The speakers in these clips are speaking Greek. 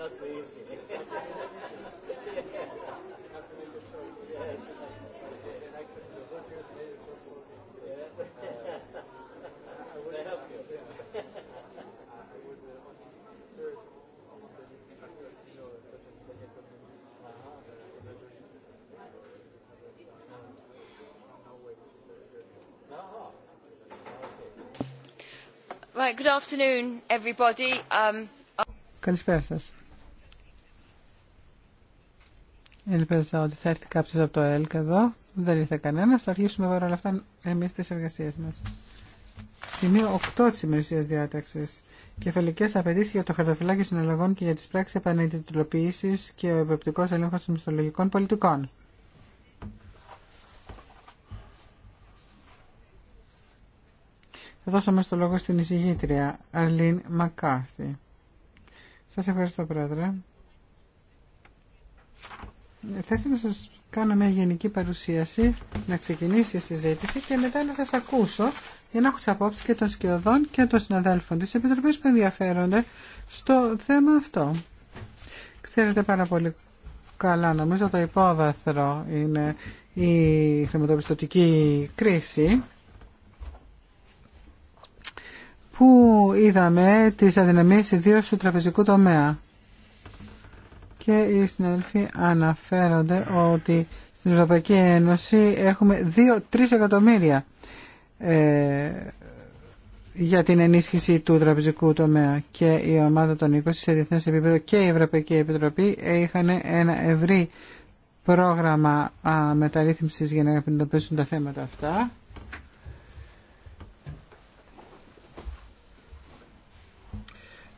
Not so easy. Good afternoon, everybody. Καλησπέρα Ελπίζω ότι θα έρθει κάποιο από το ΕΛΚ εδώ. Δεν ήρθε κανένα. Θα αρχίσουμε όλα αυτά εμεί τι εργασίε μα. Σημείο 8 τη ημερησία διάταξη. Κεφαλικέ απαιτήσει για το χαρτοφυλάκιο συναλλαγών και για τι πράξει επαναιτητλοποίηση και ο επεπτικό έλεγχο των μισθολογικών πολιτικών. Θα δώσω μέσα το λόγο στην εισηγήτρια Αρλίν Μακάρθη. Σας ευχαριστώ πρόεδρε. Θα ήθελα να σα κάνω μια γενική παρουσίαση, να ξεκινήσει η συζήτηση και μετά να σας ακούσω για να έχω απόψει και των σκιωδών και των συναδέλφων τη Επιτροπή που ενδιαφέρονται στο θέμα αυτό. Ξέρετε πάρα πολύ καλά, νομίζω το υπόβαθρο είναι η χρηματοπιστωτική κρίση που είδαμε τις αδυναμίες ιδίως του τραπεζικού τομέα και οι συναδελφοί αναφέρονται ότι στην Ευρωπαϊκή Ένωση έχουμε 2-3 εκατομμύρια ε, για την ενίσχυση του τραπεζικού τομέα και η ομάδα των 20 σε διεθνές επίπεδο και η Ευρωπαϊκή Επιτροπή είχαν ένα ευρύ πρόγραμμα α, μεταρρύθμισης για να αντιμετωπίσουν τα θέματα αυτά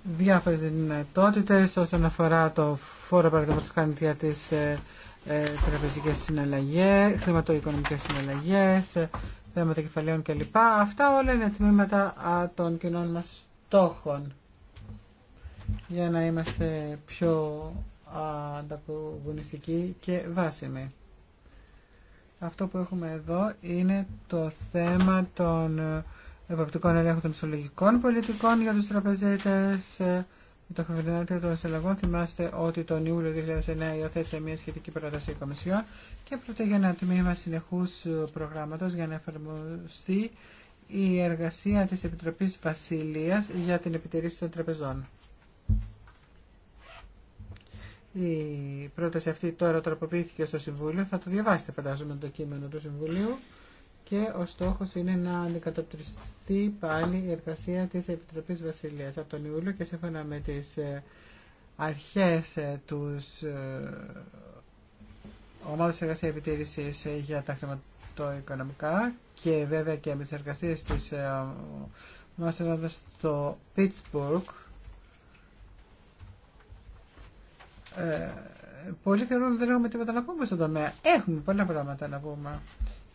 διάφορες δυνατότητες όσον αφορά το φόρο παραδείγματος κάνει για τις ε, ε, τραπεζικές συναλλαγές, χρηματοοικονομικές συναλλαγές, ε, θέματα κεφαλαίων κλπ. Αυτά όλα είναι τμήματα των κοινών μας στόχων για να είμαστε πιο ανταγωνιστικοί και βάσιμοι. Αυτό που έχουμε εδώ είναι το θέμα των ε, εποπτικών ελέγχων των ισολογικών πολιτικών για τους τραπεζίτες. Ε, με το χαμηλότερο των συλλαγών θυμάστε ότι τον Ιούλιο 2009 υιοθέτησε μια σχετική πρόταση Κομισιόν και πρόκειται για ένα τμήμα συνεχού προγράμματο για να εφαρμοστεί η εργασία της επιτροπή Βασιλείας για την επιτηρήση των τραπεζών. Η πρόταση αυτή τώρα τροποποιήθηκε στο Συμβούλιο. Θα το διαβάσετε φαντάζομαι το κείμενο του Συμβουλίου και ο στόχος είναι να αντικατοπτριστεί πάλι η εργασία της Επιτροπής Βασιλείας από τον Ιούλιο και σύμφωνα με τις ε, αρχές ε, τους ε, ομάδα εργασία επιτήρησης για τα χρηματοοικονομικά και βέβαια και με τις εργασίες της μας στο ε, πολλοί θεωρούν ότι δεν έχουμε τίποτα να πούμε στον τομέα. Έχουμε πολλά πράγματα να πούμε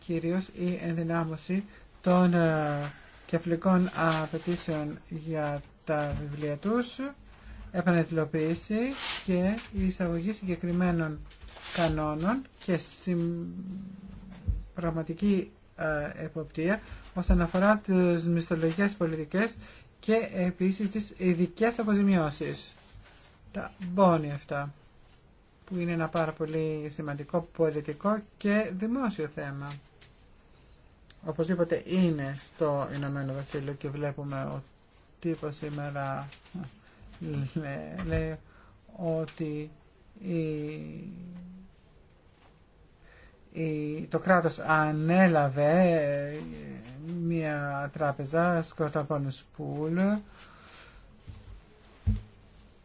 κύριος η ενδυνάμωση των ε, κεφλικών απαιτήσεων για τα βιβλία τους, επανετυλοποίηση και η εισαγωγή συγκεκριμένων κανόνων και συμ... πραγματική ε, εποπτεία όσον αφορά τις μισθολογικές πολιτικές και επίσης τις ειδικές αποζημιώσεις. Τα μπόνια αυτά που είναι ένα πάρα πολύ σημαντικό πολιτικό και δημόσιο θέμα οπωσδήποτε είναι στο Ηνωμένο Βασίλειο και βλέπουμε ότι τύπος σήμερα λέει, ότι η, το κράτος ανέλαβε μια τράπεζα σκοταπώνους πουλ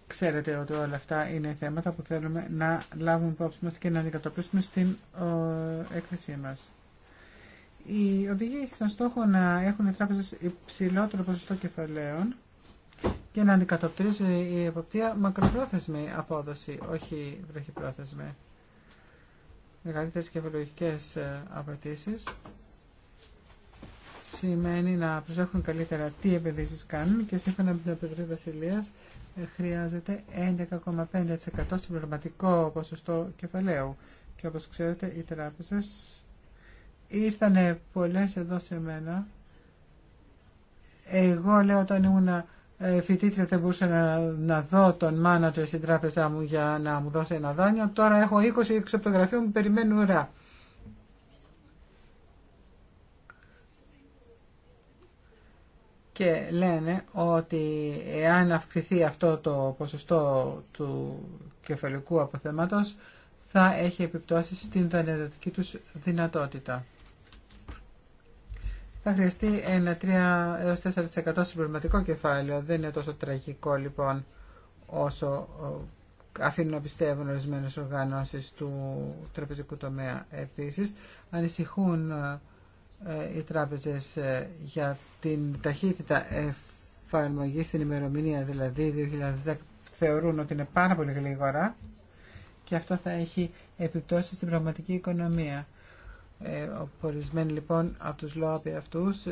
Ξέρετε ότι όλα αυτά είναι θέματα που θέλουμε να λάβουμε υπόψη μας και να αντικατοπίσουμε στην έκθεσή μας. Η οδηγία έχει σαν στόχο να έχουν οι τράπεζες υψηλότερο ποσοστό κεφαλαίων και να αντικατοπτρίζει η εποπτεία μακροπρόθεσμη απόδοση, όχι βραχυπρόθεσμη. Μεγαλύτερες κεφαλογικές ε, απαιτήσει σημαίνει να προσέχουν καλύτερα τι επενδύσει κάνουν και σύμφωνα με την Επιτροπή Βασιλεία ε, χρειάζεται 11,5% συμπληρωματικό ποσοστό κεφαλαίου. Και όπως ξέρετε οι τράπεζες Ήρθαν πολλές εδώ σε μένα. Εγώ λέω όταν ήμουν ε, φοιτήτρια δεν μπορούσα να, να δω τον μάνατζερ στην τράπεζά μου για να μου δώσει ένα δάνειο. Τώρα έχω 20 έξω από το γραφείο μου περιμένουν ουρά. Και λένε ότι εάν αυξηθεί αυτό το ποσοστό του κεφαλικού αποθέματος θα έχει επιπτώσεις στην δανειοδοτική τους δυνατότητα θα χρειαστεί ένα 3 έως 4% συμπληρωματικό κεφάλαιο. Δεν είναι τόσο τραγικό λοιπόν όσο ε, αφήνουν να πιστεύουν ορισμένε οργανώσει του τραπεζικού τομέα. Επίσης, ανησυχούν ε, ε, οι τράπεζες για την ταχύτητα εφαρμογή στην ημερομηνία, δηλαδή 2010, θεωρούν ότι είναι πάρα πολύ γλίγορα και αυτό θα έχει επιπτώσει στην πραγματική οικονομία. Ε, ορισμένοι λοιπόν από τους λόγους αυτούς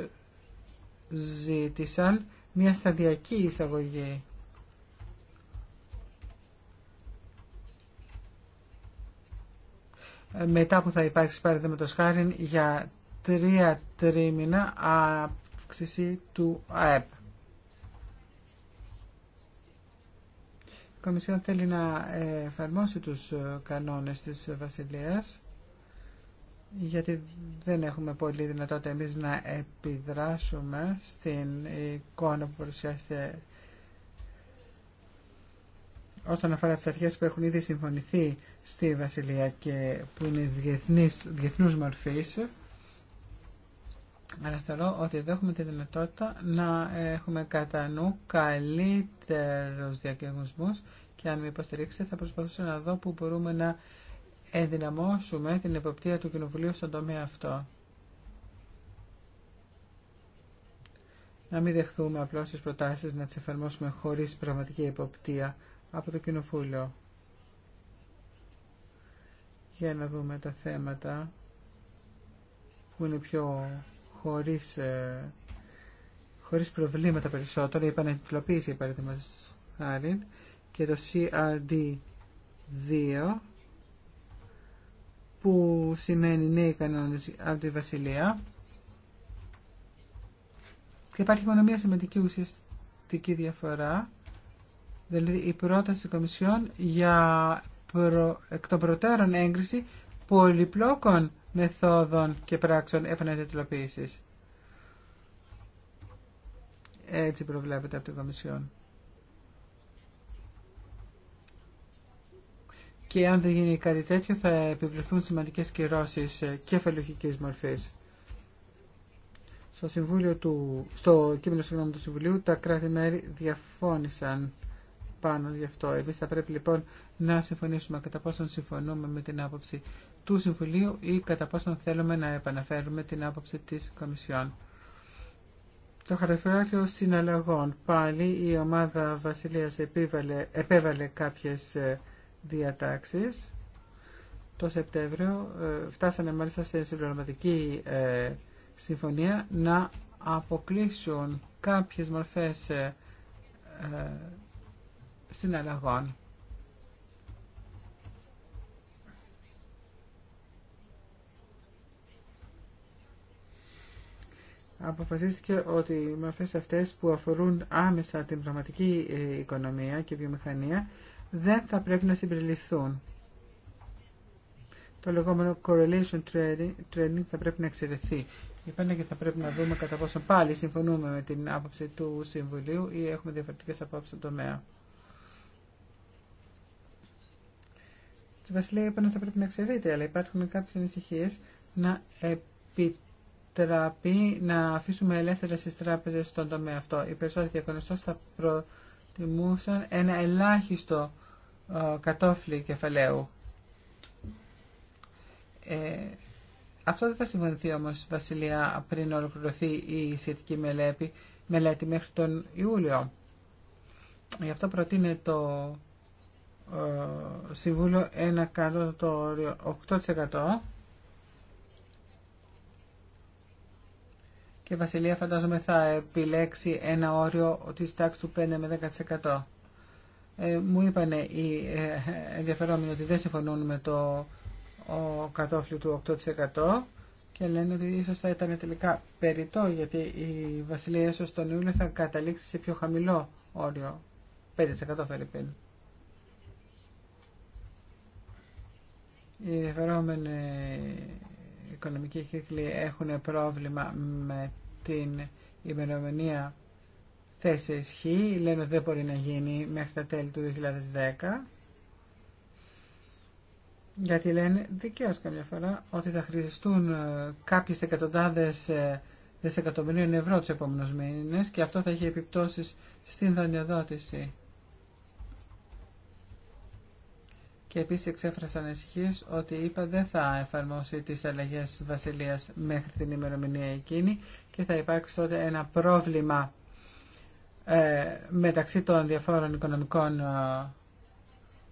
ζήτησαν μια σταδιακή εισαγωγή. Ε, μετά που θα υπάρξει παραδείγματο χάρη για τρία τρίμηνα αύξηση του ΑΕΠ. Η Κομισιόν θέλει να ε, εφαρμόσει τους κανόνες της Βασιλείας γιατί δεν έχουμε πολύ δυνατότητα εμείς να επιδράσουμε στην εικόνα που παρουσιάζεται όσον αφορά τις αρχές που έχουν ήδη συμφωνηθεί στη Βασιλεία και που είναι διεθνής, διεθνούς μορφής αλλά θεωρώ ότι εδώ έχουμε τη δυνατότητα να έχουμε κατά νου καλύτερους διακαιρισμούς και αν με υποστηρίξετε θα προσπαθήσω να δω που μπορούμε να ενδυναμώσουμε την εποπτεία του Κοινοβουλίου στον τομέα αυτό. Να μην δεχθούμε απλώς τις προτάσεις να τις εφαρμόσουμε χωρίς πραγματική εποπτεία από το Κοινοβούλιο. Για να δούμε τα θέματα που είναι πιο χωρίς, ε, χωρίς προβλήματα περισσότερο. Η πανεπιστημιοποίηση, παραδείγματος χάρη, και το CRD2 που σημαίνει νέοι κανόνες από τη Βασιλεία. Και υπάρχει μόνο μία σημαντική ουσιαστική διαφορά, δηλαδή η πρόταση Κομισιόν για προ, εκ των προτέρων έγκριση πολυπλόκων μεθόδων και πράξεων εφανατιτλοποίησης. Έτσι προβλέπεται από την Κομισιόν. και αν δεν γίνει κάτι τέτοιο θα επιβληθούν σημαντικές κυρώσεις κεφαλουχικής μορφής. Στο, συμβούλιο του, στο κείμενο συγγνώμη του Συμβουλίου τα κράτη-μέρη διαφώνησαν πάνω γι' αυτό. Εμείς θα πρέπει λοιπόν να συμφωνήσουμε κατά πόσον συμφωνούμε με την άποψη του Συμβουλίου ή κατά πόσον θέλουμε να επαναφέρουμε την άποψη της Κομισιόν. Το χαρτοφυλάκιο συναλλαγών. Πάλι η ομάδα Βασιλείας επέβαλε κάποιες ε, διατάξεις το Σεπτέμβριο ε, φτάσανε μάλιστα σε συμπληρωματική ε, συμφωνία να αποκλείσουν κάποιες μορφές ε, συναλλαγών. αποφασίστηκε ότι οι μορφές αυτές που αφορούν άμεσα την πραγματική οικονομία και βιομηχανία δεν θα πρέπει να συμπεριληφθούν. Το λεγόμενο correlation trading θα πρέπει να εξαιρεθεί. Υπάρχει και θα πρέπει να δούμε κατά πόσο πάλι συμφωνούμε με την άποψη του Συμβουλίου ή έχουμε διαφορετικές απόψεις στον τομέα. Η Βασιλεία είπαν ότι θα πρέπει να εξαιρείται, αλλά υπάρχουν κάποιες ανησυχίε να επιτραπεί να αφήσουμε ελεύθερα στις τράπεζες στον τομέα Τη Οι είπαμε διακονοστές θα προτιμούσαν ένα ελάχιστο ε, κατόφλι κεφαλαίου. Ε, αυτό δεν θα συμφωνηθεί όμως, Βασιλεία, πριν ολοκληρωθεί η σχετική μελέτη, μελέτη μέχρι τον Ιούλιο. Γι' αυτό προτείνει το ε, Συμβούλιο ένα το όριο 8% και η Βασιλεία φαντάζομαι θα επιλέξει ένα όριο της τάξης του 5 με 10%. Ε, μου είπαν οι ε, ενδιαφερόμενοι ότι δεν συμφωνούν με το ο κατόφλι του 8% και λένε ότι ίσως θα ήταν τελικά περιττό γιατί η Βασιλεία ίσως τον Ιούλιο θα καταλήξει σε πιο χαμηλό όριο 5% φερειπίν. Οι ενδιαφερόμενοι οικονομικοί κύκλοι έχουν πρόβλημα με την ημερομηνία θέση ισχύ. Λένε ότι δεν μπορεί να γίνει μέχρι τα τέλη του 2010. Γιατί λένε δικαίως καμιά φορά ότι θα χρησιστούν ε, κάποιες εκατοντάδες ε, δισεκατομμυρίων ευρώ τους επόμενους μήνες και αυτό θα έχει επιπτώσεις στην δανειοδότηση. Και επίσης εξέφρασαν ανησυχίες ότι είπα δεν θα εφαρμόσει τις αλλαγές βασιλείας μέχρι την ημερομηνία εκείνη και θα υπάρξει τότε ένα πρόβλημα ε, μεταξύ των διαφόρων οικονομικών ε,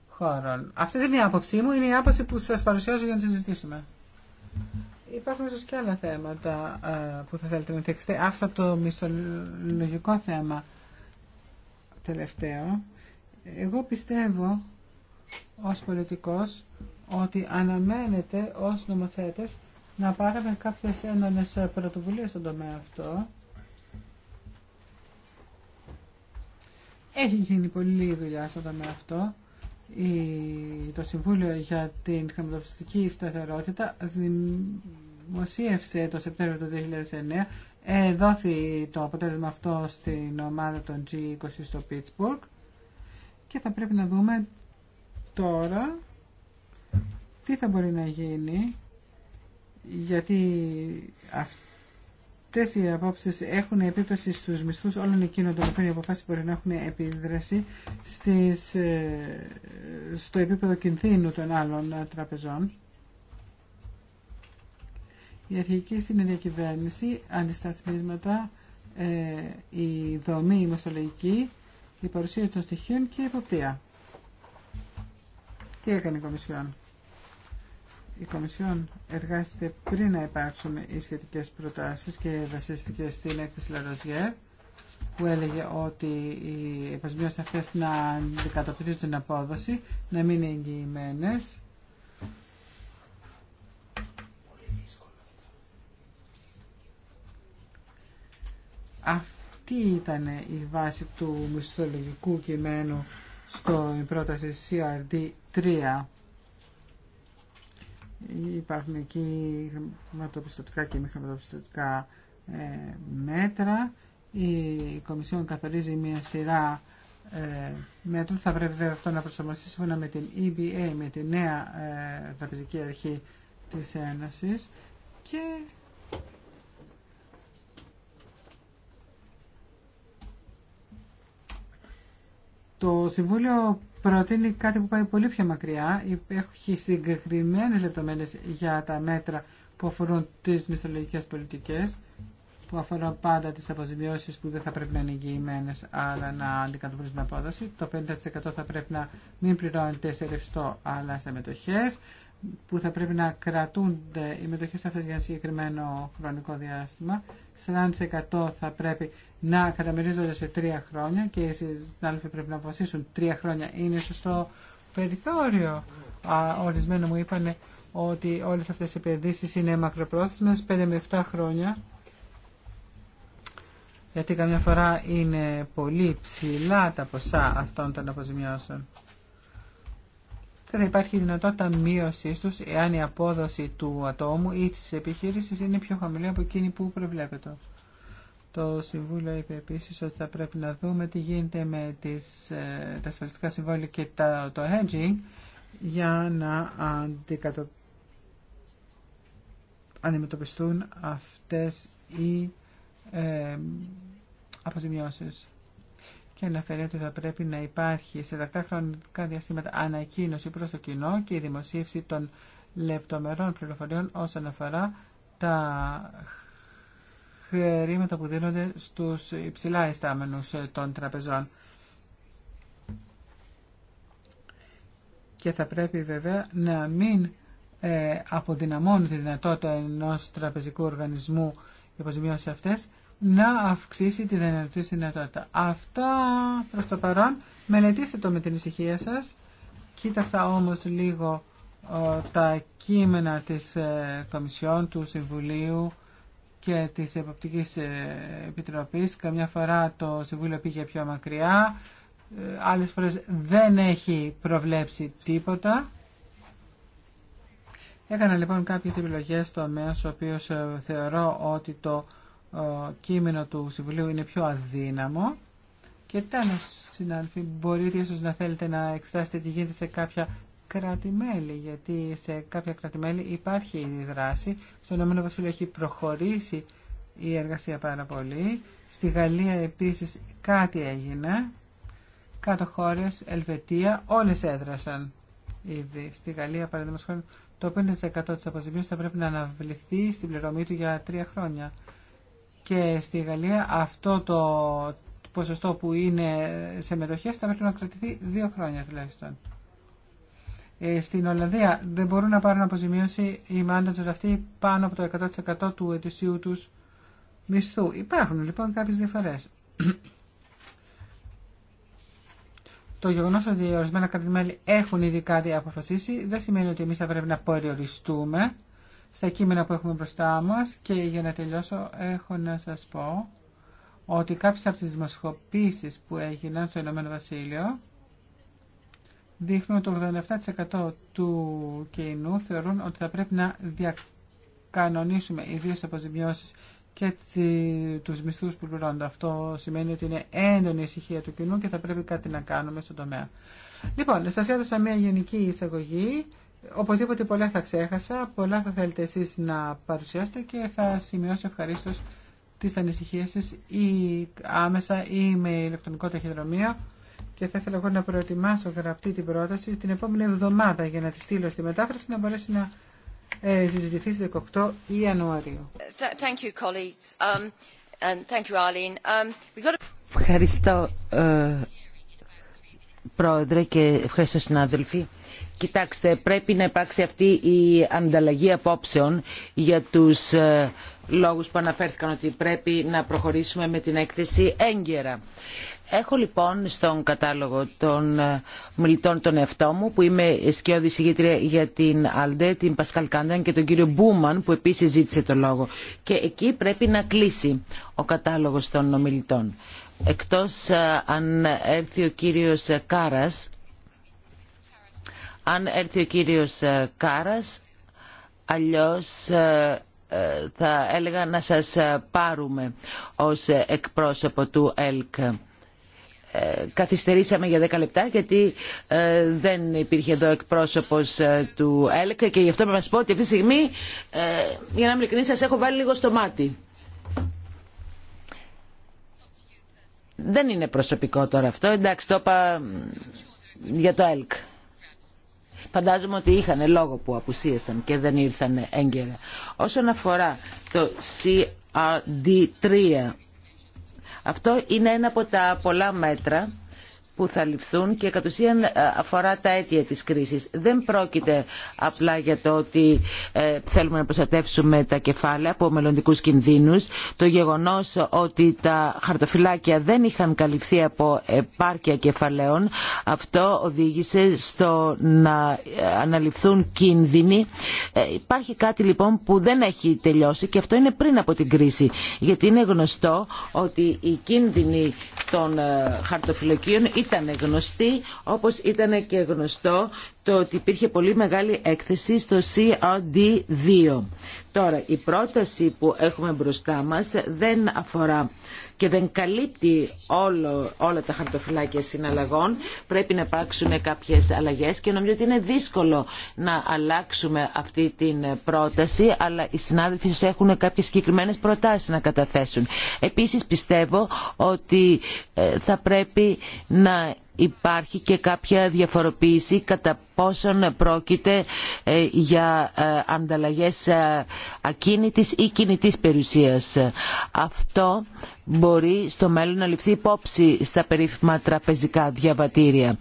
χώρων. Αυτή δεν είναι η άποψή μου, είναι η άποψη που σας παρουσιάζω για να τη συζητήσουμε. Υπάρχουν ίσως και άλλα θέματα ε, που θα θέλετε να θέξετε. Άφησα το μισθολογικό θέμα τελευταίο. Εγώ πιστεύω ως πολιτικός ότι αναμένεται ως νομοθέτες να πάρουμε κάποιες έντονες πρωτοβουλίες στον τομέα αυτό Έχει γίνει πολλή δουλειά στον με αυτό. το Συμβούλιο για την Χρηματοπιστική Σταθερότητα δημοσίευσε το Σεπτέμβριο του 2009. Ε, δόθη το αποτέλεσμα αυτό στην ομάδα των G20 στο Pittsburgh και θα πρέπει να δούμε τώρα τι θα μπορεί να γίνει γιατί αυτό Τέσσερις οι έχουν επίπτωση στους μισθούς όλων εκείνων των οποίων οι αποφάσει μπορεί να έχουν επίδραση στις, ε, στο επίπεδο κινδύνου των άλλων ε, τραπεζών. Η αρχική κυβέρνηση, αντισταθμίσματα, ε, η δομή η μεσολογική, η παρουσία των στοιχείων και η εποπτεία. Τι έκανε η Κομισιόν η Κομισιόν εργάζεται πριν να υπάρξουν οι σχετικές προτάσεις και βασίστηκε στην έκθεση Λαροζιέρ που έλεγε ότι οι επασμίες αυτές να αντικατοπτρίζουν την απόδοση, να μην είναι εγγυημένες. Αυτή ήταν η βάση του μισθολογικού κειμένου στο πρόταση CRD 3. Υπάρχουν εκεί χρηματοπιστωτικά και μη χρηματοπιστωτικά ε, μέτρα. Η Κομισιόν καθορίζει μια σειρά ε, μέτρων. Θα πρέπει αυτό να προσαρμοστεί σύμφωνα με την EBA, με τη νέα ε, τραπεζική αρχή της Ένωσης και το Συμβούλιο προτείνει κάτι που πάει πολύ πιο μακριά. Έχει συγκεκριμένε λεπτομέρειε για τα μέτρα που αφορούν τι μισθολογικέ πολιτικέ, που αφορούν πάντα τι αποζημιώσει που δεν θα πρέπει να είναι εγγυημένε, αλλά να αντικατοπτρίζουν απόδοση. Το 50% θα πρέπει να μην πληρώνεται σε ρευστό, αλλά σε μετοχέ που θα πρέπει να κρατούνται οι μετοχές αυτές για ένα συγκεκριμένο χρονικό διάστημα. 40% θα πρέπει να καταμερίζονται σε τρία χρόνια και οι συνάδελφοι πρέπει να αποφασίσουν τρία χρόνια είναι σωστό περιθώριο. Α, ορισμένο μου είπαν ότι όλες αυτές οι επενδύσεις είναι μακροπρόθεσμες, 5 με 7 χρόνια. Γιατί καμιά φορά είναι πολύ ψηλά τα ποσά αυτών των αποζημιώσεων και θα υπάρχει δυνατότητα μείωσή του, εάν η απόδοση του ατόμου ή τη επιχείρηση είναι πιο χαμηλή από εκείνη που προβλέπεται. Το Συμβούλιο είπε επίση ότι θα πρέπει να δούμε τι γίνεται με τις, ε, τα ασφαλιστικά συμβόλαια και τα, το hedging για να αντικατο... αντιμετωπιστούν αυτές οι ε, αποζημιώσεις και αναφέρει ότι θα πρέπει να υπάρχει σε τακτά χρονικά διαστήματα ανακοίνωση προς το κοινό και η δημοσίευση των λεπτομερών πληροφοριών όσον αφορά τα χρήματα που δίνονται στους υψηλά ειστάμενους ε, των τραπεζών. Και θα πρέπει βέβαια να μην ε, αποδυναμώνει τη δυνατότητα ενός τραπεζικού οργανισμού υποζημιώσεις αυτές, να αυξήσει τη δυνατή δυνατότητα. Αυτά προς το παρόν. Μελετήστε το με την ησυχία σας. Κοίταξα όμως λίγο ε, τα κείμενα της ε, Κομισιόν, του Συμβουλίου και της Εποπτικής ε, Επιτροπής. Καμιά φορά το Συμβούλιο πήγε πιο μακριά, άλλες φορές δεν έχει προβλέψει τίποτα. Έκανα λοιπόν κάποιες επιλογές στο μέσο ο οποίος θεωρώ ότι το κείμενο του Συμβουλίου είναι πιο αδύναμο. Και τέλο, συνάδελφοι, μπορείτε ίσω να θέλετε να εξετάσετε τι γίνεται σε κάποια γιατί σε κάποια υπάρχει η δράση. Στο Ηνωμένο Βασίλειο έχει προχωρήσει η εργασία πάρα πολύ. Στη Γαλλία επίση κάτι έγινε. Κάτω χώρε, Ελβετία, όλες έδρασαν ήδη. Στη Γαλλία, παραδείγματος το 5% της αποζημίωσης θα πρέπει να αναβληθεί στην πληρωμή του για τρία χρόνια και στη Γαλλία αυτό το ποσοστό που είναι σε μετοχές θα πρέπει να κρατηθεί δύο χρόνια τουλάχιστον. Ε, στην Ολλανδία δεν μπορούν να πάρουν αποζημίωση οι μάντατζερ αυτοί πάνω από το 100% του ετησίου τους μισθού. Υπάρχουν λοιπόν κάποιες διαφορές. Το γεγονό ότι ορισμένα κρατημέλη έχουν ήδη κάτι αποφασίσει δεν σημαίνει ότι εμεί θα πρέπει να περιοριστούμε στα κείμενα που έχουμε μπροστά μας και για να τελειώσω έχω να σας πω ότι κάποιες από τις δημοσιοποιήσεις που έγιναν στο Ηνωμένο Βασίλειο δείχνουν ότι το 87% του κοινού θεωρούν ότι θα πρέπει να διακανονίσουμε ιδίω τι αποζημιώσει και τους μισθούς που πληρώνονται. Αυτό σημαίνει ότι είναι έντονη η ησυχία του κοινού και θα πρέπει κάτι να κάνουμε στον τομέα. Λοιπόν, σα έδωσα μια γενική εισαγωγή Οπωσδήποτε πολλά θα ξέχασα, πολλά θα θέλετε εσείς να παρουσιάσετε και θα σημειώσω ευχαρίστως τις ανησυχίες σας ή άμεσα ή με ηλεκτρονικό ταχυδρομείο και θα ήθελα εγώ να προετοιμάσω γραπτή την πρόταση την επόμενη εβδομάδα για να τη στείλω στη μετάφραση να μπορέσει να ε, συζητηθεί στις 18 Ιανουαρίου. Ευχαριστώ, ε, Πρόεδρε, και ευχαριστώ, συνάδελφοι. Κοιτάξτε, πρέπει να υπάρξει αυτή η ανταλλαγή απόψεων για τους ε, λόγους που αναφέρθηκαν ότι πρέπει να προχωρήσουμε με την έκθεση έγκαιρα. Έχω λοιπόν στον κατάλογο των ε, μιλητών τον εαυτό μου που είμαι σκιώδη συγγήτρια για την Αλντε, την Πασκαλ Κάνταν και τον κύριο Μπούμαν που επίσης ζήτησε το λόγο. Και εκεί πρέπει να κλείσει ο κατάλογος των ομιλητών. Εκτός ε, αν έρθει ο κύριος Κάρας αν έρθει ο κύριος ε, Κάρας, αλλιώς ε, ε, θα έλεγα να σας πάρουμε ως εκπρόσωπο του ΕΛΚ. Καθυστερήσαμε για 10 λεπτά γιατί δεν υπήρχε εδώ εκπρόσωπος του ΕΛΚ και γι' αυτό με μας πω ότι αυτή τη στιγμή, για να είμαι σας έχω βάλει λίγο στο μάτι. Δεν είναι προσωπικό τώρα αυτό, εντάξει το είπα για το ΕΛΚ. Φαντάζομαι ότι είχαν λόγο που απουσίασαν και δεν ήρθαν έγκαιρα. Όσον αφορά το CRD3, αυτό είναι ένα από τα πολλά μέτρα που θα ληφθούν και κατ' ουσίαν ε, αφορά τα αίτια της κρίσης. Δεν πρόκειται απλά για το ότι ε, θέλουμε να προστατεύσουμε τα κεφάλαια από μελλοντικού κινδύνους. Το γεγονός ότι τα χαρτοφυλάκια δεν είχαν καλυφθεί από επάρκεια κεφαλαίων, αυτό οδήγησε στο να ε, αναλυφθούν κίνδυνοι. Υπάρχει κάτι λοιπόν που δεν έχει τελειώσει και αυτό είναι πριν από την κρίση. Γιατί είναι γνωστό ότι οι κίνδυνοι των χαρτοφυλακίων ήταν γνωστή όπως ήταν και γνωστό το ότι υπήρχε πολύ μεγάλη έκθεση στο CRD2. Τώρα, η πρόταση που έχουμε μπροστά μας δεν αφορά και δεν καλύπτει όλο, όλα τα χαρτοφυλάκια συναλλαγών. Πρέπει να υπάρξουν κάποιες αλλαγές και νομίζω ότι είναι δύσκολο να αλλάξουμε αυτή την πρόταση, αλλά οι συνάδελφοι έχουν κάποιες συγκεκριμένες προτάσεις να καταθέσουν. Επίσης πιστεύω ότι ε, θα πρέπει να υπάρχει και κάποια διαφοροποίηση κατά πόσον πρόκειται ε, για ε, ανταλλαγές ε, ακίνητης ή κινητής περιουσίας. Αυτό μπορεί στο μέλλον να ληφθεί υπόψη στα περίφημα τραπεζικά διαβατήρια.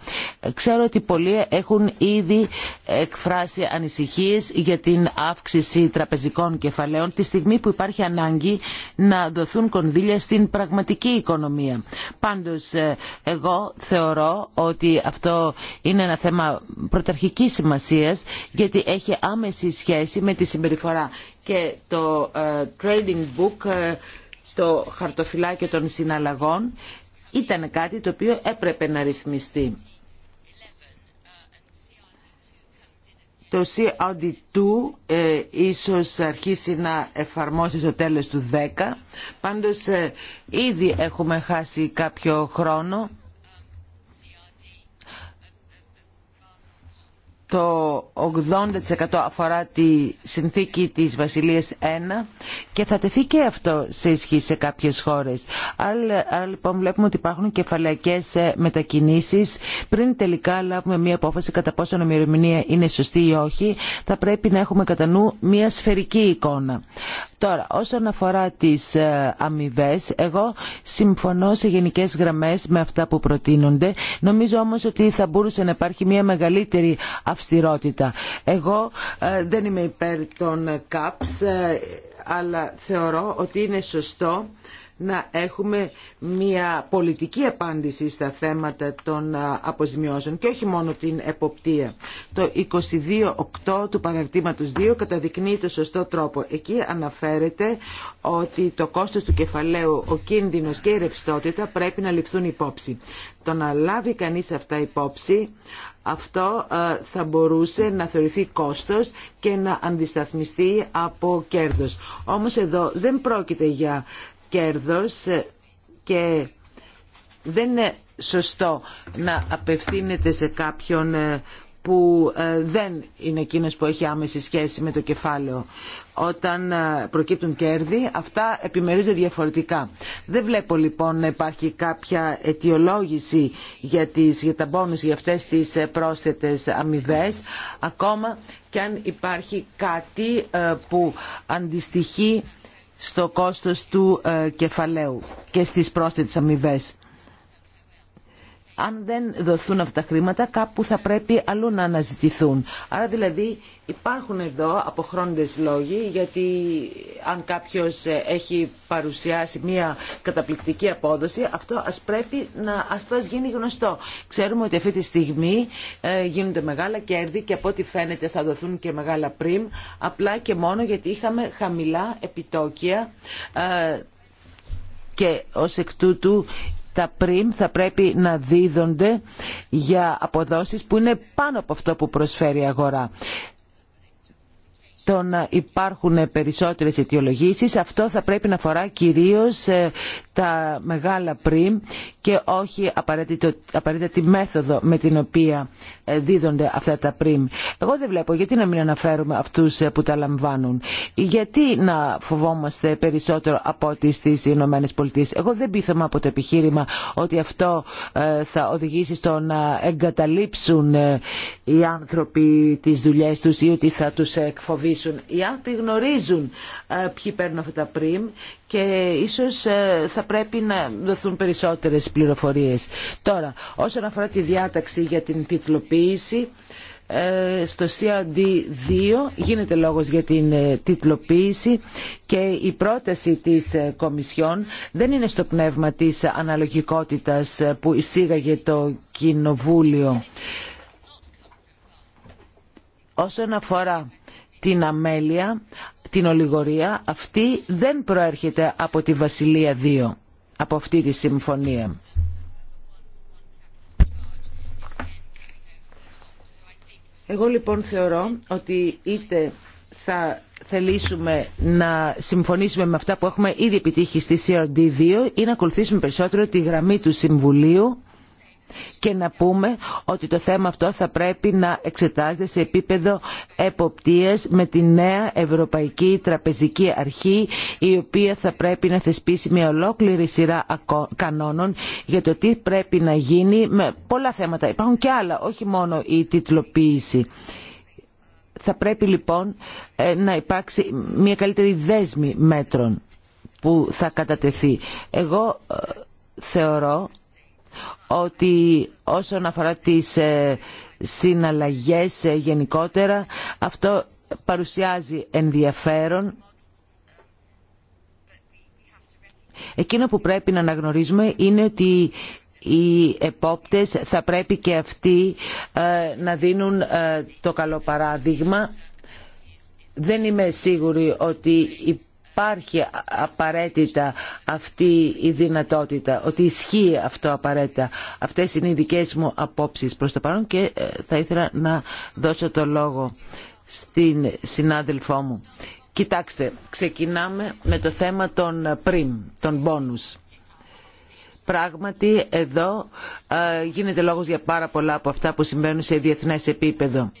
Ξέρω ότι πολλοί έχουν ήδη εκφράσει ανησυχίες για την αύξηση τραπεζικών κεφαλαίων τη στιγμή που υπάρχει ανάγκη να δοθούν κονδύλια στην πραγματική οικονομία. Πάντως εγώ θεωρώ ότι αυτό είναι ένα θέμα αρχικής σημασίας γιατί έχει άμεση σχέση με τη συμπεριφορά και το ε, trading book, ε, το χαρτοφυλάκιο των συναλλαγών ήταν κάτι το οποίο έπρεπε να ρυθμιστεί. Το CRD2 ε, ίσως αρχίσει να εφαρμόσει στο τέλος του 10. Πάντως ε, ήδη έχουμε χάσει κάποιο χρόνο το 80% αφορά τη συνθήκη της Βασιλείας 1 και θα τεθεί και αυτό σε ισχύ σε κάποιες χώρες. Άρα λοιπόν βλέπουμε ότι υπάρχουν κεφαλαϊκές ε, μετακινήσεις. Πριν τελικά λάβουμε μια απόφαση κατά πόσο η είναι σωστή ή όχι, θα πρέπει να έχουμε κατά νου μια σφαιρική εικόνα. Τώρα, όσον αφορά τις ε, αμοιβέ, εγώ συμφωνώ σε γενικές γραμμές με αυτά που προτείνονται. Νομίζω όμως ότι θα μπορούσε να υπάρχει μια μεγαλύτερη αυστηρότητα. Εγώ ε, δεν είμαι υπέρ των ΚΑΠΣ, ε, αλλά θεωρώ ότι είναι σωστό να έχουμε μια πολιτική απάντηση στα θέματα των αποζημιώσεων και όχι μόνο την εποπτεία. Το 22.8 του παραρτήματος 2 καταδεικνύει το σωστό τρόπο. Εκεί αναφέρεται ότι το κόστος του κεφαλαίου, ο κίνδυνος και η ρευστότητα πρέπει να ληφθούν υπόψη. Το να λάβει κανείς αυτά υπόψη αυτό θα μπορούσε να θεωρηθεί κόστος και να αντισταθμιστεί από κέρδος. Όμως εδώ δεν πρόκειται για κέρδος και δεν είναι σωστό να απευθύνεται σε κάποιον ε, που ε, δεν είναι εκείνος που έχει άμεση σχέση με το κεφάλαιο. Όταν ε, προκύπτουν κέρδη, αυτά επιμερίζονται διαφορετικά. Δεν βλέπω λοιπόν να υπάρχει κάποια αιτιολόγηση για, τις, για τα μπόνους, για αυτές τις πρόσθετες αμοιβέ, ακόμα και αν υπάρχει κάτι που αντιστοιχεί στο κόστος του ε, κεφαλαίου και στις πρόσθετες αμοιβέ αν δεν δοθούν αυτά τα χρήματα κάπου θα πρέπει αλλού να αναζητηθούν. Άρα δηλαδή υπάρχουν εδώ αποχρόντες λόγοι γιατί αν κάποιος ε, έχει παρουσιάσει μια καταπληκτική απόδοση αυτό ας πρέπει να ας ας γίνει γνωστό. Ξέρουμε ότι αυτή τη στιγμή ε, γίνονται μεγάλα κέρδη και από ό,τι φαίνεται θα δοθούν και μεγάλα πριμ απλά και μόνο γιατί είχαμε χαμηλά επιτόκια ε, και ως εκ τούτου τα πριμ θα πρέπει να δίδονται για αποδόσεις που είναι πάνω από αυτό που προσφέρει η αγορά. Το να υπάρχουν περισσότερες αιτιολογήσεις, αυτό θα πρέπει να αφορά κυρίως ε, τα μεγάλα πριμ και όχι απαραίτητα τη μέθοδο με την οποία δίδονται αυτά τα πριμ. Εγώ δεν βλέπω γιατί να μην αναφέρουμε αυτούς ε, που τα λαμβάνουν. Γιατί να φοβόμαστε περισσότερο από ό,τι στις Ηνωμένε Πολιτείε. Εγώ δεν πείθομαι από το επιχείρημα ότι αυτό ε, θα οδηγήσει στο να εγκαταλείψουν ε, οι άνθρωποι τις δουλειές τους ή ότι θα τους εκφοβήσουν. Οι άνθρωποι γνωρίζουν ποιοι παίρνουν αυτά τα πριμ και ίσως ε, θα πρέπει να δοθούν περισσότερες πληροφορίες. Τώρα, όσον αφορά τη διάταξη για την τιτλοποίηση, ε, στο CRD2 γίνεται λόγος για την ε, τιτλοποίηση και η πρόταση της Κομισιόν δεν είναι στο πνεύμα της αναλογικότητας που εισήγαγε το Κοινοβούλιο. Όσον αφορά την αμέλεια, την ολιγορία αυτή δεν προέρχεται από τη Βασιλεία 2, από αυτή τη συμφωνία. Εγώ λοιπόν θεωρώ ότι είτε θα θελήσουμε να συμφωνήσουμε με αυτά που έχουμε ήδη επιτύχει στη CRD2 ή να ακολουθήσουμε περισσότερο τη γραμμή του Συμβουλίου και να πούμε ότι το θέμα αυτό θα πρέπει να εξετάζεται σε επίπεδο εποπτείας με τη νέα Ευρωπαϊκή Τραπεζική Αρχή η οποία θα πρέπει να θεσπίσει μια ολόκληρη σειρά κανόνων για το τι πρέπει να γίνει με πολλά θέματα. Υπάρχουν και άλλα, όχι μόνο η τιτλοποίηση. Θα πρέπει λοιπόν ε, να υπάρξει μια καλύτερη δέσμη μέτρων που θα κατατεθεί. Εγώ ε, θεωρώ ότι όσον αφορά τις ε, συναλλαγές ε, γενικότερα αυτό παρουσιάζει ενδιαφέρον. Εκείνο που πρέπει να αναγνωρίζουμε είναι ότι οι επόπτες θα πρέπει και αυτοί ε, να δίνουν το καλό παράδειγμα. Δεν είμαι σίγουρη ότι υπάρχει απαραίτητα αυτή η δυνατότητα, ότι ισχύει αυτό απαραίτητα. Αυτές είναι οι δικές μου απόψεις προς το παρόν και ε, θα ήθελα να δώσω το λόγο στην συνάδελφό μου. Κοιτάξτε, ξεκινάμε με το θέμα των πριμ, των πόνους. Πράγματι, εδώ ε, γίνεται λόγος για πάρα πολλά από αυτά που συμβαίνουν σε διεθνές επίπεδο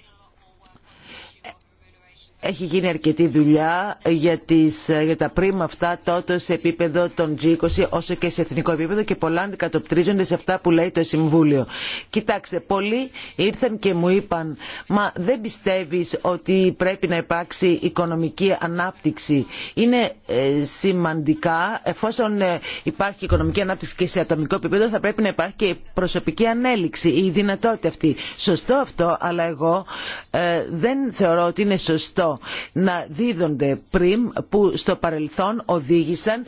έχει γίνει αρκετή δουλειά για, τις, για τα πρίμα αυτά τότε σε επίπεδο των G20 όσο και σε εθνικό επίπεδο και πολλά αντικατοπτρίζονται σε αυτά που λέει το Συμβούλιο. Κοιτάξτε, πολλοί ήρθαν και μου είπαν «Μα δεν πιστεύεις ότι πρέπει να υπάρξει οικονομική ανάπτυξη». Είναι ε, σημαντικά, εφόσον ε, υπάρχει οικονομική ανάπτυξη και σε ατομικό επίπεδο θα πρέπει να υπάρχει και προσωπική ανέλυξη, η δυνατότητα αυτή. Σωστό αυτό, αλλά εγώ ε, δεν θεωρώ ότι είναι σωστό να δίδονται πριν που στο παρελθόν οδήγησαν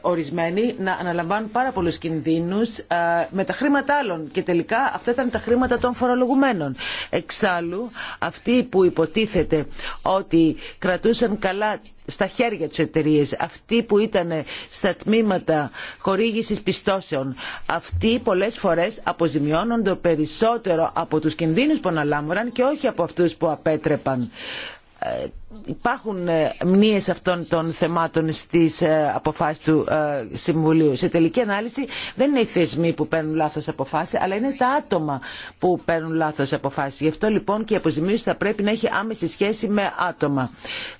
ορισμένοι να αναλαμβάνουν πάρα πολλού κινδύνου ε, με τα χρήματα άλλων και τελικά αυτά ήταν τα χρήματα των φορολογουμένων. Εξάλλου αυτοί που υποτίθεται ότι κρατούσαν καλά στα χέρια τους εταιρείε, αυτοί που ήταν στα τμήματα χορήγησης πιστώσεων, αυτοί πολλές φορές αποζημιώνονται περισσότερο από τους κινδύνους που αναλάμβαναν και όχι από αυτούς που απέτρεπαν. Εντάξει υπάρχουν ε, μνήες αυτών των θεμάτων στις ε, αποφάσεις του ε, Συμβουλίου. Σε τελική ανάλυση δεν είναι οι θεσμοί που παίρνουν λάθος αποφάσεις, αλλά είναι τα άτομα που παίρνουν λάθος αποφάσεις. Γι' αυτό λοιπόν και η αποζημίωση θα πρέπει να έχει άμεση σχέση με άτομα.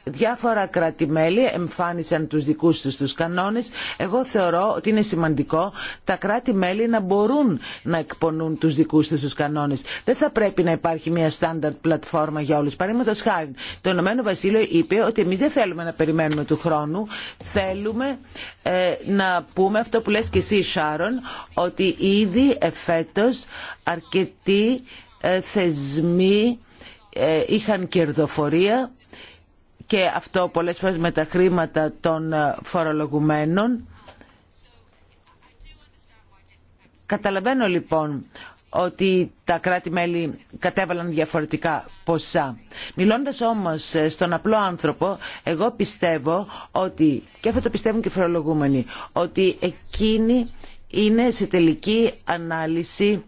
Διάφορα κράτη-μέλη εμφάνισαν τους δικούς τους τους κανόνες. Εγώ θεωρώ ότι είναι σημαντικό τα κράτη-μέλη να μπορούν να εκπονούν τους δικούς τους τους κανόνες. Δεν θα πρέπει να υπάρχει μια στάνταρτ πλατφόρμα για όλους. Παραδείγματος χάρη, το Βασίλειο είπε ότι εμείς δεν θέλουμε να περιμένουμε του χρόνου, θέλουμε ε, να πούμε αυτό που λες και εσύ Σάρων, ότι ήδη εφέτος αρκετοί ε, θεσμοί ε, είχαν κερδοφορία και αυτό πολλές φορές με τα χρήματα των ε, φορολογουμένων. Καταλαβαίνω λοιπόν ότι τα κράτη-μέλη κατέβαλαν διαφορετικά ποσά. Μιλώντας όμως στον απλό άνθρωπο, εγώ πιστεύω ότι, και αυτό το πιστεύουν και οι φορολογούμενοι, ότι εκείνη είναι σε τελική ανάλυση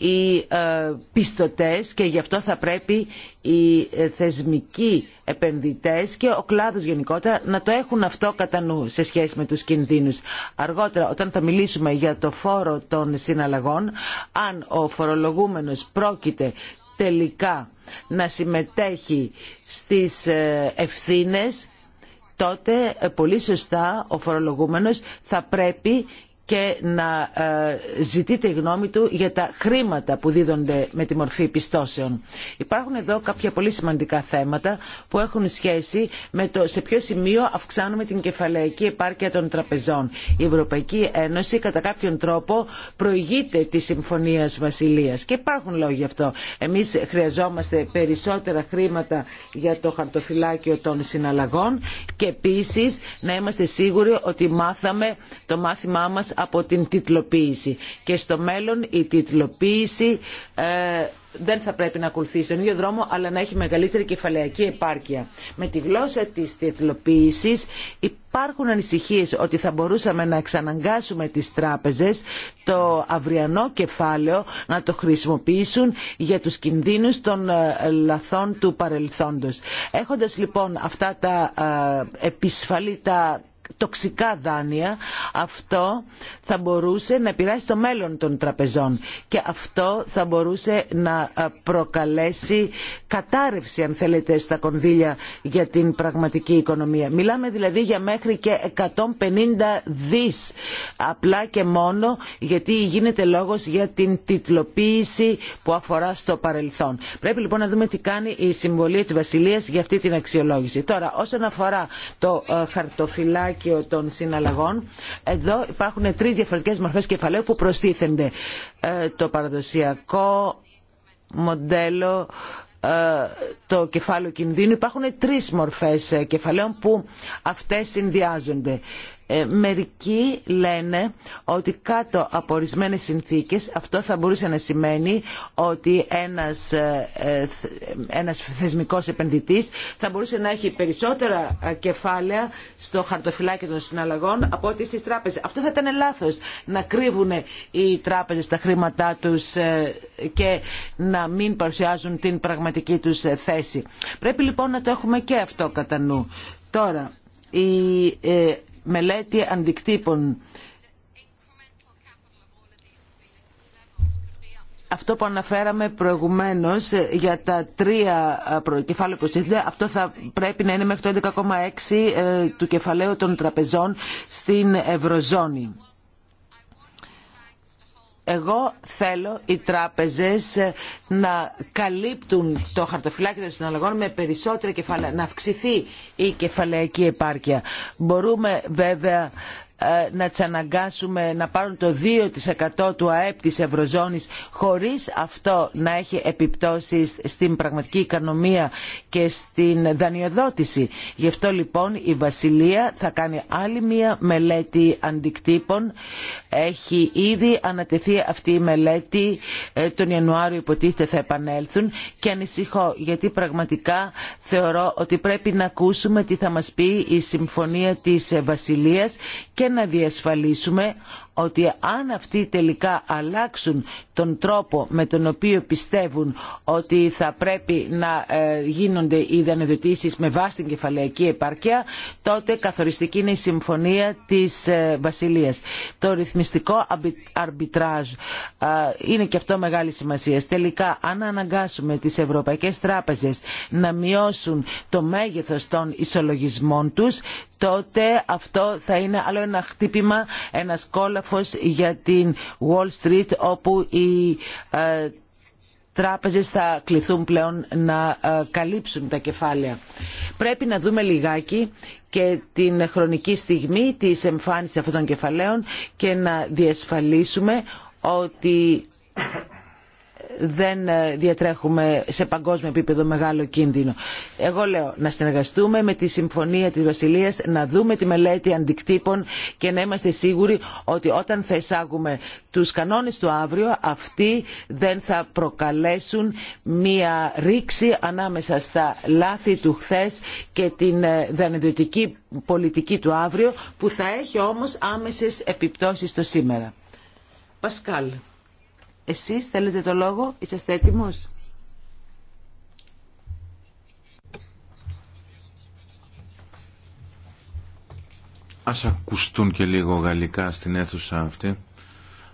οι ε, πιστωτές και γι' αυτό θα πρέπει οι ε, θεσμικοί επενδυτές και ο κλάδος γενικότερα να το έχουν αυτό κατά νου σε σχέση με τους κινδύνους. Αργότερα όταν θα μιλήσουμε για το φόρο των συναλλαγών, αν ο φορολογούμενος πρόκειται τελικά να συμμετέχει στις ε, ευθύνες τότε πολύ σωστά ο φορολογούμενος θα πρέπει και να ε, ζητείτε γνώμη του για τα χρήματα που δίδονται με τη μορφή πιστώσεων. Υπάρχουν εδώ κάποια πολύ σημαντικά θέματα που έχουν σχέση με το σε ποιο σημείο αυξάνουμε την κεφαλαϊκή επάρκεια των τραπεζών. Η Ευρωπαϊκή Ένωση κατά κάποιον τρόπο προηγείται τη Συμφωνία Βασιλεία και υπάρχουν λόγοι γι' αυτό. Εμεί χρειαζόμαστε περισσότερα χρήματα για το χαρτοφυλάκιο των συναλλαγών και επίση να είμαστε σίγουροι ότι μάθαμε το μάθημά μα από την τιτλοποίηση. Και στο μέλλον η τιτλοποίηση ε, δεν θα πρέπει να ακολουθήσει τον ίδιο δρόμο, αλλά να έχει μεγαλύτερη κεφαλαϊκή επάρκεια. Με τη γλώσσα της τιτλοποίησης υπάρχουν ανησυχίες ότι θα μπορούσαμε να εξαναγκάσουμε τις τράπεζες το αυριανό κεφάλαιο να το χρησιμοποιήσουν για τους κινδύνους των ε, λαθών του παρελθόντος. Έχοντας λοιπόν αυτά τα ε, επισφαλή, τοξικά δάνεια, αυτό θα μπορούσε να επηρεάσει το μέλλον των τραπεζών και αυτό θα μπορούσε να προκαλέσει κατάρρευση, αν θέλετε, στα κονδύλια για την πραγματική οικονομία. Μιλάμε δηλαδή για μέχρι και 150 δις, απλά και μόνο γιατί γίνεται λόγος για την τιτλοποίηση που αφορά στο παρελθόν. Πρέπει λοιπόν να δούμε τι κάνει η Συμβολία της Βασιλείας για αυτή την αξιολόγηση. Τώρα, όσον αφορά το χαρτοφυλάκι και των συναλλαγών. Εδώ υπάρχουν τρεις διαφορετικές μορφές κεφαλαίου που προστίθενται. Ε, το παραδοσιακό μοντέλο ε, το κεφάλαιο κινδύνου υπάρχουν τρεις μορφές ε, κεφαλαίων που αυτές συνδυάζονται ε, μερικοί λένε ότι κάτω από ορισμένε συνθήκες αυτό θα μπορούσε να σημαίνει ότι ένας, ε, ε, ένας θεσμικός επενδυτής θα μπορούσε να έχει περισσότερα κεφάλαια στο χαρτοφυλάκιο των συναλλαγών από ό,τι στις τράπεζες. Αυτό θα ήταν λάθος να κρύβουν οι τράπεζες τα χρήματά τους και να μην παρουσιάζουν την πραγματική τους θέση. Πρέπει λοιπόν να το έχουμε και αυτό κατά νου. Τώρα, η μελέτη αντικτύπων. Αυτό που αναφέραμε προηγουμένως για τα τρία κεφάλαια προστιθέντα, αυτό θα πρέπει να είναι μέχρι το 11,6 ε, του κεφαλαίου των τραπεζών στην Ευρωζώνη. Εγώ θέλω οι τράπεζες ε, να καλύπτουν το χαρτοφυλάκι των συναλλαγών με περισσότερα κεφάλαια, να αυξηθεί η κεφαλαϊκή επάρκεια. Μπορούμε βέβαια ε, να τι αναγκάσουμε να πάρουν το 2% του ΑΕΠ της Ευρωζώνης χωρίς αυτό να έχει επιπτώσεις στην πραγματική οικονομία και στην δανειοδότηση. Γι' αυτό λοιπόν η Βασιλεία θα κάνει άλλη μία μελέτη αντικτύπων έχει ήδη ανατεθεί αυτή η μελέτη ε, τον Ιανουάριο υποτίθεται θα επανέλθουν και ανησυχώ γιατί πραγματικά θεωρώ ότι πρέπει να ακούσουμε τι θα μας πει η Συμφωνία της Βασιλείας και να διασφαλίσουμε ότι αν αυτοί τελικά αλλάξουν τον τρόπο με τον οποίο πιστεύουν ότι θα πρέπει να ε, γίνονται οι δανειοδοτήσεις με βάση την κεφαλαϊκή επάρκεια, τότε καθοριστική είναι η συμφωνία της ε, Βασιλείας. Το ρυθμιστικό αρμπιτράζ ε, είναι και αυτό μεγάλη σημασία. Τελικά, αν αναγκάσουμε τις ευρωπαϊκές τράπεζες να μειώσουν το μέγεθος των ισολογισμών τους, τότε αυτό θα είναι άλλο ένα χτύπημα, ένα κόλαφος για την Wall Street όπου οι ε, τράπεζες θα κληθούν πλέον να ε, καλύψουν τα κεφάλαια. Πρέπει να δούμε λιγάκι και την χρονική στιγμή της εμφάνισης αυτών των κεφαλαίων και να διασφαλίσουμε ότι δεν ε, διατρέχουμε σε παγκόσμιο επίπεδο μεγάλο κίνδυνο. Εγώ λέω να συνεργαστούμε με τη Συμφωνία της Βασιλείας, να δούμε τη μελέτη αντικτύπων και να είμαστε σίγουροι ότι όταν θα εισάγουμε τους κανόνες του αύριο, αυτοί δεν θα προκαλέσουν μία ρήξη ανάμεσα στα λάθη του χθες και την ε, δανειδιωτική πολιτική του αύριο, που θα έχει όμως άμεσες επιπτώσεις το σήμερα. Πασκάλ. Εσείς θέλετε το λόγο, είσαστε έτοιμος. Ας ακουστούν και λίγο γαλλικά στην αίθουσα αυτή.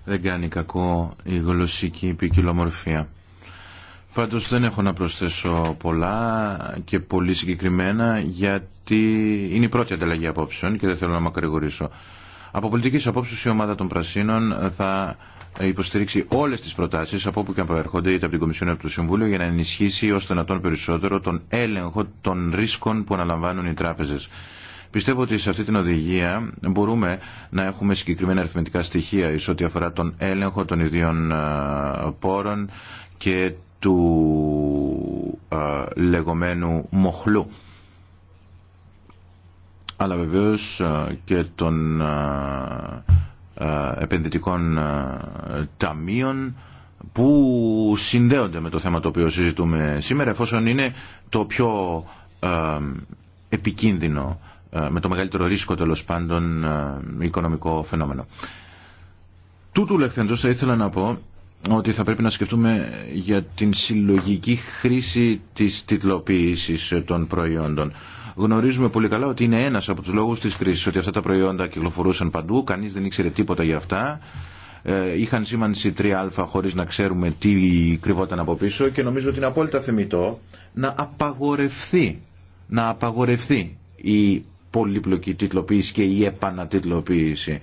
Δεν κάνει κακό η γλωσσική ποικιλομορφία. Πάντως δεν έχω να προσθέσω πολλά και πολύ συγκεκριμένα γιατί είναι η πρώτη ανταλλαγή απόψεων και δεν θέλω να μακρηγορήσω. Από πολιτικής απόψεως η ομάδα των Πρασίνων θα υποστηρίξει όλες τις προτάσεις από όπου και αν προέρχονται είτε από την Κομισιόν από το Συμβούλιο για να ενισχύσει να τον περισσότερο τον έλεγχο των ρίσκων που αναλαμβάνουν οι τράπεζες. Πιστεύω ότι σε αυτή την οδηγία μπορούμε να έχουμε συγκεκριμένα αριθμητικά στοιχεία εις ό,τι αφορά τον έλεγχο των ιδίων πόρων και του λεγόμενου μοχλού αλλά βεβαίως και των ε, επενδυτικών ε, ταμείων που συνδέονται με το θέμα το οποίο συζητούμε σήμερα εφόσον είναι το πιο ε, επικίνδυνο με το μεγαλύτερο ρίσκο τέλο πάντων οικονομικό φαινόμενο. Τούτου λεχθέντος θα ήθελα να πω ότι θα πρέπει να σκεφτούμε για την συλλογική χρήση της τιτλοποίησης των προϊόντων. Γνωρίζουμε πολύ καλά ότι είναι ένας από τους λόγους της κρίσης, ότι αυτά τα προϊόντα κυκλοφορούσαν παντού, κανείς δεν ήξερε τίποτα για αυτά. Ε, είχαν σήμανση 3α χωρίς να ξέρουμε τι κρυβόταν από πίσω και νομίζω ότι είναι απόλυτα θεμητό να απαγορευθεί, να απαγορευθεί η πολύπλοκη τίτλοποίηση και η επανατίτλοποίηση.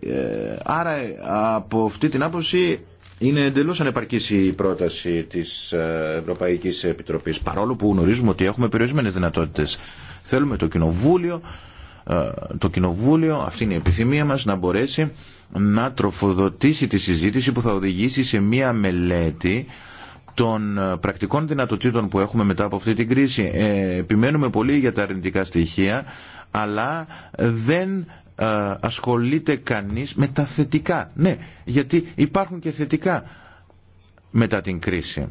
Ε, άρα από αυτή την άποψη είναι εντελώς ανεπαρκής η πρόταση της ε, Ευρωπαϊκής Επιτροπής Παρόλο που γνωρίζουμε ότι έχουμε περιορισμένε δυνατότητε Θέλουμε το κοινοβούλιο, ε, το κοινοβούλιο, αυτή είναι η επιθυμία μας, να μπορέσει να τροφοδοτήσει τη συζήτηση που θα οδηγήσει σε μία μελέτη των ε, πρακτικών δυνατοτήτων που έχουμε μετά από αυτή την κρίση. Ε, επιμένουμε πολύ για τα αρνητικά στοιχεία, αλλά δεν ασχολείται κανείς με τα θετικά. Ναι, γιατί υπάρχουν και θετικά μετά την κρίση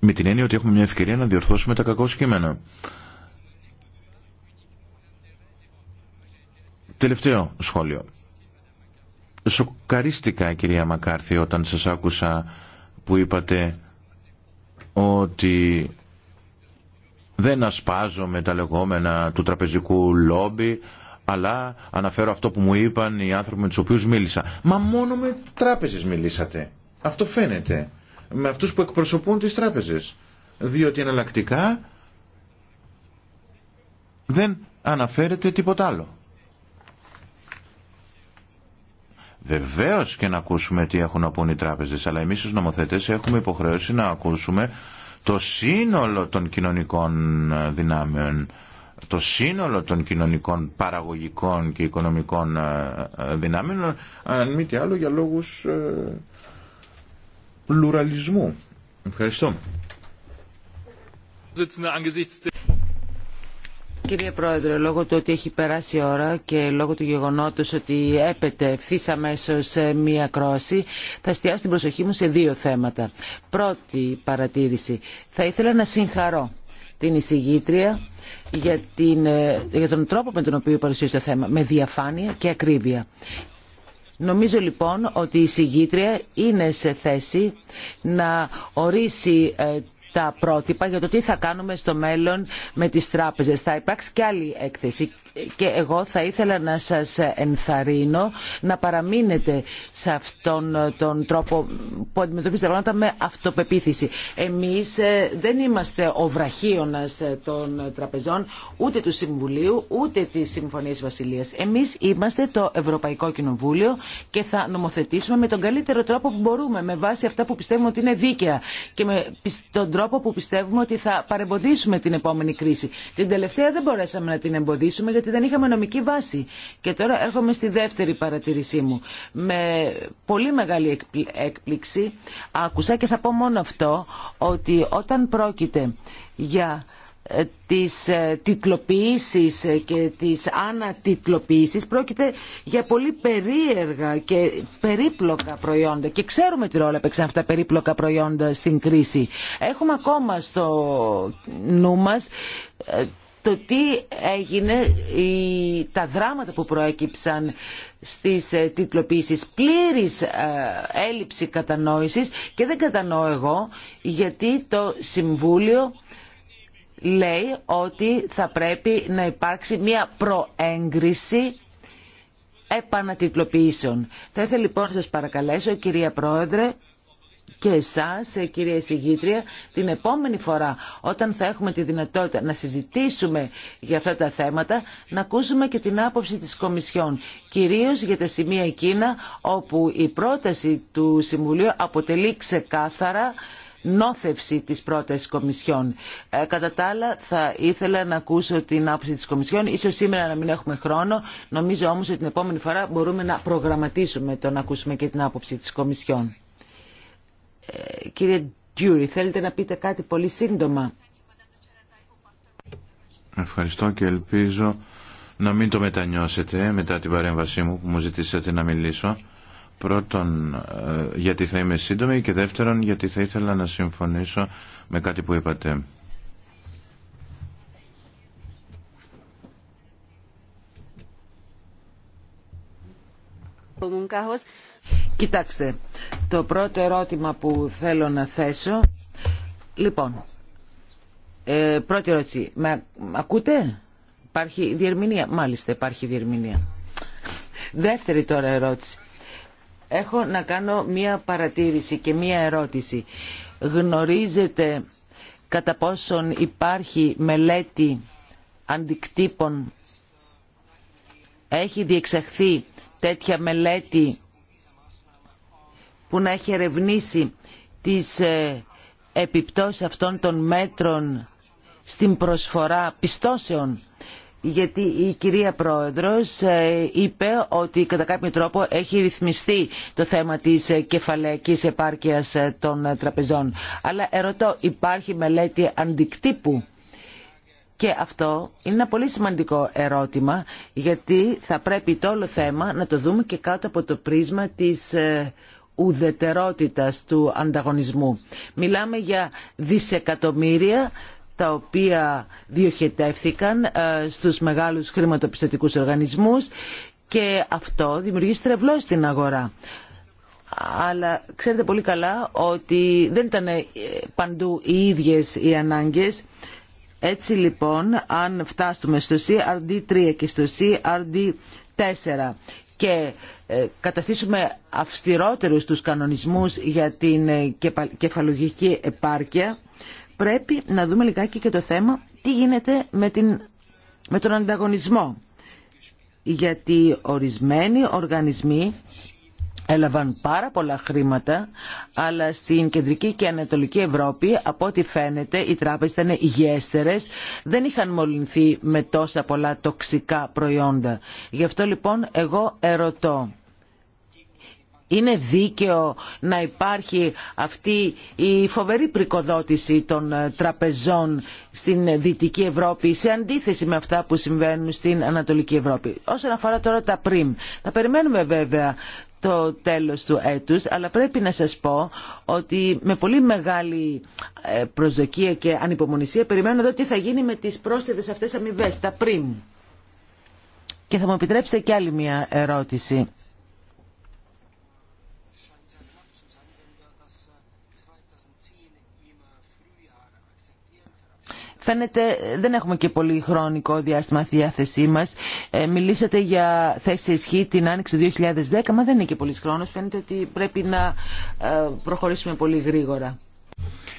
με την έννοια ότι έχουμε μια ευκαιρία να διορθώσουμε τα κακό σκήμενα. Τελευταίο σχόλιο. Σοκαρίστηκα, κυρία Μακάρθη, όταν σας άκουσα που είπατε ότι δεν ασπάζομαι τα λεγόμενα του τραπεζικού λόμπι, αλλά αναφέρω αυτό που μου είπαν οι άνθρωποι με τους οποίους μίλησα. Μα μόνο με τράπεζες μιλήσατε. Αυτό φαίνεται με αυτούς που εκπροσωπούν τις τράπεζες. Διότι εναλλακτικά δεν αναφέρεται τίποτα άλλο. Βεβαίως και να ακούσουμε τι έχουν να πούν οι τράπεζε, αλλά εμείς ως νομοθέτες έχουμε υποχρέωση να ακούσουμε το σύνολο των κοινωνικών ε, δυνάμεων, το σύνολο των κοινωνικών παραγωγικών και οικονομικών ε, ε, δυνάμεων, αν μη τι άλλο για λόγους Ευχαριστώ. Κύριε Πρόεδρε, λόγω του ότι έχει περάσει η ώρα και λόγω του γεγονότος ότι έπεται ευθύ αμέσω σε μία κρόση, θα εστιάσω την προσοχή μου σε δύο θέματα. Πρώτη παρατήρηση. Θα ήθελα να συγχαρώ την εισηγήτρια για, την, ε, για τον τρόπο με τον οποίο παρουσίασε το θέμα, με διαφάνεια και ακρίβεια. Νομίζω λοιπόν ότι η συγγήτρια είναι σε θέση να ορίσει ε, τα πρότυπα για το τι θα κάνουμε στο μέλλον με τις τράπεζες. Θα υπάρξει και άλλη έκθεση και εγώ θα ήθελα να σας ενθαρρύνω να παραμείνετε σε αυτόν τον τρόπο που αντιμετωπίζετε πράγματα με αυτοπεποίθηση. Εμείς ε, δεν είμαστε ο βραχίωνας ε, των τραπεζών ούτε του Συμβουλίου ούτε της Συμφωνίας Βασιλείας. Εμείς είμαστε το Ευρωπαϊκό Κοινοβούλιο και θα νομοθετήσουμε με τον καλύτερο τρόπο που μπορούμε με βάση αυτά που πιστεύουμε ότι είναι δίκαια και με τον τρόπο που πιστεύουμε ότι θα παρεμποδίσουμε την επόμενη κρίση. Την τελευταία δεν μπορέσαμε να την εμποδίσουμε γιατί δεν είχαμε νομική βάση. Και τώρα έρχομαι στη δεύτερη παρατηρήσή μου. Με πολύ μεγάλη έκπληξη άκουσα και θα πω μόνο αυτό, ότι όταν πρόκειται για ε, τις ε, τιτλοποιήσεις και τις ανατιτλοποιήσεις πρόκειται για πολύ περίεργα και περίπλοκα προϊόντα και ξέρουμε τι ρόλο έπαιξαν αυτά τα περίπλοκα προϊόντα στην κρίση. Έχουμε ακόμα στο νου μας ε, το τι έγινε, τα δράματα που προέκυψαν στις ε, τίτλοποιήσεις πλήρης ε, έλλειψη κατανόησης και δεν κατανοώ εγώ γιατί το Συμβούλιο λέει ότι θα πρέπει να υπάρξει μια προέγκριση επανατιτλοποιήσεων. Θα ήθελα λοιπόν να σας παρακαλέσω κυρία Πρόεδρε και εσάς, ε, κυρία Συγήτρια, την επόμενη φορά όταν θα έχουμε τη δυνατότητα να συζητήσουμε για αυτά τα θέματα, να ακούσουμε και την άποψη της Κομισιόν, κυρίως για τα σημεία εκείνα όπου η πρόταση του Συμβουλίου αποτελεί ξεκάθαρα νόθευση της πρότασης Κομισιόν. Ε, κατά τα άλλα θα ήθελα να ακούσω την άποψη της Κομισιόν. Ίσως σήμερα να μην έχουμε χρόνο. Νομίζω όμως ότι την επόμενη φορά μπορούμε να προγραμματίσουμε το να ακούσουμε και την άποψη της Κομισιόν. Ε, κύριε Τιούρι, θέλετε να πείτε κάτι πολύ σύντομα. Ευχαριστώ και ελπίζω να μην το μετανιώσετε μετά την παρέμβασή μου που μου ζητήσατε να μιλήσω. Πρώτον, ε, γιατί θα είμαι σύντομη και δεύτερον, γιατί θα ήθελα να συμφωνήσω με κάτι που είπατε. Κοιτάξτε, το πρώτο ερώτημα που θέλω να θέσω... Λοιπόν, ε, πρώτη ερώτηση. Με ακούτε? Υπάρχει διερμηνία. Μάλιστα, υπάρχει διερμηνία. Δεύτερη τώρα ερώτηση. Έχω να κάνω μία παρατήρηση και μία ερώτηση. Γνωρίζετε κατά πόσον υπάρχει μελέτη αντικτύπων. Έχει διεξαχθεί τέτοια μελέτη που να έχει ερευνήσει τις ε, επιπτώσεις αυτών των μέτρων στην προσφορά πιστώσεων. Γιατί η κυρία Πρόεδρος ε, είπε ότι κατά κάποιο τρόπο έχει ρυθμιστεί το θέμα της ε, κεφαλαϊκής επάρκειας των τραπεζών. Αλλά ερωτώ, υπάρχει μελέτη αντικτύπου. Και αυτό είναι ένα πολύ σημαντικό ερώτημα, γιατί θα πρέπει το όλο θέμα να το δούμε και κάτω από το πρίσμα της ουδετερότητας του ανταγωνισμού. Μιλάμε για δισεκατομμύρια τα οποία διοχετεύθηκαν ε, στους μεγάλους χρηματοπιστωτικούς οργανισμούς και αυτό δημιουργεί στρεβλό στην αγορά. Αλλά ξέρετε πολύ καλά ότι δεν ήταν ε, παντού οι ίδιες οι ανάγκες. Έτσι λοιπόν, αν φτάσουμε στο CRD3 και στο CRD4 και ε, καταστήσουμε αυστηρότερους τους κανονισμούς για την ε, κεφαλογική επάρκεια, πρέπει να δούμε λιγάκι και το θέμα τι γίνεται με, την, με τον ανταγωνισμό. Γιατί ορισμένοι οργανισμοί έλαβαν πάρα πολλά χρήματα, αλλά στην κεντρική και ανατολική Ευρώπη, από ό,τι φαίνεται, οι τράπεζες ήταν υγιέστερες, δεν είχαν μολυνθεί με τόσα πολλά τοξικά προϊόντα. Γι' αυτό λοιπόν εγώ ερωτώ. Είναι δίκαιο να υπάρχει αυτή η φοβερή πρικοδότηση των ε, τραπεζών στην Δυτική Ευρώπη σε αντίθεση με αυτά που συμβαίνουν στην Ανατολική Ευρώπη. Όσον αφορά τώρα τα πριμ, θα περιμένουμε βέβαια το τέλος του έτους, αλλά πρέπει να σας πω ότι με πολύ μεγάλη ε, προσδοκία και ανυπομονησία περιμένω εδώ τι θα γίνει με τις πρόσθετες αυτές αμοιβέ, τα πριμ. Και θα μου επιτρέψετε και άλλη μια ερώτηση. Φαίνεται δεν έχουμε και πολύ χρονικό διάστημα στη διάθεσή μα. Ε, μιλήσατε για θέση ισχύ την άνοιξη 2010, μα δεν είναι και πολύ χρόνο. Φαίνεται ότι πρέπει να ε, προχωρήσουμε πολύ γρήγορα.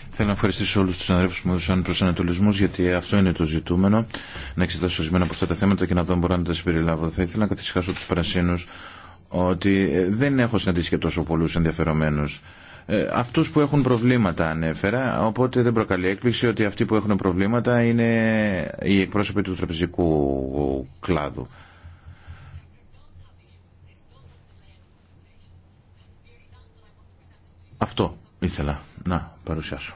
Θέλω να ευχαριστήσω όλου του συναδέλφου που μου έδωσαν προσανατολισμού, γιατί αυτό είναι το ζητούμενο. Να εξετάσω ορισμένα από αυτά τα θέματα και να δω αν μπορώ να τα συμπεριλάβω. Θα ήθελα να καθισχάσω του πρασίνου ότι ε, δεν έχω συναντήσει και τόσο πολλού ενδιαφερομένου ε, αυτούς που έχουν προβλήματα ανέφερα, οπότε δεν προκαλεί έκπληξη ότι αυτοί που έχουν προβλήματα είναι οι εκπρόσωποι του τραπεζικού κλάδου. Αυτό ήθελα να παρουσιάσω.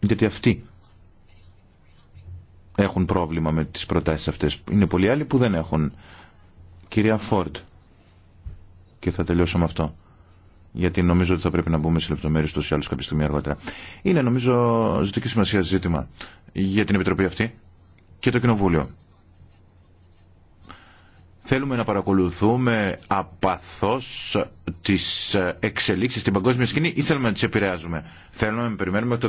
Γιατί αυτοί έχουν πρόβλημα με τις προτάσεις αυτές. Είναι πολλοί άλλοι που δεν έχουν. Κυρία Φόρτ και θα τελειώσω με αυτό. Γιατί νομίζω ότι θα πρέπει να μπούμε σε λεπτομέρειε του ή άλλου κάποια στιγμή αργότερα. Είναι νομίζω ζωτική σημασία ζήτημα για την Επιτροπή αυτή και το Κοινοβούλιο. Θέλουμε να παρακολουθούμε απαθώς τις εξελίξεις στην παγκόσμια σκηνή ή θέλουμε να τις επηρεάζουμε. Θέλουμε να περιμένουμε το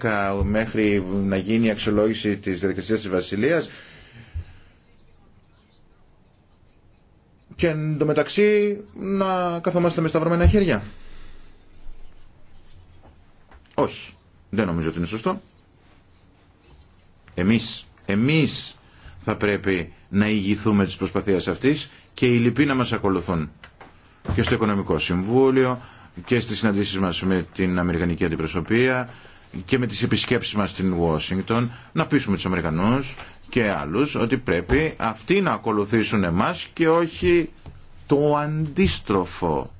2010 μέχρι να γίνει η αξιολόγηση της διαδικασία της Βασιλείας και μεταξύ να καθόμαστε με σταυρωμένα χέρια. Όχι. Δεν νομίζω ότι είναι σωστό. Εμείς, εμείς θα πρέπει να ηγηθούμε της προσπαθίας αυτής και οι λοιποί να μας ακολουθούν και στο Οικονομικό Συμβούλιο και στις συναντήσεις μας με την Αμερικανική Αντιπροσωπεία και με τις επισκέψεις μας στην Ουάσιγκτον να πείσουμε τους Αμερικανούς και άλλους ότι πρέπει αυτοί να ακολουθήσουν εμάς και όχι το αντίστροφο.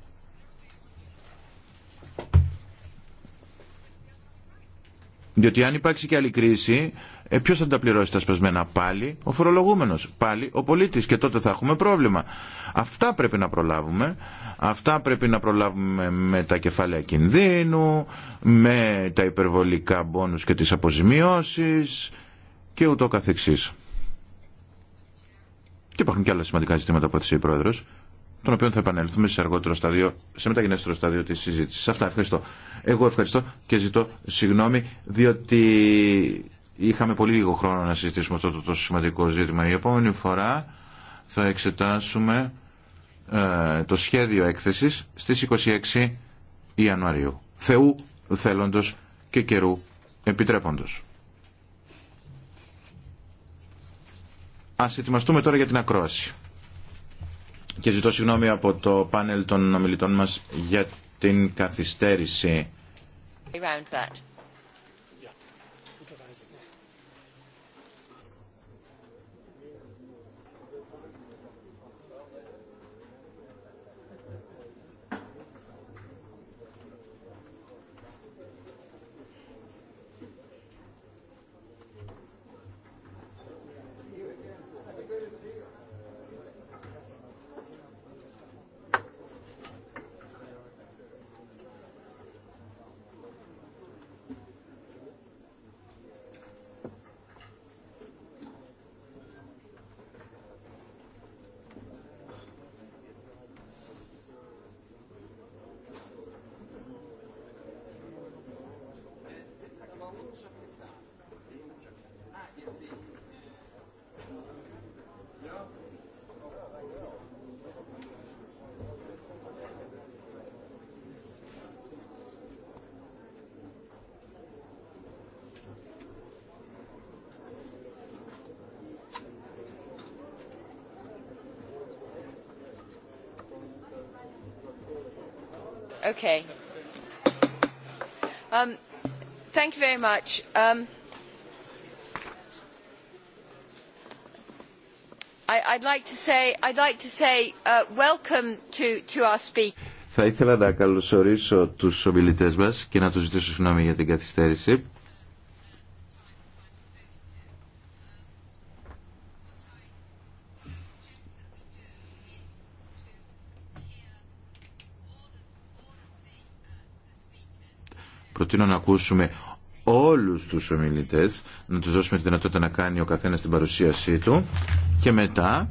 Διότι αν υπάρξει και άλλη κρίση, ε, ποιος θα τα πληρώσει τα σπασμένα πάλι, ο φορολογούμενος, πάλι ο πολίτης και τότε θα έχουμε πρόβλημα. Αυτά πρέπει να προλάβουμε, αυτά πρέπει να προλάβουμε με τα κεφάλαια κινδύνου, με τα υπερβολικά μπόνους και τις αποζημιώσεις, και ούτω καθεξής. Και υπάρχουν και άλλα σημαντικά ζητήματα που έθεσε η Πρόεδρος, των οποίων θα επανέλθουμε σε, αργότερο στάδιο, σε μεταγενέστερο στάδιο της συζήτησης. Αυτά ευχαριστώ. Εγώ ευχαριστώ και ζητώ συγγνώμη, διότι είχαμε πολύ λίγο χρόνο να συζητήσουμε αυτό το τόσο σημαντικό ζήτημα. Η επόμενη φορά θα εξετάσουμε ε, το σχέδιο έκθεσης στις 26 Ιανουαρίου. Θεού θέλοντος και καιρού επιτρέποντος. Ας ετοιμαστούμε τώρα για την ακρόαση. Και ζητώ συγγνώμη από το πάνελ των ομιλητών μας για την καθυστέρηση. Θα ήθελα να καλωσορίσω τους ομιλητές μας και να τους ζητήσω συγγνώμη για την καθυστέρηση. προτείνω να ακούσουμε όλους τους ομιλητές, να τους δώσουμε τη δυνατότητα να κάνει ο καθένας την παρουσίασή του και μετά,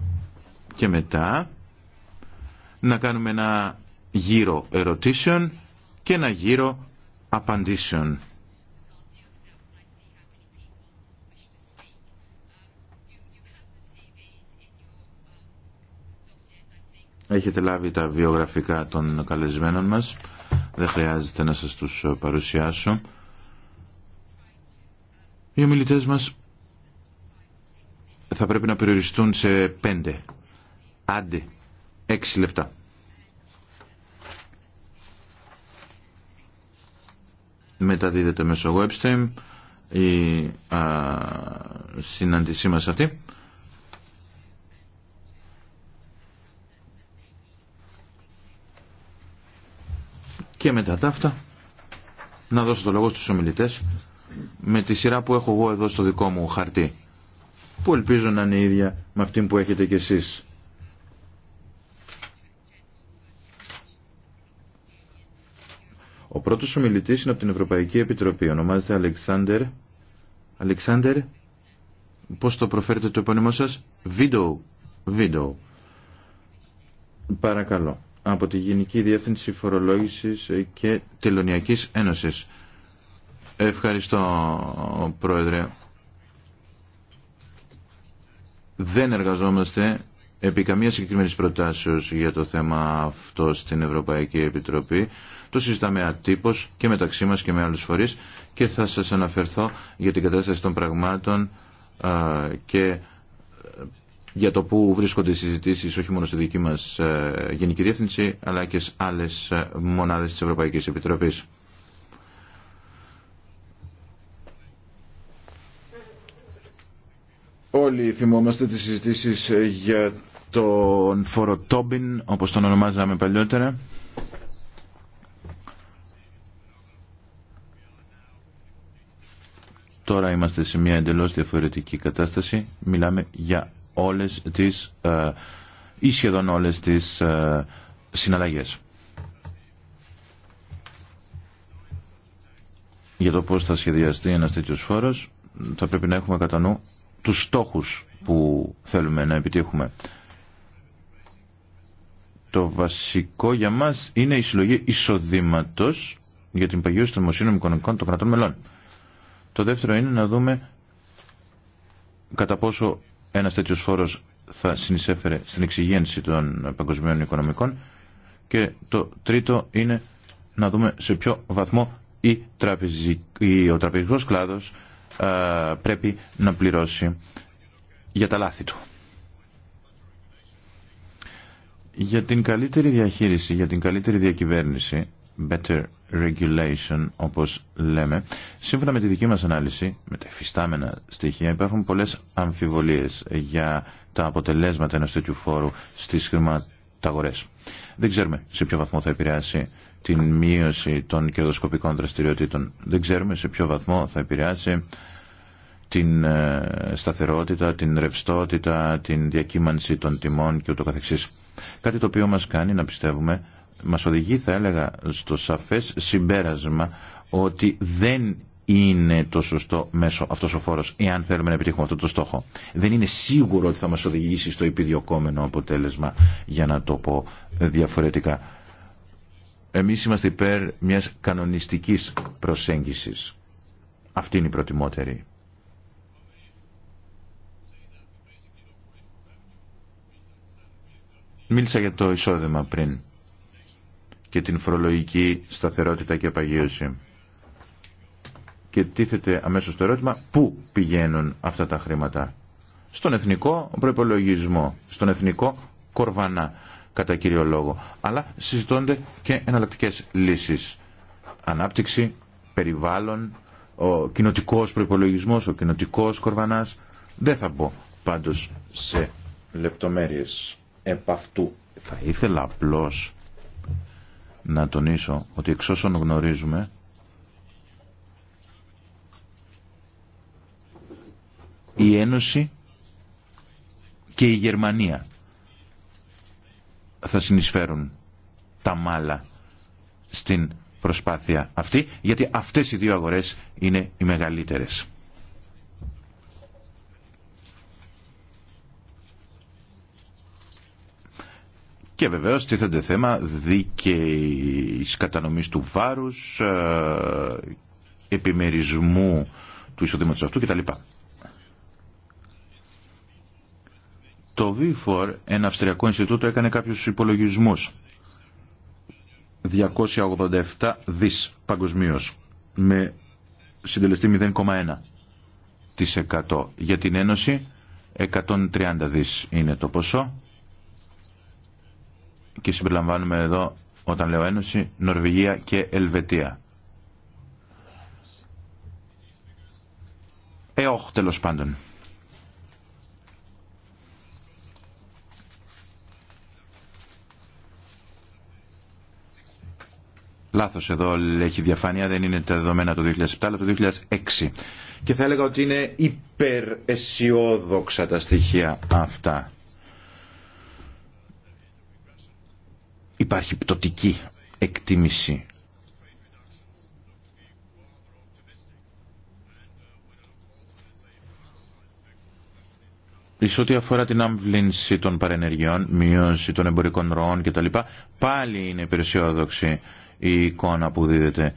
και μετά να κάνουμε ένα γύρο ερωτήσεων και ένα γύρο απαντήσεων. Έχετε λάβει τα βιογραφικά των καλεσμένων μας δεν χρειάζεται να σας τους ε, παρουσιάσω. Οι ομιλητές μας θα πρέπει να περιοριστούν σε πέντε, άντε έξι λεπτά. Μεταδίδεται μέσω webstream η συνάντησή μας αυτή. και μετά τα αυτά να δώσω το λόγο στους ομιλητές με τη σειρά που έχω εγώ εδώ στο δικό μου χαρτί που ελπίζω να είναι η ίδια με αυτή που έχετε κι εσείς. Ο πρώτος ομιλητής είναι από την Ευρωπαϊκή Επιτροπή. Ονομάζεται Αλεξάνδερ. Αλεξάνδερ, πώς το προφέρετε το επώνυμό σας. Βίντεο. Βίντεο. Παρακαλώ από τη Γενική Διεύθυνση Φορολόγησης και Τελωνιακής Ένωσης. Ευχαριστώ, Πρόεδρε. Δεν εργαζόμαστε επί καμία συγκεκριμένης προτάσεως για το θέμα αυτό στην Ευρωπαϊκή Επιτροπή. Το συζητάμε ατύπως και μεταξύ μας και με άλλους φορείς και θα σας αναφερθώ για την κατάσταση των πραγμάτων και για το που βρίσκονται οι συζητήσεις όχι μόνο στη δική μας ε, Γενική Διεύθυνση αλλά και σε άλλες ε, μονάδες της Ευρωπαϊκής Επιτροπής. Όλοι θυμόμαστε τις συζητήσεις ε, για τον φοροτόμπιν, όπως τον ονομάζαμε παλιότερα. Τώρα είμαστε σε μια εντελώς διαφορετική κατάσταση. Μιλάμε για όλες τις ε, ή σχεδόν όλες τις ε, συναλλαγές. Για το πώς θα σχεδιαστεί ένας τέτοιος φόρος θα πρέπει να έχουμε κατά νου τους στόχους που θέλουμε να επιτύχουμε. Το βασικό για μας είναι η συλλογή εισοδήματος για την παγίωση των δημοσίων οικονομικών των κρατών μελών. Το δεύτερο είναι να δούμε κατά πόσο ένας τέτοιος φόρος θα συνεισέφερε στην εξυγένση των παγκοσμίων οικονομικών και το τρίτο είναι να δούμε σε ποιο βαθμό η ο τραπεζικός κλάδος πρέπει να πληρώσει για τα λάθη του. Για την καλύτερη διαχείριση, για την καλύτερη διακυβέρνηση better regulation όπως λέμε σύμφωνα με τη δική μας ανάλυση με τα εφιστάμενα στοιχεία υπάρχουν πολλές αμφιβολίες για τα αποτελέσματα ενός τέτοιου φόρου στις χρηματαγορές δεν ξέρουμε σε ποιο βαθμό θα επηρεάσει την μείωση των κερδοσκοπικών δραστηριοτήτων δεν ξέρουμε σε ποιο βαθμό θα επηρεάσει την ε, σταθερότητα, την ρευστότητα, την διακύμανση των τιμών και ούτω καθεξής. Κάτι το οποίο μας κάνει να πιστεύουμε μας οδηγεί θα έλεγα στο σαφές συμπέρασμα ότι δεν είναι το σωστό μέσο αυτός ο φόρος εάν θέλουμε να επιτύχουμε αυτό το στόχο. Δεν είναι σίγουρο ότι θα μας οδηγήσει στο επιδιωκόμενο αποτέλεσμα για να το πω διαφορετικά. Εμείς είμαστε υπέρ μιας κανονιστικής προσέγγισης. Αυτή είναι η προτιμότερη. Μίλησα για το εισόδημα πριν και την φορολογική σταθερότητα και απαγίωση. Και τίθεται αμέσως το ερώτημα πού πηγαίνουν αυτά τα χρήματα. Στον εθνικό προπολογισμό, στον εθνικό κορβανά κατά κύριο λόγο. Αλλά συζητώνται και εναλλακτικέ λύσεις. Ανάπτυξη, περιβάλλον, ο κοινοτικό προπολογισμό, ο κοινοτικό κορβανάς. Δεν θα μπω πάντως σε λεπτομέρειες επ' αυτού. Θα ήθελα απλώς να τονίσω ότι εξ όσων γνωρίζουμε η Ένωση και η Γερμανία θα συνεισφέρουν τα μάλα στην προσπάθεια αυτή, γιατί αυτές οι δύο αγορές είναι οι μεγαλύτερες. Και βεβαίως τίθενται θέμα δίκαιης κατανομής του βάρους, ε, επιμερισμού του εισοδήματο αυτού κτλ. Το V4, ένα αυστριακό Ινστιτούτο, έκανε κάποιου υπολογισμούς. 287 δι παγκοσμίω με συντελεστή 0,1% για την Ένωση 130 δις είναι το ποσό και συμπεριλαμβάνουμε εδώ όταν λέω Ένωση, Νορβηγία και Ελβετία. Ε, όχ, τέλος πάντων. Λάθος εδώ έχει διαφάνεια, δεν είναι τα δεδομένα το 2007 αλλά το 2006. Και θα έλεγα ότι είναι υπεραισιόδοξα τα στοιχεία αυτά. υπάρχει πτωτική εκτίμηση. Εις ό,τι αφορά την άμβλυνση των παρενεργειών, μείωση των εμπορικών ροών κτλ. Πάλι είναι υπερσιόδοξη η εικόνα που δίδεται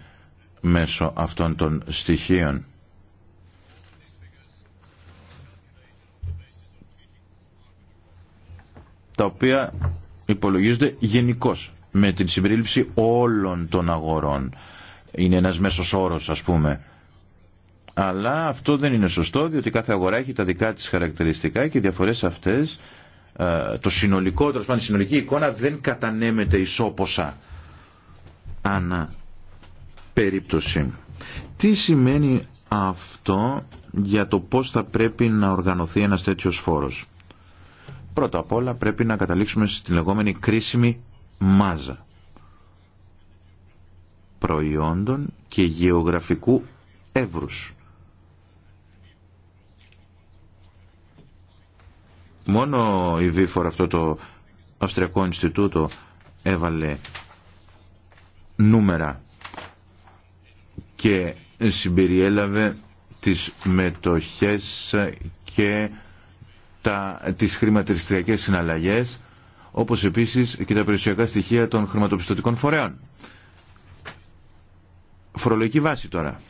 μέσω αυτών των στοιχείων. τα οποία υπολογίζονται γενικώ με την συμπερίληψη όλων των αγορών. Είναι ένας μέσος όρος ας πούμε. Αλλά αυτό δεν είναι σωστό διότι κάθε αγορά έχει τα δικά της χαρακτηριστικά και οι διαφορές αυτές ε, το συνολικό, το η συνολική εικόνα δεν κατανέμεται ισόποσα ανά περίπτωση. Τι σημαίνει αυτό για το πώς θα πρέπει να οργανωθεί ένας τέτοιος φόρος. Πρώτα απ' όλα πρέπει να καταλήξουμε στην λεγόμενη κρίσιμη μάζα προϊόντων και γεωγραφικού εύρους. Μόνο η Βίφορ αυτό το Αυστριακό Ινστιτούτο έβαλε νούμερα και συμπεριέλαβε τις μετοχές και τα, τις χρηματιστριακές συναλλαγές, όπως επίσης και τα περιουσιακά στοιχεία των χρηματοπιστωτικών φορέων. Φορολογική βάση τώρα.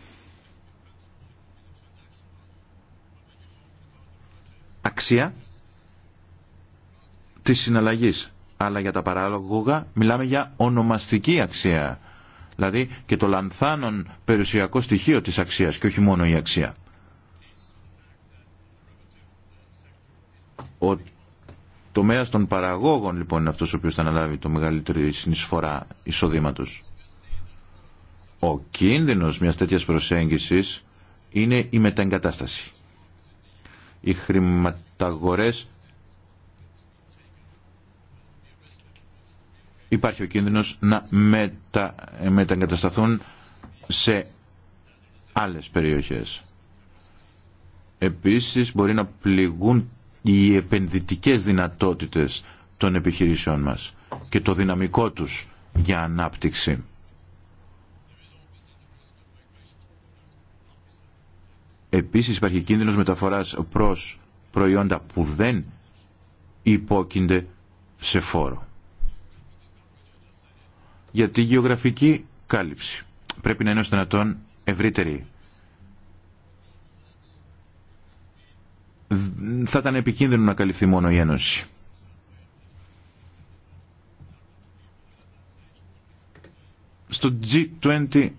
Αξία της συναλλαγής. Αλλά για τα παράλογα μιλάμε για ονομαστική αξία. Δηλαδή και το λανθάνον περιουσιακό στοιχείο της αξίας και όχι μόνο η αξία. Ο τομέας των παραγόγων λοιπόν είναι αυτός ο οποίος θα αναλάβει το μεγαλύτερη συνεισφορά εισοδήματο. Ο κίνδυνος μιας τέτοιας προσέγγισης είναι η μεταγκατάσταση. Οι χρηματαγορές υπάρχει ο κίνδυνος να μετα, μεταγκατασταθούν σε άλλες περιοχές. Επίσης μπορεί να πληγούν οι επενδυτικές δυνατότητες των επιχειρήσεών μας και το δυναμικό τους για ανάπτυξη. Επίσης υπάρχει κίνδυνος μεταφοράς προς προϊόντα που δεν υπόκεινται σε φόρο. Για τη γεωγραφική κάλυψη πρέπει να είναι ως δυνατόν ευρύτερη θα ήταν επικίνδυνο να καλυφθεί μόνο η Ένωση. Στο G20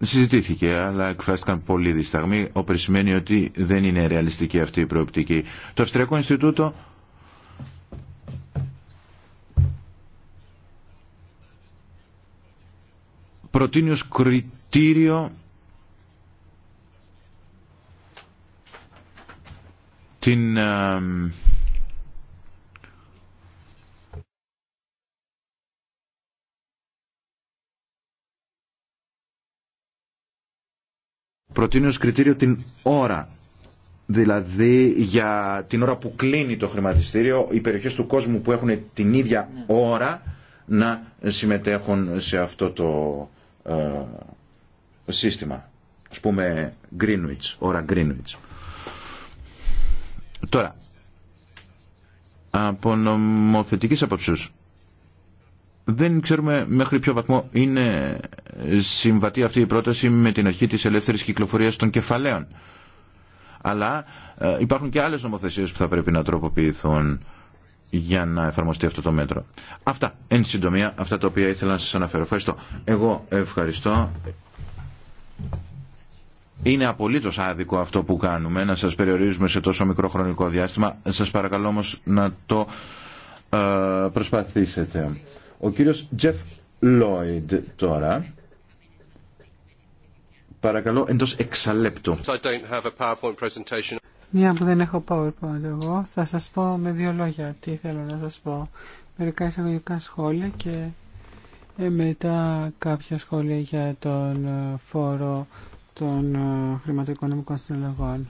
συζητήθηκε, αλλά εκφράστηκαν πολλοί δισταγμοί, όπου σημαίνει ότι δεν είναι ρεαλιστική αυτή η προοπτική. Το Αυστριακό Ινστιτούτο προτείνει ως κριτήριο την ε, προτείνει ως κριτήριο την ώρα. Δηλαδή για την ώρα που κλείνει το χρηματιστήριο, οι περιοχές του κόσμου που έχουν την ίδια ώρα να συμμετέχουν σε αυτό το ε, σύστημα. Ας πούμε Greenwich, ώρα Greenwich. Τώρα, από νομοθετική απόψεως, δεν ξέρουμε μέχρι ποιο βαθμό είναι συμβατή αυτή η πρόταση με την αρχή της ελεύθερης κυκλοφορίας των κεφαλαίων. Αλλά ε, υπάρχουν και άλλες νομοθεσίες που θα πρέπει να τροποποιηθούν για να εφαρμοστεί αυτό το μέτρο. Αυτά, εν συντομία, αυτά τα οποία ήθελα να σας αναφέρω. Ευχαριστώ. Εγώ ευχαριστώ. Είναι απολύτω άδικο αυτό που κάνουμε, να σα περιορίζουμε σε τόσο μικρό χρονικό διάστημα. Σα παρακαλώ όμω να το ε, προσπαθήσετε. Ο κύριος Τζεφ Λόιντ τώρα. Παρακαλώ εντός εξαλέπτου. Μια που δεν έχω PowerPoint εγώ, θα σας πω με δύο λόγια τι θέλω να σας πω. Μερικά εισαγωγικά σχόλια και ε, μετά κάποια σχόλια για τον ε, φόρο των ε, χρηματοοικονομικών συναλλαγών.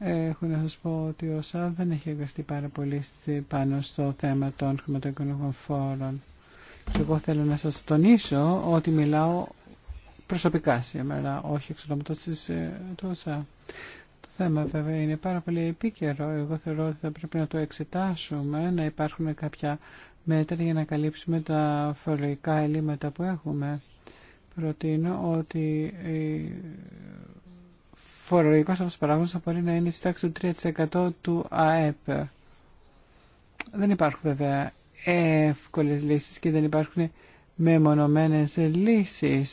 Έχω να σας πω ότι ο ΣΑ δεν έχει εργαστεί πάρα πολύ πάνω στο θέμα των χρηματοοικονομικών φόρων. Και εγώ θέλω να σας τονίσω ότι μιλάω προσωπικά σήμερα, όχι εξ της ε, του Το θέμα βέβαια είναι πάρα πολύ επίκαιρο. Εγώ θεωρώ ότι θα πρέπει να το εξετάσουμε, να υπάρχουν κάποια μέτρα για να καλύψουμε τα φορολογικά ελλείμματα που έχουμε προτείνω ότι φορολογικό αυτό παράγοντα θα μπορεί να είναι στη τάξη του 3% του ΑΕΠ. Δεν υπάρχουν βέβαια εύκολε λύσει και δεν υπάρχουν μεμονωμένε λύσει.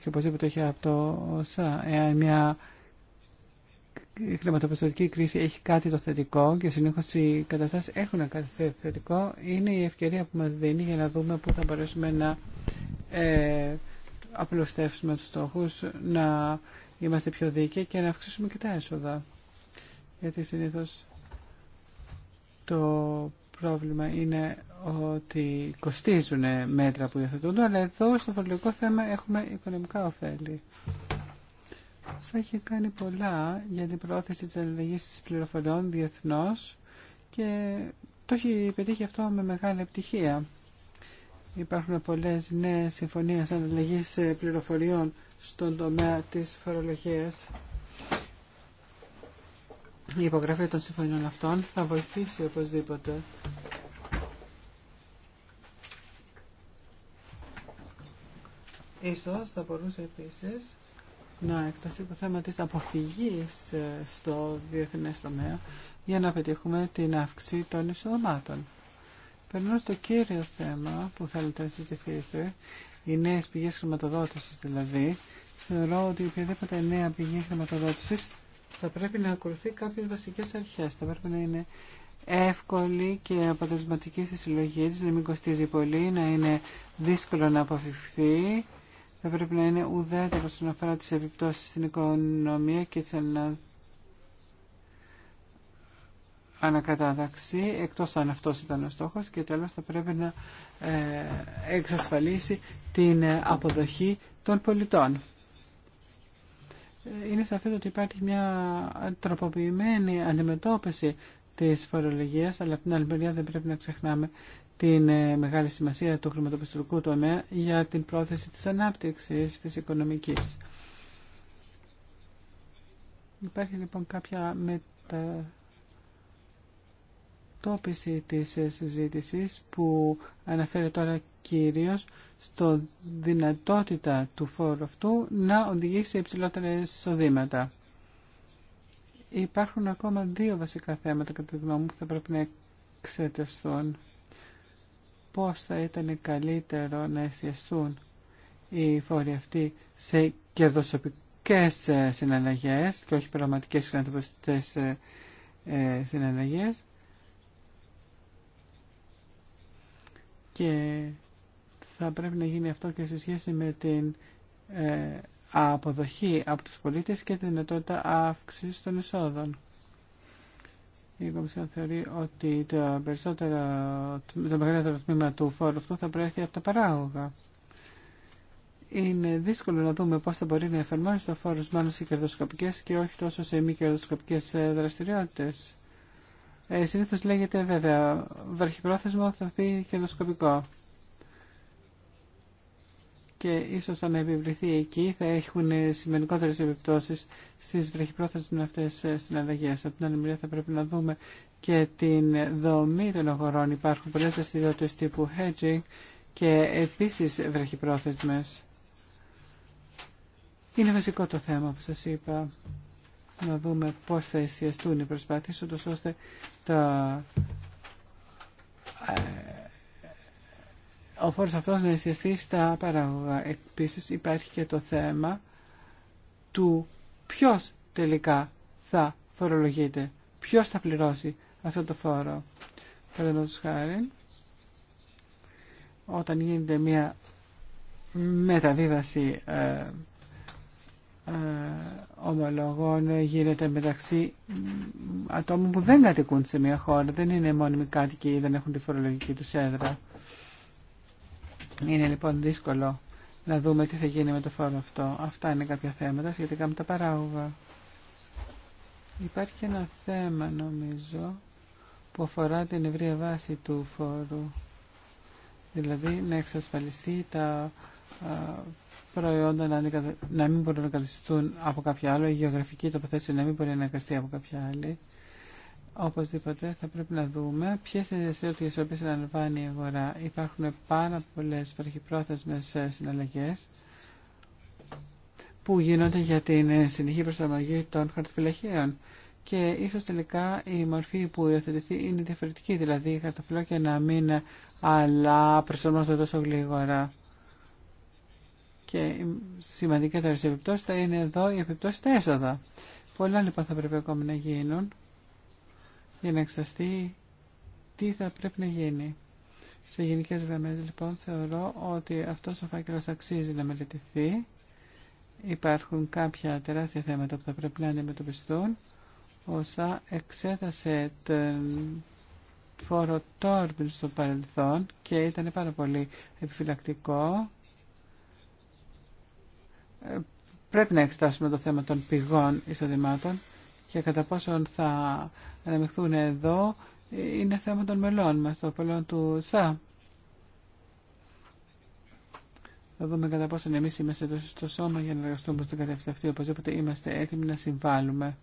Και οπωσδήποτε έχει από το ΩΣΑ. Εάν μια χρηματοπιστωτική κρίση έχει κάτι το θετικό και συνήθω οι καταστάσει έχουν κάτι θετικό, είναι η ευκαιρία που μα δίνει για να δούμε πού θα μπορέσουμε να ε, απλουστεύσουμε τους στόχους, να είμαστε πιο δίκαιοι και να αυξήσουμε και τα έσοδα. Γιατί συνήθως το πρόβλημα είναι ότι κοστίζουν μέτρα που υιοθετούνται, αλλά εδώ στο φορολογικό θέμα έχουμε οικονομικά ωφέλη. Σα έχει κάνει πολλά για την προώθηση της αλληλεγγύης της πληροφοριών διεθνώς και το έχει πετύχει αυτό με μεγάλη επιτυχία. Υπάρχουν πολλές νέες συμφωνίες ανταλλαγής ε, πληροφοριών στον τομέα της φορολογίας. Η υπογραφή των συμφωνιών αυτών θα βοηθήσει οπωσδήποτε. Ίσως θα μπορούσε επίσης να εκταστεί το θέμα της αποφυγής ε, στο διεθνές τομέα για να πετύχουμε την αύξηση των εισοδομάτων. Περνώ στο κύριο θέμα που θέλετε να συζητηθείτε, οι νέε πηγέ χρηματοδότηση δηλαδή. Θεωρώ ότι οποιαδήποτε νέα πηγή χρηματοδότηση θα πρέπει να ακολουθεί κάποιε βασικέ αρχέ. Θα πρέπει να είναι εύκολη και αποτελεσματική στη συλλογή τη, να μην κοστίζει πολύ, να είναι δύσκολο να αποφευχθεί. Θα πρέπει να είναι ουδέτερο όσον αφορά τι επιπτώσει στην οικονομία και τι ανακατάταξη, εκτός αν αυτός ήταν ο στόχος και τέλος θα πρέπει να ε, εξασφαλίσει την ε, αποδοχή των πολιτών. Ε, είναι σαφές ότι υπάρχει μια τροποποιημένη αντιμετώπιση της φορολογίας, αλλά από την άλλη μεριά δεν πρέπει να ξεχνάμε την μεγάλη σημασία του χρηματοπιστωτικού τομέα για την πρόθεση της ανάπτυξης της οικονομικής. Υπάρχει λοιπόν κάποια μετα αντιμετώπιση της συζήτησης που αναφέρει τώρα κυρίως στο δυνατότητα του φόρου αυτού να οδηγήσει σε υψηλότερα εισοδήματα. Υπάρχουν ακόμα δύο βασικά θέματα κατά τη γνώμη μου που θα πρέπει να εξεταστούν. Πώς θα ήταν καλύτερο να εστιαστούν οι φόροι αυτοί σε κερδοσοπικές ε, συναλλαγές και όχι πραγματικές χρηματοπιστωτικές ε, ε, συναλλαγές και θα πρέπει να γίνει αυτό και σε σχέση με την ε, αποδοχή από τους πολίτες και τη δυνατότητα αύξησης των εισόδων. Η Κομισιόν θεωρεί ότι το, το μεγαλύτερο τμήμα του φόρου αυτού θα προέρχεται από τα παράγωγα. Είναι δύσκολο να δούμε πώς θα μπορεί να εφαρμόσει το φόρο μάλλον σε κερδοσκοπικές και όχι τόσο σε μη κερδοσκοπικές ε, δραστηριότητες. Ε, συνήθως λέγεται βέβαια βραχυπρόθεσμο θα πει κερδοσκοπικό. Και ίσως αν επιβληθεί εκεί θα έχουν σημαντικότερες επιπτώσεις στις βραχυπρόθεσμες αυτές ε, συναλλαγές. Από την άλλη μεριά θα πρέπει να δούμε και την δομή των αγορών. Υπάρχουν πολλές δραστηριότητες τύπου hedging και επίσης βραχυπρόθεσμες. Είναι βασικό το θέμα που σας είπα να δούμε πώς θα εστιαστούν οι προσπάθειες, ούτως ώστε τα... Ε, ο φόρος αυτός να εστιαστεί στα παράγωγα. Επίσης υπάρχει και το θέμα του ποιος τελικά θα φορολογείται, ποιος θα πληρώσει αυτό το φόρο. Παραδείγματος χάρη, όταν γίνεται μια μεταβίβαση ε, ε, ομολόγων ναι, γίνεται μεταξύ ατόμων που δεν κατοικούν σε μια χώρα, δεν είναι μόνιμοι κάτοικοι ή δεν έχουν τη φορολογική του έδρα. Είναι λοιπόν δύσκολο να δούμε τι θα γίνει με το φόρο αυτό. Αυτά είναι κάποια θέματα σχετικά με τα παράγωγα. Υπάρχει ένα θέμα νομίζω που αφορά την ευρεία βάση του φόρου. Δηλαδή να εξασφαλιστεί τα προϊόντα να, μην μπορούν να καθιστούν από κάποια άλλο, η γεωγραφική τοποθέτηση να μην μπορεί να εργαστεί από κάποια άλλη. Οπωσδήποτε θα πρέπει να δούμε ποιε είναι οι δραστηριότητε τι οποίε αναλαμβάνει η αγορά. Υπάρχουν πάρα πολλέ βραχυπρόθεσμε ε, συναλλαγέ που γίνονται για την συνεχή προσαρμογή των χαρτοφυλακίων. Και ίσω τελικά η μορφή που υιοθετηθεί είναι διαφορετική, δηλαδή η χαρτοφυλάκια να μην ε, αλλά προσαρμόζονται τόσο γλίγορα και σημαντικά τα σε θα είναι εδώ οι επιπτώσει στα έσοδα. Πολλά λοιπόν θα πρέπει ακόμη να γίνουν για να εξαστεί τι θα πρέπει να γίνει. Σε γενικές γραμμές λοιπόν θεωρώ ότι αυτός ο φάκελος αξίζει να μελετηθεί. Υπάρχουν κάποια τεράστια θέματα που θα πρέπει να αντιμετωπιστούν. Όσα εξέτασε τον φόρο Τόρμπιν στο παρελθόν και ήταν πάρα πολύ επιφυλακτικό πρέπει να εξετάσουμε το θέμα των πηγών εισοδημάτων και κατά πόσον θα αναμειχθούν εδώ είναι θέμα των μελών μας, των μελών του ΣΑ. Θα δούμε κατά πόσον εμείς είμαστε εδώ στο σώμα για να εργαστούμε στην κατεύθυνση αυτή, οπωσδήποτε είμαστε έτοιμοι να συμβάλλουμε.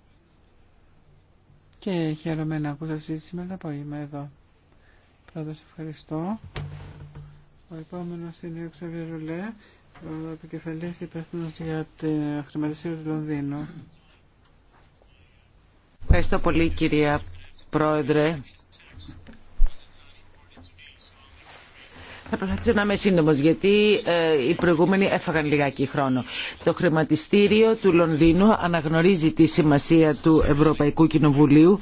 Και χαίρομαι να ακούσω συζήτηση σήμερα το απόγευμα εδώ. Πρώτα ευχαριστώ. Ο επόμενος είναι ο Ξαβιερουλέ επικεφαλής υπεύθυνος για τη χρηματιστήριο του Λονδίνου. Ευχαριστώ πολύ κυρία Πρόεδρε. Θα προσπαθήσω να είμαι σύντομο γιατί ε, οι προηγούμενοι έφαγαν λιγάκι χρόνο. Το χρηματιστήριο του Λονδίνου αναγνωρίζει τη σημασία του Ευρωπαϊκού Κοινοβουλίου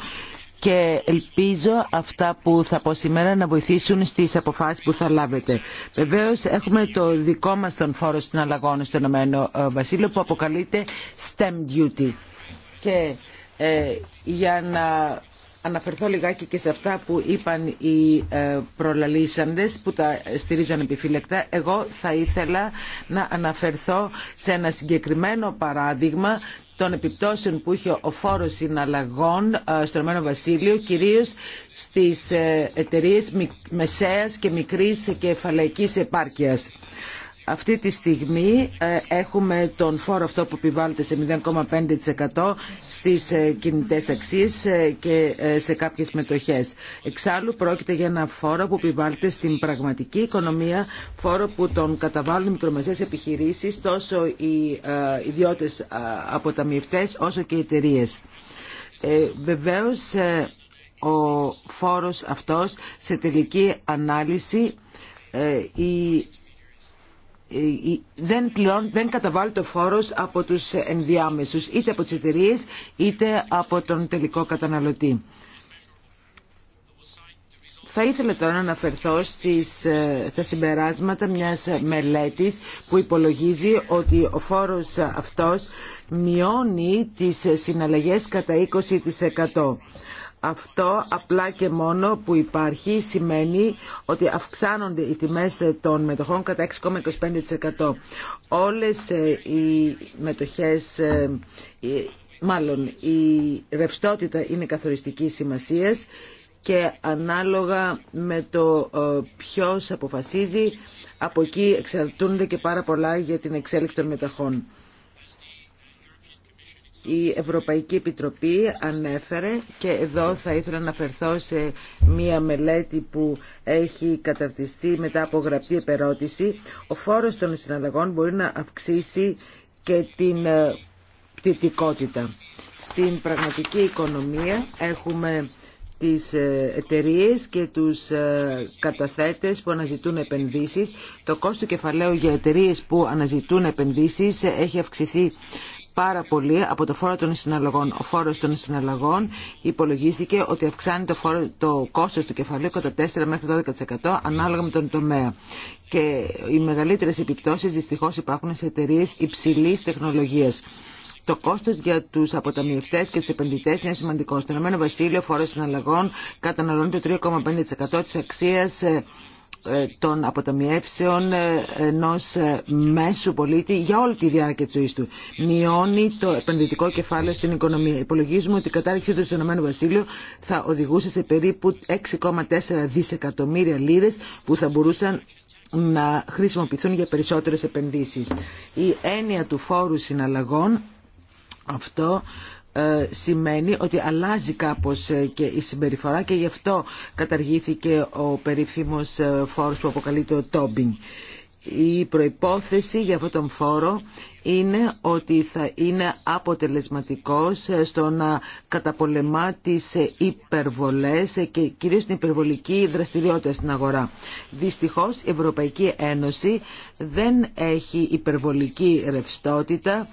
και ελπίζω αυτά που θα πω σήμερα να βοηθήσουν στις αποφάσεις που θα λάβετε. Βεβαίως έχουμε το δικό μας τον φόρο στην αλλαγών στο Ηνωμένο ε, Βασίλειο που αποκαλείται STEM Duty. Και ε, για να αναφερθώ λιγάκι και σε αυτά που είπαν οι ε, προλαλήσαντες που τα στηρίζουν επιφύλακτα. Εγώ θα ήθελα να αναφερθώ σε ένα συγκεκριμένο παράδειγμα των επιπτώσεων που είχε ο φόρος συναλλαγών ε, στο Ηνωμένο Βασίλειο, κυρίως στις ε, εταιρείες μεσαίας και μικρής κεφαλαϊκής επάρκειας. Αυτή τη στιγμή ε, έχουμε τον φόρο αυτό που επιβάλλεται σε 0,5% στις ε, κινητές αξίες ε, και σε κάποιες μετοχές. Εξάλλου πρόκειται για ένα φόρο που επιβάλλεται στην πραγματική οικονομία, φόρο που τον καταβάλουν οι μικρομεσαίες επιχειρήσεις, τόσο οι ιδιώτες αποταμιευτές όσο και οι εταιρείε. Βεβαίως ο φόρος αυτός σε τελική ανάλυση ε, ε, δεν, πληρών, δεν καταβάλει το φόρος από τους ενδιάμεσους, είτε από τις εταιρείε είτε από τον τελικό καταναλωτή. Θα ήθελα τώρα να αναφερθώ στις, ε, στα συμπεράσματα μιας μελέτης που υπολογίζει ότι ο φόρος αυτός μειώνει τις συναλλαγές κατά 20%. Αυτό απλά και μόνο που υπάρχει σημαίνει ότι αυξάνονται οι τιμές των μετοχών κατά 6,25%. Όλες ε, οι μετοχές, ε, μάλλον η ρευστότητα είναι καθοριστική σημασίας και ανάλογα με το ε, ποιος αποφασίζει, από εκεί εξαρτούνται και πάρα πολλά για την εξέλιξη των μεταχών η Ευρωπαϊκή Επιτροπή ανέφερε και εδώ θα ήθελα να αναφερθώ σε μία μελέτη που έχει καταρτιστεί μετά από γραπτή επερώτηση. Ο φόρος των συναλλαγών μπορεί να αυξήσει και την ε, πτυτικότητα. Στην πραγματική οικονομία έχουμε τις ε, εταιρείε και τους ε, καταθέτες που αναζητούν επενδύσεις. Το κόστος του κεφαλαίου για εταιρείε που αναζητούν επενδύσεις έχει αυξηθεί πάρα πολύ από το φόρο των συναλλαγών. Ο φόρος των συναλλαγών υπολογίστηκε ότι αυξάνει το, φόρο, το κόστος του κεφαλαίου κατά 4 μέχρι 12% ανάλογα με τον τομέα. Και οι μεγαλύτερες επιπτώσεις δυστυχώς υπάρχουν σε εταιρείε υψηλής τεχνολογίας. Το κόστο για του αποταμιευτέ και του επενδυτέ είναι σημαντικό. Στον Ηνωμένο Βασίλειο, φόρο συναλλαγών καταναλώνει το 3,5% τη αξία ε, των αποταμιεύσεων ε, ενός ε, μέσου πολίτη για όλη τη διάρκεια της ζωής του. Μειώνει το επενδυτικό κεφάλαιο στην οικονομία. Υπολογίζουμε ότι η κατάρριξη του στον Ηνωμένο θα οδηγούσε σε περίπου 6,4 δισεκατομμύρια λίρες που θα μπορούσαν να χρησιμοποιηθούν για περισσότερες επενδύσεις. Η έννοια του φόρου συναλλαγών αυτό ε, σημαίνει ότι αλλάζει κάπως ε, και η συμπεριφορά και γι' αυτό καταργήθηκε ο περίφημος ε, φόρος που αποκαλείται το τόμπινγκ. Η προϋπόθεση για αυτόν τον φόρο είναι ότι θα είναι αποτελεσματικός στο να καταπολεμά τις υπερβολές και κυρίως την υπερβολική δραστηριότητα στην αγορά. Δυστυχώς η Ευρωπαϊκή Ένωση δεν έχει υπερβολική ρευστότητα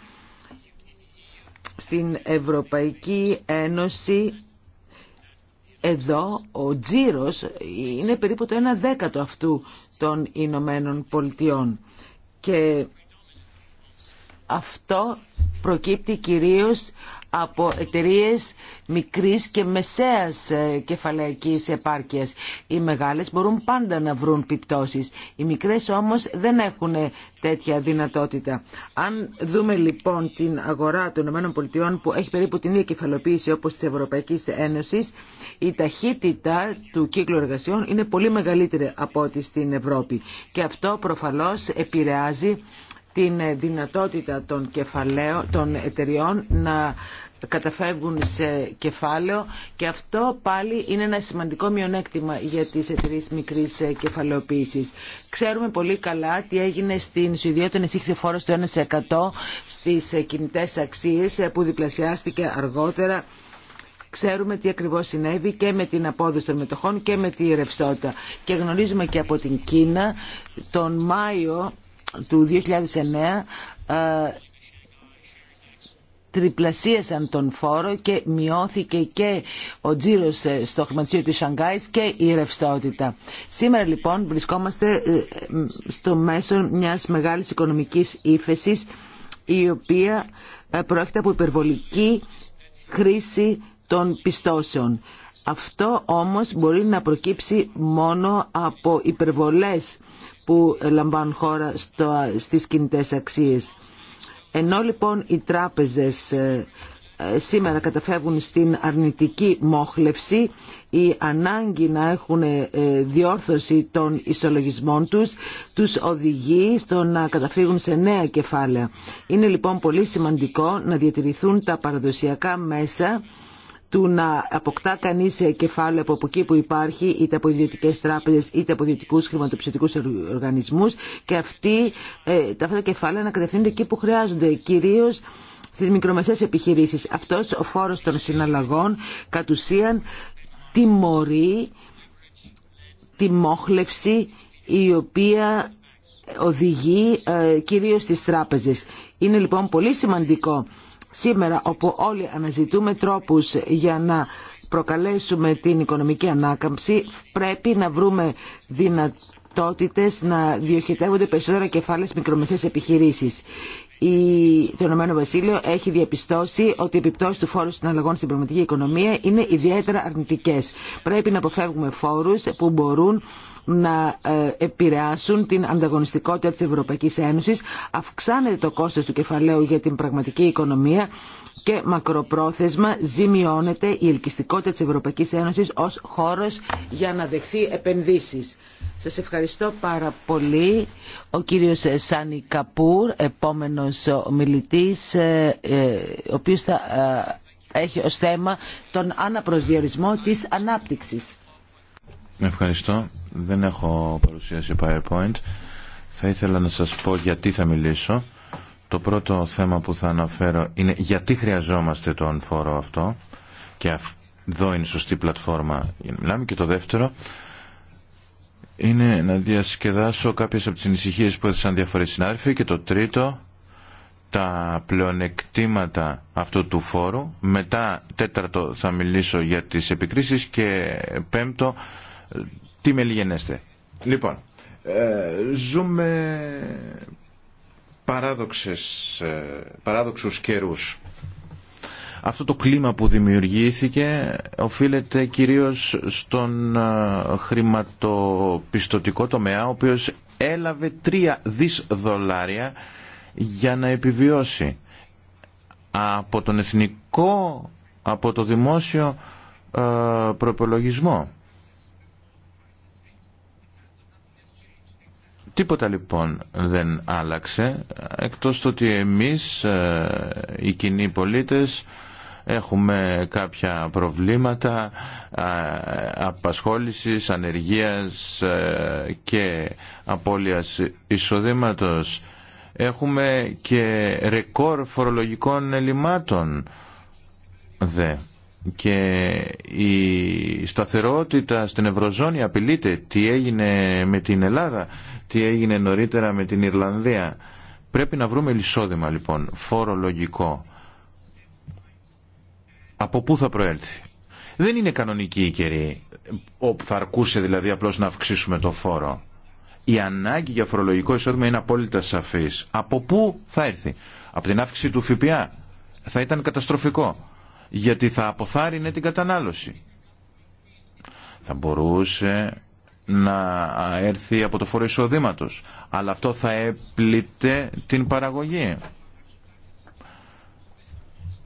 στην Ευρωπαϊκή Ένωση εδώ ο τζίρος είναι περίπου το ένα δέκατο αυτού των Ηνωμένων Πολιτειών και αυτό προκύπτει κυρίως από εταιρείε μικρής και μεσαίας ε, κεφαλαϊκή επάρκεια. Οι μεγάλες μπορούν πάντα να βρουν επιπτώσει. Οι μικρές όμως δεν έχουν τέτοια δυνατότητα. Αν δούμε λοιπόν την αγορά των ΗΠΑ που έχει περίπου την ίδια κεφαλοποίηση όπως της Ευρωπαϊκής Ένωση, η ταχύτητα του κύκλου εργασιών είναι πολύ μεγαλύτερη από ό,τι στην Ευρώπη. Και αυτό προφανώ επηρεάζει την δυνατότητα των, κεφαλαίων, των εταιριών να καταφεύγουν σε κεφάλαιο και αυτό πάλι είναι ένα σημαντικό μειονέκτημα για τις εταιρείε μικρής κεφαλαιοποίησης. Ξέρουμε πολύ καλά τι έγινε στην Σουηδία όταν εισήχθη φόρος του 1% στις κινητές αξίες που διπλασιάστηκε αργότερα ξέρουμε τι ακριβώς συνέβη και με την απόδοση των μετοχών και με τη ρευστότητα. Και γνωρίζουμε και από την Κίνα τον Μάιο του 2009 ε, τριπλασίασαν τον φόρο και μειώθηκε και ο τζίρος ε, στο χρηματιστήριο της Σανγκάης και η ρευστότητα. Σήμερα λοιπόν βρισκόμαστε ε, στο μέσο μιας μεγάλης οικονομικής ύφεσης η οποία προέρχεται από υπερβολική χρήση των πιστώσεων. Αυτό όμως μπορεί να προκύψει μόνο από υπερβολές που λαμβάνουν χώρα στις κινητές αξίες. Ενώ λοιπόν οι τράπεζες ε, ε, σήμερα καταφεύγουν στην αρνητική μόχλευση η ανάγκη να έχουν ε, διόρθωση των ισολογισμών τους τους οδηγεί στο να καταφύγουν σε νέα κεφάλαια. Είναι λοιπόν πολύ σημαντικό να διατηρηθούν τα παραδοσιακά μέσα του να αποκτά κανεί κεφάλαιο από εκεί που υπάρχει είτε από ιδιωτικέ τράπεζες είτε από ιδιωτικού χρηματοπιστωτικού οργανισμούς και αυτοί, ε, αυτά τα κεφάλαια να κατευθύνονται εκεί που χρειάζονται, κυρίως στι μικρομεσαίες επιχειρήσεις. Αυτός ο φόρος των συναλλαγών κατ' ουσίαν τιμωρεί τη μόχλευση η οποία οδηγεί ε, κυρίως στις τράπεζες. Είναι λοιπόν πολύ σημαντικό Σήμερα όπου όλοι αναζητούμε τρόπους για να προκαλέσουμε την οικονομική ανάκαμψη πρέπει να βρούμε δυνατότητες να διοχετεύονται περισσότερα κεφάλαια στις μικρομεσαίες επιχειρήσεις. Η... Το Ηνωμένο Βασίλειο έχει διαπιστώσει ότι οι επιπτώσει του φόρου συναλλαγών στην πραγματική οικονομία είναι ιδιαίτερα αρνητικέ. Πρέπει να αποφεύγουμε φόρου που μπορούν να ε, επηρεάσουν την ανταγωνιστικότητα της Ευρωπαϊκής Ένωσης. Αυξάνεται το κόστος του κεφαλαίου για την πραγματική οικονομία και μακροπρόθεσμα ζημιώνεται η ελκυστικότητα της Ευρωπαϊκής Ένωσης ως χώρος για να δεχθεί επενδύσεις. Σας ευχαριστώ πάρα πολύ. Ο κύριος Σάνι Καπούρ, επόμενος ομιλητής, ε, ε, ο οποίος θα έχει ως θέμα τον αναπροσδιορισμό της ανάπτυξης. Ευχαριστώ. Δεν έχω παρουσίαση PowerPoint. Θα ήθελα να σας πω γιατί θα μιλήσω. Το πρώτο θέμα που θα αναφέρω είναι γιατί χρειαζόμαστε τον φόρο αυτό και εδώ είναι η σωστή πλατφόρμα για Και το δεύτερο είναι να διασκεδάσω κάποιες από τις ανησυχίες που έθεσαν διάφορες συνάδελφοι και το τρίτο τα πλεονεκτήματα αυτού του φόρου. Μετά τέταρτο θα μιλήσω για τις επικρίσεις και πέμπτο τι με λιγενέστε. Λοιπόν, ε, ζούμε παράδοξες, ε, παράδοξους καιρούς. Αυτό το κλίμα που δημιουργήθηκε οφείλεται κυρίως στον ε, χρηματοπιστωτικό τομέα, ο οποίος έλαβε 3 δις δολάρια για να επιβιώσει από τον εθνικό, από το δημόσιο προπολογισμό. Τίποτα λοιπόν δεν άλλαξε, εκτός το ότι εμείς ε, οι κοινοί πολίτες έχουμε κάποια προβλήματα ε, απασχόλησης, ανεργίας ε, και απώλειας εισοδήματος. Έχουμε και ρεκόρ φορολογικών ελλημάτων. Δε και η σταθερότητα στην Ευρωζώνη απειλείται. Τι έγινε με την Ελλάδα, τι έγινε νωρίτερα με την Ιρλανδία. Πρέπει να βρούμε εισόδημα λοιπόν, φορολογικό. Από πού θα προέλθει. Δεν είναι κανονική η καιρή, όπου θα αρκούσε δηλαδή απλώς να αυξήσουμε το φόρο. Η ανάγκη για φορολογικό εισόδημα είναι απόλυτα σαφής. Από πού θα έρθει. Από την αύξηση του ΦΠΑ. Θα ήταν καταστροφικό γιατί θα αποθάρρυνε την κατανάλωση. Θα μπορούσε να έρθει από το φόρο εισοδήματο. Αλλά αυτό θα έπλητε την παραγωγή.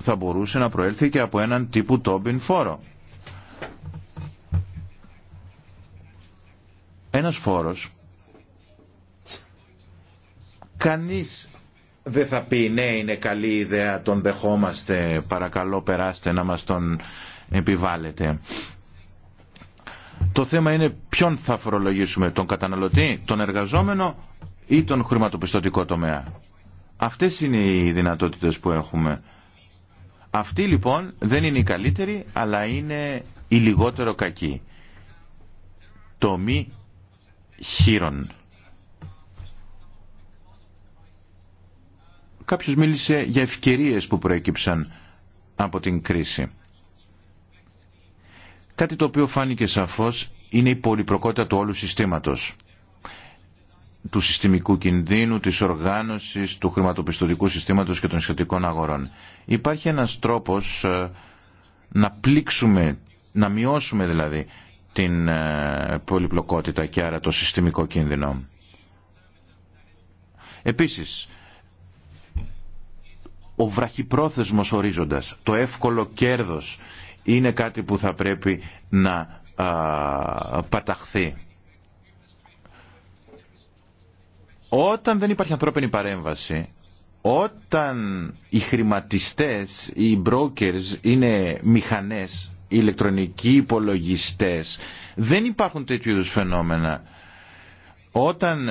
Θα μπορούσε να προέλθει και από έναν τύπου τόμπιν φόρο. Ένας φόρος κανείς δεν θα πει ναι είναι καλή ιδέα, τον δεχόμαστε, παρακαλώ περάστε να μας τον επιβάλλετε. Το θέμα είναι ποιον θα φορολογήσουμε, τον καταναλωτή, τον εργαζόμενο ή τον χρηματοπιστωτικό τομέα. Αυτές είναι οι δυνατότητες που έχουμε. Αυτή λοιπόν δεν είναι η καλύτερη, αλλά είναι η λιγότερο κακή. Το μη χείρον. Κάποιος μίλησε για ευκαιρίες που προέκυψαν από την κρίση. Κάτι το οποίο φάνηκε σαφώς είναι η πολυπροκότητα του όλου συστήματος του συστημικού κινδύνου, της οργάνωσης, του χρηματοπιστωτικού συστήματος και των σχετικών αγορών. Υπάρχει ένας τρόπος ε, να πλήξουμε, να μειώσουμε δηλαδή την ε, πολυπλοκότητα και άρα το συστημικό κίνδυνο. Επίσης, ο βραχυπρόθεσμος ορίζοντας, το εύκολο κέρδος είναι κάτι που θα πρέπει να παταχθεί. Όταν δεν υπάρχει ανθρώπινη παρέμβαση, όταν οι χρηματιστές, οι brokers είναι μηχανές, ηλεκτρονικοί υπολογιστές, δεν υπάρχουν τέτοιου είδους φαινόμενα. Όταν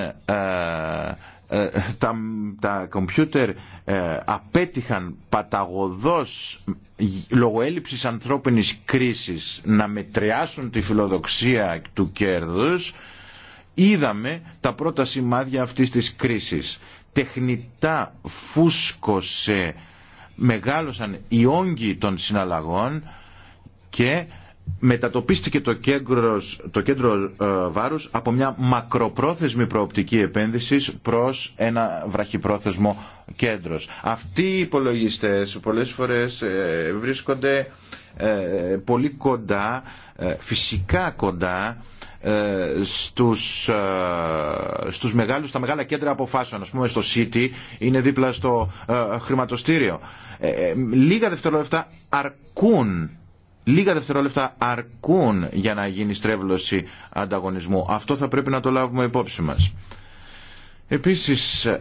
ε, τα, τα κομπιούτερ ε, απέτυχαν παταγωδός λόγω έλλειψης ανθρώπινης κρίσης να μετριάσουν τη φιλοδοξία του κέρδους είδαμε τα πρώτα σημάδια αυτής της κρίσης. Τεχνητά φούσκωσε, μεγάλωσαν οι όγκοι των συναλλαγών και μετατοπίστηκε το κέντρο, το κέντρο ε, βάρους από μια μακροπρόθεσμη προοπτική επένδυσης προς ένα βραχυπρόθεσμο κέντρο. Αυτοί οι υπολογιστές πολλές φορές ε, βρίσκονται ε, πολύ κοντά, φυσικά κοντά στους, στους μεγάλους, στα μεγάλα κέντρα αποφάσεων, ας πούμε στο City, είναι δίπλα στο χρηματοστήριο. Λίγα δευτερόλεπτα αρκούν Λίγα δευτερόλεπτα αρκούν για να γίνει στρέβλωση ανταγωνισμού. Αυτό θα πρέπει να το λάβουμε υπόψη μας. Επίσης, ε,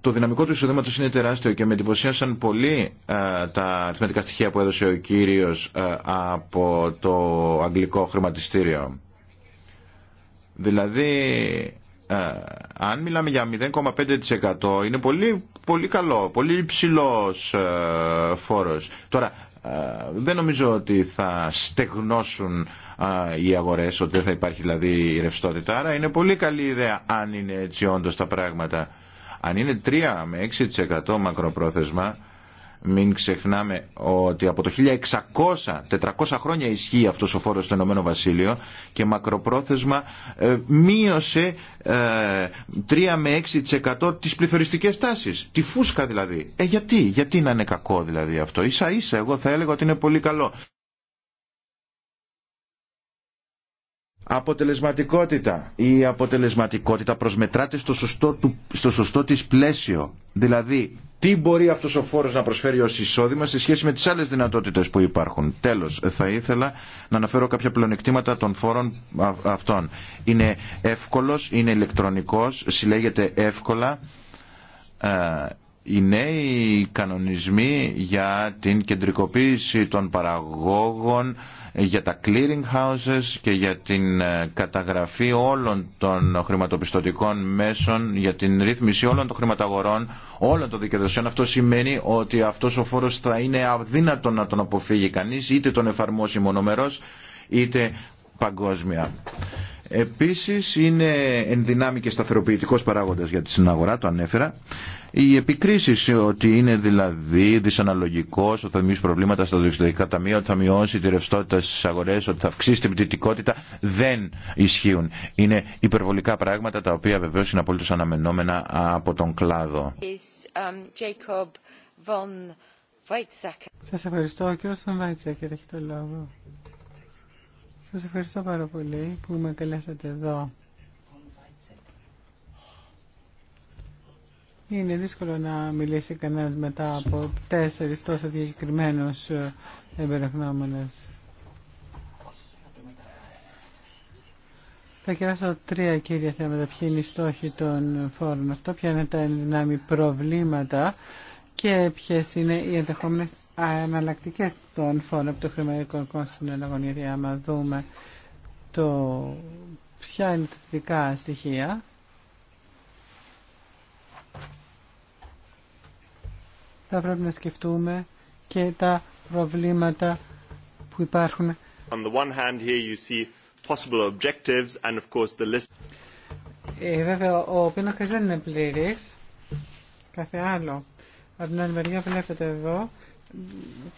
το δυναμικό του εισοδήματος είναι τεράστιο και με εντυπωσίασαν πολύ ε, τα αριθμητικά στοιχεία που έδωσε ο κύριος ε, από το αγγλικό χρηματιστήριο. Δηλαδή, αν μιλάμε για 0,5% είναι πολύ, πολύ καλό, πολύ υψηλός φόρος. Τώρα, ε, δεν νομίζω ότι θα στεγνώσουν ε, οι αγορές, ότι δεν θα υπάρχει δηλαδή ρευστότητα. Άρα είναι πολύ καλή ιδέα αν είναι έτσι όντως τα πράγματα. Αν είναι 3 με 6% μακροπρόθεσμα, μην ξεχνάμε ότι από το 1600, 400 χρόνια ισχύει αυτός ο φόρος στο Ηνωμένο Βασίλειο και μακροπρόθεσμα ε, μείωσε 3 ε, με 6% τις πληθωριστικές τάσεις. Τη φούσκα δηλαδή. Ε, γιατί, γιατί να είναι κακό δηλαδή αυτό. Ίσα ίσα εγώ θα έλεγα ότι είναι πολύ καλό. Αποτελεσματικότητα. Η αποτελεσματικότητα προσμετράται στο σωστό, του, της πλαίσιο. Δηλαδή, τι μπορεί αυτός ο φόρος να προσφέρει ως εισόδημα σε σχέση με τις άλλες δυνατότητες που υπάρχουν. Τέλος, θα ήθελα να αναφέρω κάποια πλεονεκτήματα των φόρων αυτών. Είναι εύκολος, είναι ηλεκτρονικός, συλλέγεται εύκολα ε, οι νέοι κανονισμοί για την κεντρικοποίηση των παραγόγων, για τα clearing houses και για την ε, καταγραφή όλων των χρηματοπιστωτικών μέσων, για την ρύθμιση όλων των χρηματαγορών, όλων των δικαιοδοσιών. Αυτό σημαίνει ότι αυτός ο φόρος θα είναι αδύνατο να τον αποφύγει κανείς, είτε τον εφαρμόσει μονομερός, είτε παγκόσμια. Επίσης είναι ενδυνάμει και σταθεροποιητικός παράγοντας για τη συναγορά, το ανέφερα. Οι επικρίσεις ότι είναι δηλαδή δυσαναλογικός, ότι θα προβλήματα στα διευθυντικά ταμεία, ότι θα μειώσει τη ρευστότητα στις αγορές, ότι θα αυξήσει την πτυτικότητα, δεν ισχύουν. Είναι υπερβολικά πράγματα τα οποία βεβαίως είναι απολύτω αναμενόμενα από τον κλάδο. Um, Σας ευχαριστώ. Ο έχει το λόγο. Σας ευχαριστώ πάρα πολύ που με καλέσατε εδώ. Είναι δύσκολο να μιλήσει κανένας μετά από τέσσερις τόσο διακεκριμένους ε, εμπερευνόμενες. Θα κεράσω τρία κύρια θέματα. Ποιοι είναι οι στόχοι των φόρων αυτό, ποια είναι τα ενδυνάμει προβλήματα και ποιες είναι οι ενδεχόμενες αναλλακτικέ των φόρων από το χρηματικό κόστο στην Γιατί άμα δούμε το ποια είναι τα θετικά στοιχεία, θα πρέπει να σκεφτούμε και τα προβλήματα που υπάρχουν. On the one hand here you see possible objectives and of course the list. Ε, βέβαια ο πίνακας δεν είναι πλήρης, κάθε άλλο. Από την άλλη μεριά βλέπετε εδώ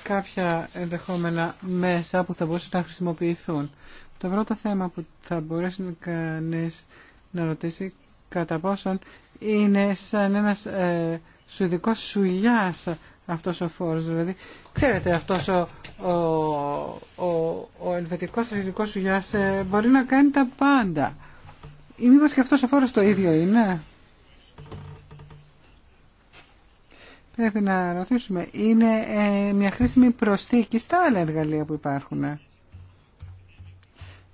κάποια ενδεχόμενα μέσα που θα μπορούσαν να χρησιμοποιηθούν. Το πρώτο θέμα που θα μπορέσει κανείς να ρωτήσει κατά πόσον είναι σαν ένας ε, σουηδικός σουλιάς αυτός ο φόρος. Δηλαδή, ξέρετε, αυτός ο, ο, ο, ο ελβετικός ε, μπορεί να κάνει τα πάντα. Ή μήπως και αυτός ο φόρος το ίδιο είναι. Πρέπει να ρωτήσουμε. Είναι ε, μια χρήσιμη προσθήκη στα άλλα εργαλεία που υπάρχουν.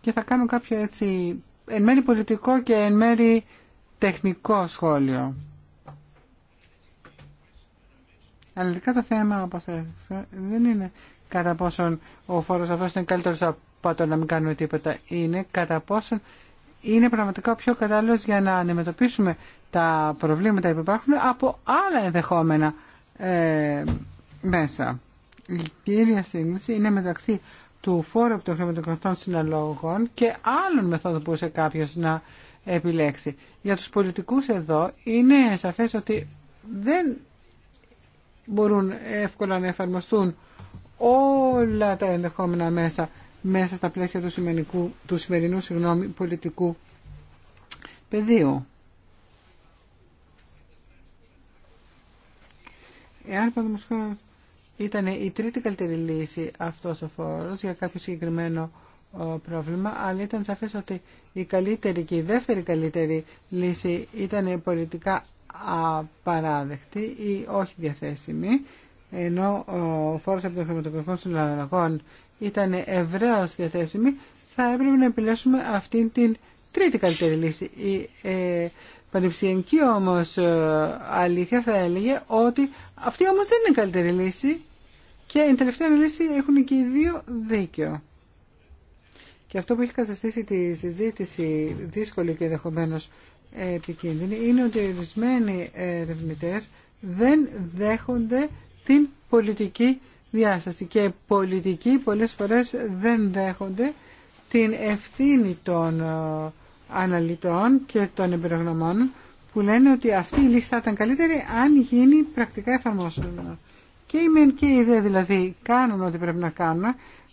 Και θα κάνω κάποιο έτσι εν μέρει πολιτικό και εν μέρει τεχνικό σχόλιο. Αναλυτικά το θέμα, όπως δεν είναι κατά πόσον ο φόρος αυτός είναι καλύτερος από το να μην κάνουμε τίποτα. Είναι κατά πόσον είναι πραγματικά πιο κατάλληλος για να αντιμετωπίσουμε τα προβλήματα που υπάρχουν από άλλα ενδεχόμενα ε, μέσα. Η κύρια σύγκριση είναι μεταξύ του φόρου από το χρηματοκρατών συναλλόγων και άλλων μεθόδων που μπορούσε κάποιο να επιλέξει. Για τους πολιτικούς εδώ είναι σαφές ότι δεν μπορούν εύκολα να εφαρμοστούν όλα τα ενδεχόμενα μέσα μέσα στα πλαίσια του, σημερινού, του σημερινού συγγνώμη, πολιτικού πεδίου. Εάν παραδείγματο ήταν η τρίτη καλύτερη λύση αυτό ο φόρο για κάποιο συγκεκριμένο πρόβλημα, αλλά ήταν σαφέ ότι η καλύτερη και η δεύτερη καλύτερη λύση ήταν πολιτικά απαράδεκτη ή όχι διαθέσιμη, ενώ ο φόρος από των χρηματοπιστωτικών ήταν ευρέως διαθέσιμη, θα έπρεπε να επιλέξουμε αυτήν την τρίτη καλύτερη λύση. Ε, πανεπιστημιακή όμως ε, αλήθεια θα έλεγε ότι αυτή όμως δεν είναι καλύτερη λύση και η τελευταία λύση έχουν και οι δύο δίκαιο. Και αυτό που έχει καταστήσει τη συζήτηση δύσκολη και ενδεχομένω επικίνδυνη είναι ότι ορισμένοι ερευνητέ δεν δέχονται την πολιτική διάσταση και πολιτικοί πολλές φορές δεν δέχονται την ευθύνη των ε, αναλυτών και των εμπειρογνωμών που λένε ότι αυτή η λίστα ήταν καλύτερη αν γίνει πρακτικά εφαρμόσιμο. Και η μεν και η ιδέα δηλαδή κάνουν ό,τι πρέπει να κάνουν,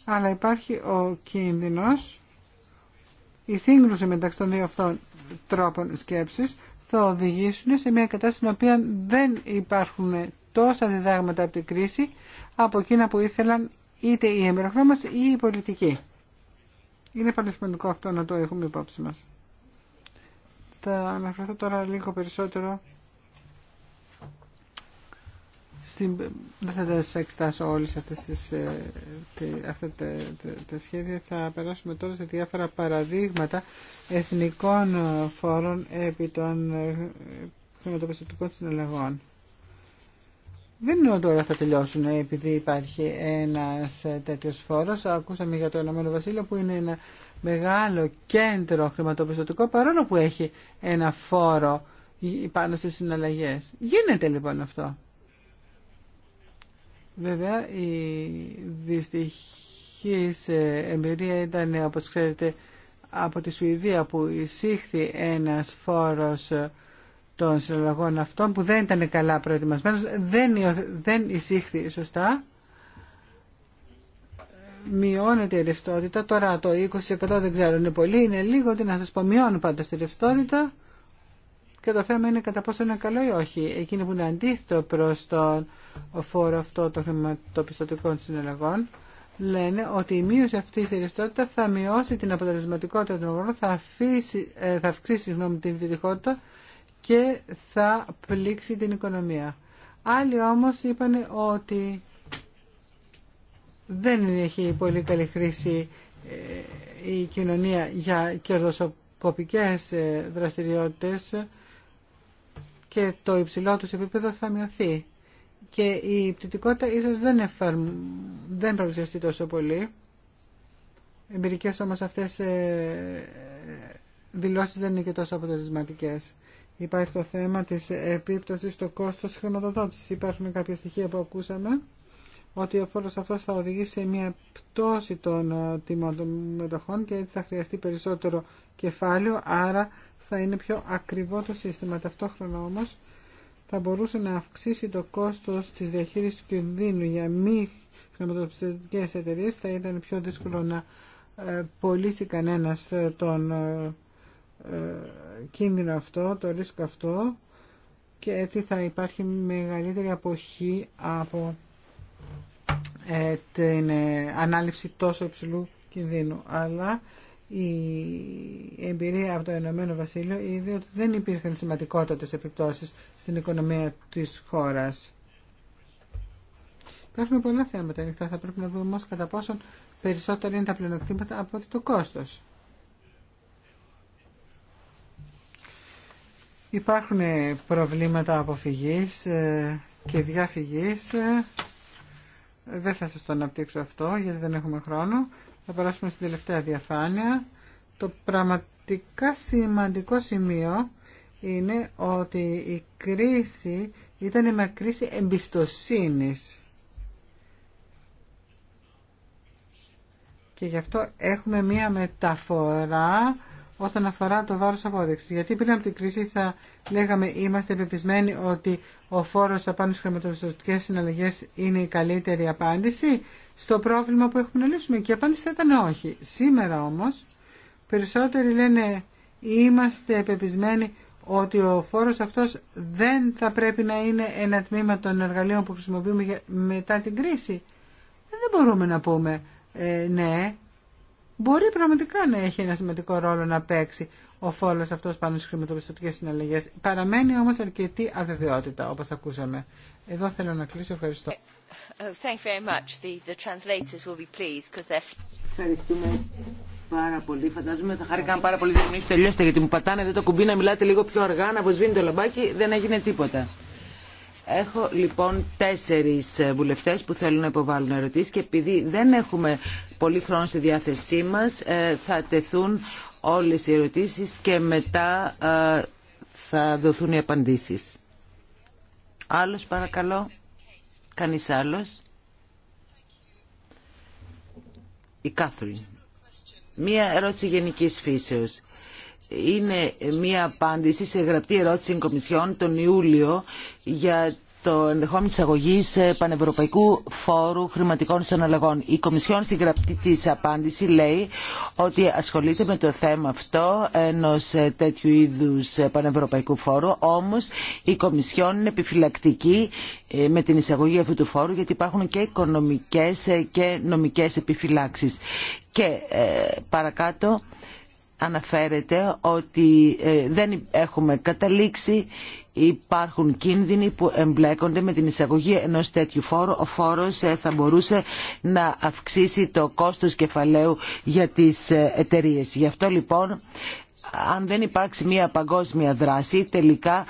αλλά υπάρχει ο κίνδυνος, η σύγκρουση μεταξύ των δύο αυτών τρόπων σκέψης θα οδηγήσουν σε μια κατάσταση στην οποία δεν υπάρχουν τόσα διδάγματα από την κρίση από εκείνα που ήθελαν είτε οι εμπειρογνώμες ή οι πολιτικοί. Είναι πολύ σημαντικό αυτό να το έχουμε υπόψη μας. Θα αναφερθώ τώρα λίγο περισσότερο στην... δεν θα τα εξετάσω όλες αυτές τις, ε, αυτά τα, τα, σχέδια. Θα περάσουμε τώρα σε διάφορα παραδείγματα εθνικών φόρων επί των ε, χρηματοπιστωτικών συναλλαγών. Δεν είναι τώρα θα τελειώσουν ε, επειδή υπάρχει ένας τέτοιος φόρος. Ακούσαμε για το Ηνωμένο Βασίλειο που είναι ένα μεγάλο κέντρο χρηματοπιστωτικό παρόλο που έχει ένα φόρο πάνω στις συναλλαγές. Γίνεται λοιπόν αυτό. Βέβαια η δυστυχής εμπειρία ήταν όπως ξέρετε από τη Σουηδία που εισήχθη ένας φόρος των συναλλαγών αυτών που δεν ήταν καλά προετοιμασμένος, δεν, δεν εισήχθη σωστά μειώνεται η ρευστότητα. Τώρα το 20% δεν ξέρω είναι πολύ, είναι λίγο, τι να σας πω, μειώνουν πάντα τη ρευστότητα. Και το θέμα είναι κατά πόσο είναι καλό ή όχι. Εκείνο που είναι αντίθετο προς τον φόρο αυτό των χρηματοπιστωτικών συναλλαγών, λένε ότι η μείωση αυτή τη ρευστότητα θα μειώσει την αποτελεσματικότητα των αγορών, θα, ε, θα αυξήσει συγγνώμη, την επιτυχότητα και θα πλήξει την οικονομία. Άλλοι όμως είπαν ότι δεν έχει πολύ καλή χρήση ε, η κοινωνία για κερδοσκοπικές ε, δραστηριότητες και το υψηλό τους επίπεδο θα μειωθεί. Και η πτυτικότητα ίσως δεν, εφαρμ... δεν παρουσιαστεί τόσο πολύ. Εμπειρικές όμως αυτές ε, δηλώσεις δεν είναι και τόσο αποτελεσματικές. Υπάρχει το θέμα της επίπτωσης στο κόστος χρηματοδότησης. Υπάρχουν κάποια στοιχεία που ακούσαμε ότι ο φόρος αυτός θα οδηγήσει σε μια πτώση των ε, τιμών των μετοχών και έτσι θα χρειαστεί περισσότερο κεφάλαιο, άρα θα είναι πιο ακριβό το σύστημα. Ταυτόχρονα όμως θα μπορούσε να αυξήσει το κόστος της διαχείρισης του κινδύνου για μη χρηματοπιστωτικές εταιρείε θα ήταν πιο δύσκολο να ε, πωλήσει κανένας ε, τον κίνδυνο αυτό, το ρίσκο αυτό και έτσι θα υπάρχει μεγαλύτερη αποχή από ε, την ε, ανάληψη τόσο υψηλού κινδύνου. Αλλά η εμπειρία από το Ηνωμένο Βασίλειο είδε ότι δεν υπήρχαν σημαντικότατες επιπτώσεις στην οικονομία της χώρας. Υπάρχουν πολλά θέματα ανοιχτά. Θα πρέπει να δούμε όμως κατά πόσον περισσότερα είναι τα πλεονεκτήματα από ότι το κόστος. Υπάρχουν προβλήματα αποφυγής ε, και διαφυγής δεν θα σας το αναπτύξω αυτό γιατί δεν έχουμε χρόνο. Θα περάσουμε στην τελευταία διαφάνεια. Το πραγματικά σημαντικό σημείο είναι ότι η κρίση ήταν μια κρίση εμπιστοσύνης. Και γι' αυτό έχουμε μια μεταφορά όσον αφορά το βάρος απόδειξης. Γιατί πριν από την κρίση θα λέγαμε είμαστε επιπισμένοι ότι ο φόρος απάνω στις χρηματοπιστωτικές συναλλαγές είναι η καλύτερη απάντηση στο πρόβλημα που έχουμε να λύσουμε και η απάντηση θα ήταν όχι. Σήμερα όμως περισσότεροι λένε είμαστε επιπισμένοι ότι ο φόρος αυτός δεν θα πρέπει να είναι ένα τμήμα των εργαλείων που χρησιμοποιούμε μετά την κρίση. Δεν μπορούμε να πούμε ε, ναι, μπορεί πραγματικά να έχει ένα σημαντικό ρόλο να παίξει ο φόλο αυτό πάνω στι χρηματοπιστωτικέ συναλλαγέ. Παραμένει όμω αρκετή αβεβαιότητα, όπω ακούσαμε. Εδώ θέλω να κλείσω. Ευχαριστώ. Ευχαριστούμε πάρα πολύ. Φαντάζομαι θα χάρηκαν πάρα πολύ. Δεν έχει τελειώσει γιατί μου πατάνε εδώ το κουμπί να μιλάτε λίγο πιο αργά, να βοσβήνει το λαμπάκι. Δεν έγινε τίποτα. Έχω λοιπόν τέσσερις ε, βουλευτές που θέλουν να υποβάλουν ερωτήσεις και επειδή δεν έχουμε πολύ χρόνο στη διάθεσή μας ε, θα τεθούν όλες οι ερωτήσεις και μετά ε, θα δοθούν οι απαντήσεις. Άλλος παρακαλώ. Κανείς άλλος. Η Κάθριν. Μία ερώτηση γενικής φύσεως είναι μία απάντηση σε γραπτή ερώτηση Κομισιόν τον Ιούλιο για το ενδεχόμενο της πανευρωπαϊκού φόρου χρηματικών συναλλαγών. Η Κομισιόν στην γραπτή της απάντηση λέει ότι ασχολείται με το θέμα αυτό ενός τέτοιου είδους πανευρωπαϊκού φόρου, όμως η Κομισιόν είναι επιφυλακτική ε, με την εισαγωγή αυτού του φόρου γιατί υπάρχουν και οικονομικές και νομικές επιφυλάξεις. Και ε, παρακάτω αναφέρεται ότι ε, δεν έχουμε καταλήξει υπάρχουν κίνδυνοι που εμπλέκονται με την εισαγωγή ενός τέτοιου φόρου. Ο φόρος ε, θα μπορούσε να αυξήσει το κόστος κεφαλαίου για τις ε, εταιρείες. Γι' αυτό λοιπόν αν δεν υπάρξει μια παγκόσμια δράση τελικά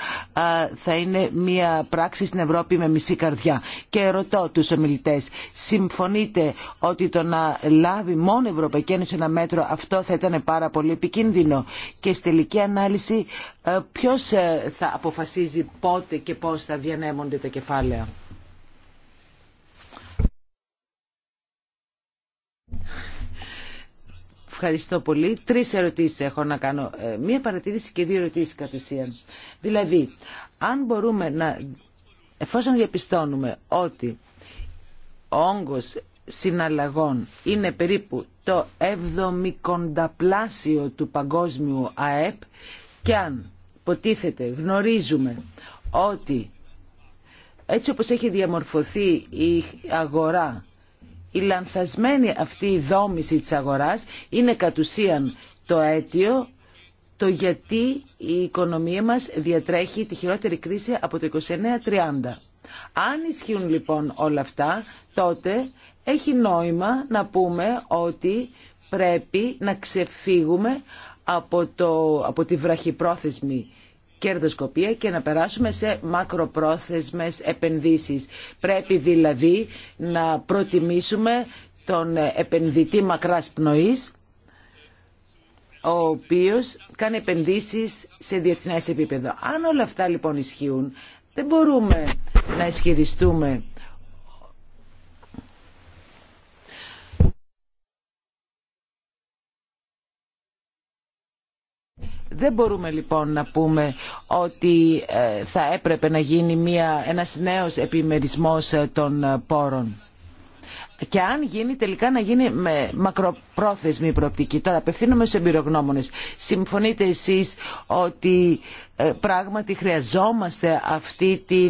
θα είναι μια πράξη στην Ευρώπη με μισή καρδιά. Και ρωτώ τους ομιλητές, συμφωνείτε ότι το να λάβει μόνο η Ευρωπαϊκή Ένωση ένα μέτρο αυτό θα ήταν πάρα πολύ επικίνδυνο και στη τελική ανάλυση ε, ποιος ε, θα αποφασίζει πότε και πώς θα διανέμονται τα κεφάλαια. Ευχαριστώ πολύ. Τρει ερωτήσεις έχω να κάνω. Ε, μία παρατήρηση και δύο ερωτήσεις κατ' ουσίαν. Δηλαδή, αν μπορούμε να... Εφόσον διαπιστώνουμε ότι ο όγκο συναλλαγών είναι περίπου το 70 πλάσιο του παγκόσμιου ΑΕΠ και αν ποτίθεται γνωρίζουμε ότι έτσι όπως έχει διαμορφωθεί η αγορά η λανθασμένη αυτή η δόμηση της αγοράς είναι κατ' ουσίαν το αίτιο το γιατί η οικονομία μας διατρέχει τη χειρότερη κρίση από το 29-30. Αν ισχύουν λοιπόν όλα αυτά, τότε έχει νόημα να πούμε ότι πρέπει να ξεφύγουμε από, το, από τη βραχυπρόθεσμη κερδοσκοπία και να περάσουμε σε μακροπρόθεσμες επενδύσεις. Πρέπει δηλαδή να προτιμήσουμε τον επενδυτή μακράς πνοής, ο οποίος κάνει επενδύσεις σε διεθνές επίπεδο. Αν όλα αυτά λοιπόν ισχύουν, δεν μπορούμε να ισχυριστούμε Δεν μπορούμε λοιπόν να πούμε ότι ε, θα έπρεπε να γίνει μια, ένας νέος επιμερισμός ε, των ε, πόρων. Και αν γίνει τελικά να γίνει με μακροπρόθεσμη προοπτική. Τώρα απευθύνομαι στους εμπειρογνώμονες. Συμφωνείτε εσείς ότι πράγματι χρειαζόμαστε αυτή τη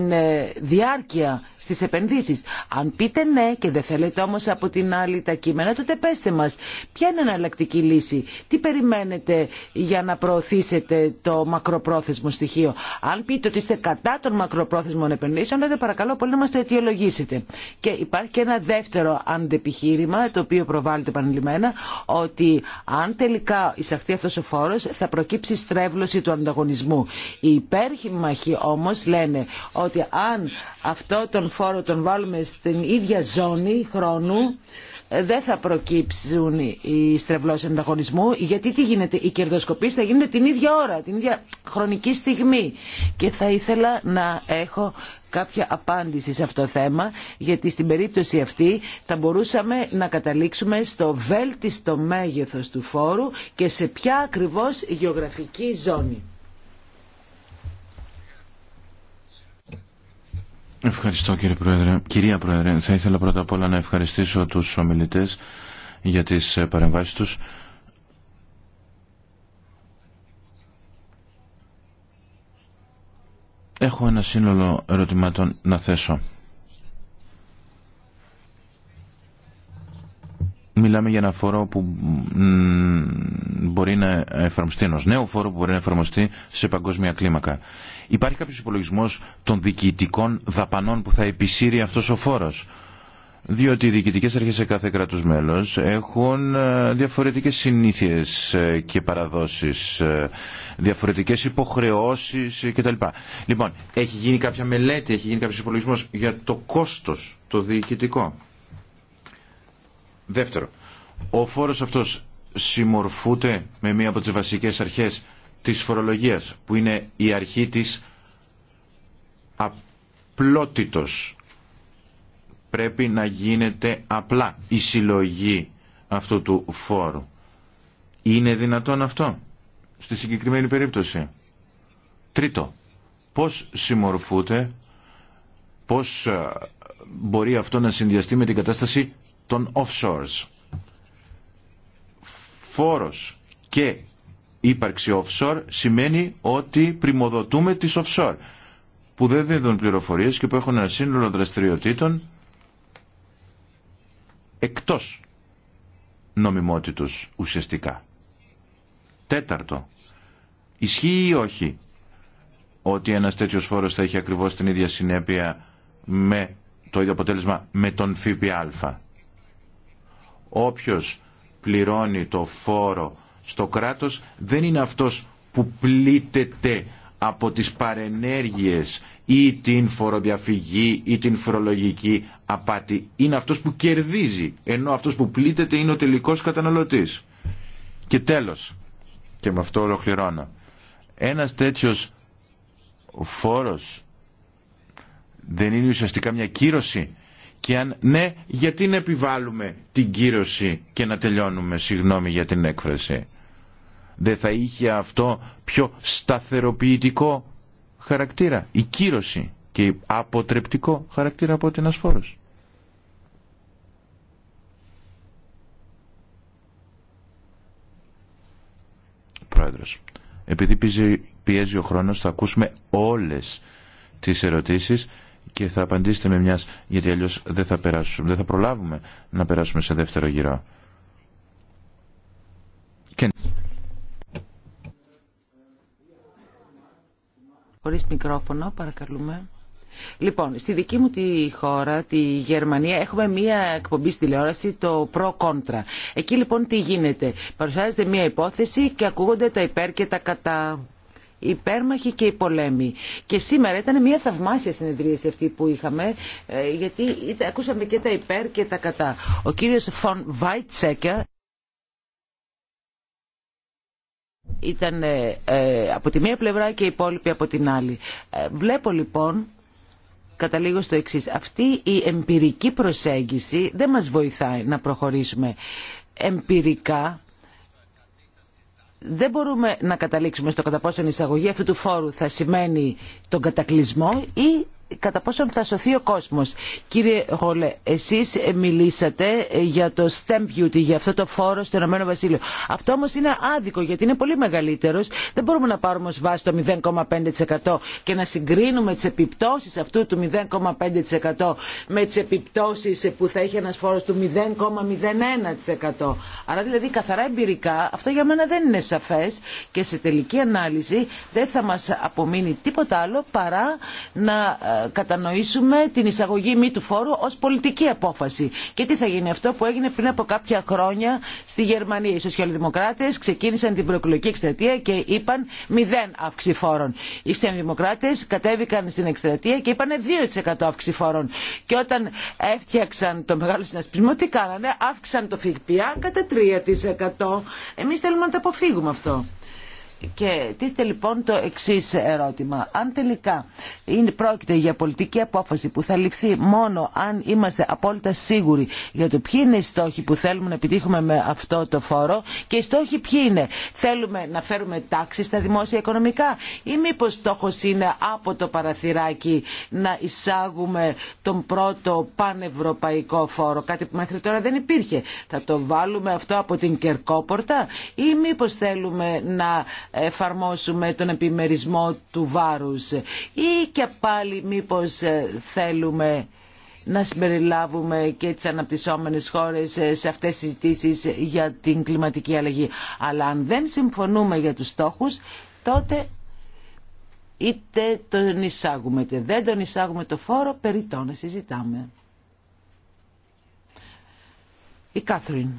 διάρκεια στις επενδύσεις. Αν πείτε ναι και δεν θέλετε όμως από την άλλη τα κείμενα, τότε πέστε μας ποια είναι η εναλλακτική λύση. Τι περιμένετε για να προωθήσετε το μακροπρόθεσμο στοιχείο. Αν πείτε ότι είστε κατά των μακροπρόθεσμων επενδύσεων, τότε παρακαλώ πολύ να μας το αιτιολογήσετε. Και υπάρχει και ένα δεύτερο αντεπιχείρημα, το οποίο προβάλλεται επανειλημμένα, ότι αν τελικά εισαχθεί αυτός ο φόρος, θα προκύψει στρέβλωση του ανταγωνισμού. Οι υπέρχημαχοι όμως λένε ότι αν αυτό τον φόρο τον βάλουμε στην ίδια ζώνη χρόνου, ε, δεν θα προκύψουν οι στρεβλώσεις ανταγωνισμού, γιατί τι γίνεται, οι κερδοσκοπίες θα γίνονται την ίδια ώρα, την ίδια χρονική στιγμή. Και θα ήθελα να έχω κάποια απάντηση σε αυτό το θέμα, γιατί στην περίπτωση αυτή θα μπορούσαμε να καταλήξουμε στο βέλτιστο μέγεθος του φόρου και σε ποια ακριβώς γεωγραφική ζώνη. Ευχαριστώ κύριε Πρόεδρε. Κυρία Πρόεδρε, θα ήθελα πρώτα απ' όλα να ευχαριστήσω τους ομιλητές για τις ε, παρεμβάσεις τους. Έχω ένα σύνολο ερωτημάτων να θέσω. Μιλάμε για ένα φόρο που μπορεί να εφαρμοστεί, ενό νέου φόρο που μπορεί να εφαρμοστεί σε παγκόσμια κλίμακα. Υπάρχει κάποιος υπολογισμός των διοικητικών δαπανών που θα επισύρει αυτός ο φόρος. Διότι οι διοικητικέ αρχές σε κάθε κράτο μέλο έχουν ε, διαφορετικές συνήθειες ε, και παραδόσεις, ε, διαφορετικές υποχρεώσεις κτλ. Λοιπόν, έχει γίνει κάποια μελέτη, έχει γίνει κάποιος υπολογισμός για το κόστος το διοικητικό. Δεύτερο, ο φόρο αυτό συμμορφούται με μία από τι βασικέ αρχέ της φορολογίας που είναι η αρχή της απλότητος. Πρέπει να γίνεται απλά η συλλογή αυτού του φόρου. Είναι δυνατόν αυτό στη συγκεκριμένη περίπτωση. Τρίτο, πώς συμμορφούνται, πώς ε, μπορεί αυτό να συνδυαστεί με την κατάσταση των offshores. Φόρος και ύπαρξη offshore σημαίνει ότι πρημοδοτούμε τις offshore που δεν δίνουν πληροφορίες και που έχουν ένα σύνολο δραστηριοτήτων εκτός νομιμότητος ουσιαστικά. Τέταρτο, ισχύει ή όχι ότι ένας τέτοιος φόρος θα έχει ακριβώς την ίδια συνέπεια με το ίδιο αποτέλεσμα με τον ΦΠΑ. Όποιος πληρώνει το φόρο στο κράτος δεν είναι αυτός που πλήττεται από τις παρενέργειες ή την φοροδιαφυγή ή την φορολογική απάτη. Είναι αυτός που κερδίζει, ενώ αυτός που πλήττεται είναι ο τελικός καταναλωτής. Και τέλος, και με αυτό ολοκληρώνω, ένας τέτοιος φόρος δεν είναι ουσιαστικά μια κύρωση και αν ναι, γιατί να επιβάλλουμε την κύρωση και να τελειώνουμε, συγγνώμη για την έκφραση δεν θα είχε αυτό πιο σταθεροποιητικό χαρακτήρα, η κύρωση και αποτρεπτικό χαρακτήρα από την ένας φόρος. Πρόεδρος, επειδή πιέζει ο χρόνος θα ακούσουμε όλες τις ερωτήσεις και θα απαντήσετε με μιας, γιατί αλλιώς δεν θα, περάσουμε, δεν θα προλάβουμε να περάσουμε σε δεύτερο γύρο. Χωρίς μικρόφωνο, παρακαλούμε. Λοιπόν, στη δική μου τη χώρα, τη Γερμανία, έχουμε μία εκπομπή στη τηλεόραση, το Pro Contra. Εκεί λοιπόν τι γίνεται. Παρουσιάζεται μία υπόθεση και ακούγονται τα υπέρ και τα κατά. Οι Υπέρμαχοι και οι πολέμοι. Και σήμερα ήταν μια θαυμάσια συνεδρίαση αυτή που είχαμε, ε, γιατί ακούσαμε και τα υπέρ και τα κατά. Ο κύριος Φων Βάιτσέκερ ήταν ε, ε, από τη μία πλευρά και οι υπόλοιποι από την άλλη. Ε, βλέπω λοιπόν, καταλήγω στο εξή. αυτή η εμπειρική προσέγγιση δεν μας βοηθάει να προχωρήσουμε εμπειρικά δεν μπορούμε να καταλήξουμε στο κατά πόσο η εισαγωγή αυτού του φόρου θα σημαίνει τον κατακλυσμό ή κατά πόσον θα σωθεί ο κόσμος. Κύριε Γόλε, εσείς ε, μιλήσατε ε, για το STEM Beauty, για αυτό το φόρο στο Ηνωμένο Βασίλειο. Αυτό όμως είναι άδικο γιατί είναι πολύ μεγαλύτερος. Δεν μπορούμε να πάρουμε ως βάση το 0,5% και να συγκρίνουμε τις επιπτώσεις αυτού του 0,5% με τις επιπτώσεις ε, που θα έχει ένας φόρος του 0,01%. Άρα δηλαδή καθαρά εμπειρικά αυτό για μένα δεν είναι σαφές και σε τελική ανάλυση δεν θα μας απομείνει τίποτα άλλο παρά να κατανοήσουμε την εισαγωγή μη του φόρου ως πολιτική απόφαση. Και τι θα γίνει αυτό που έγινε πριν από κάποια χρόνια στη Γερμανία. Οι σοσιαλδημοκράτες ξεκίνησαν την προεκλογική εκστρατεία και είπαν μηδέν αύξηση φόρων. Οι χριστιανοδημοκράτες κατέβηκαν στην εκστρατεία και είπαν 2% αύξηση φόρων. Και όταν έφτιαξαν το μεγάλο συνασπισμό, τι κάνανε, αύξησαν το ΦΠΑ κατά 3%. Εμείς θέλουμε να τα αποφύγουμε αυτό. Και τίθεται λοιπόν το εξή ερώτημα. Αν τελικά είναι, πρόκειται για πολιτική απόφαση που θα ληφθεί μόνο αν είμαστε απόλυτα σίγουροι για το ποιοι είναι οι στόχοι που θέλουμε να επιτύχουμε με αυτό το φόρο και οι στόχοι ποιοι είναι. Θέλουμε να φέρουμε τάξη στα δημόσια οικονομικά ή μήπω στόχο είναι από το παραθυράκι να εισάγουμε τον πρώτο πανευρωπαϊκό φόρο, κάτι που μέχρι τώρα δεν υπήρχε. Θα το βάλουμε αυτό από την Κερκόπορτα ή μήπω θέλουμε να εφαρμόσουμε τον επιμερισμό του βάρους ή και πάλι μήπως ε, θέλουμε να συμπεριλάβουμε και τις αναπτυσσόμενες χώρες ε, σε αυτές τις συζητήσεις για την κλιματική αλλαγή. Αλλά αν δεν συμφωνούμε για τους στόχους, τότε είτε τον εισάγουμε, είτε δεν τον εισάγουμε το φόρο, περί το να συζητάμε. Η Κάθριν.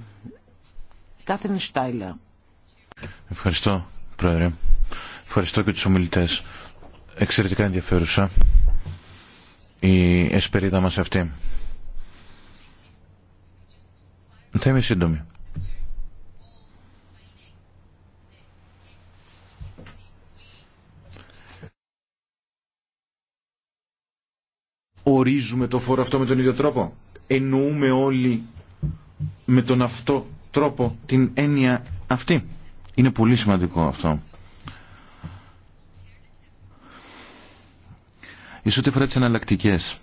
Κάθριν Στάιλα. Ευχαριστώ. Πρόεδρε. Ευχαριστώ και τους ομιλητές. Εξαιρετικά ενδιαφέρουσα η εσπερίδα μας αυτή. Θα είμαι σύντομη. Ορίζουμε το φόρο αυτό με τον ίδιο τρόπο. Εννοούμε όλοι με τον αυτό τρόπο την έννοια αυτή. Είναι πολύ σημαντικό αυτό. Ίσως ό,τι φορά τις εναλλακτικές.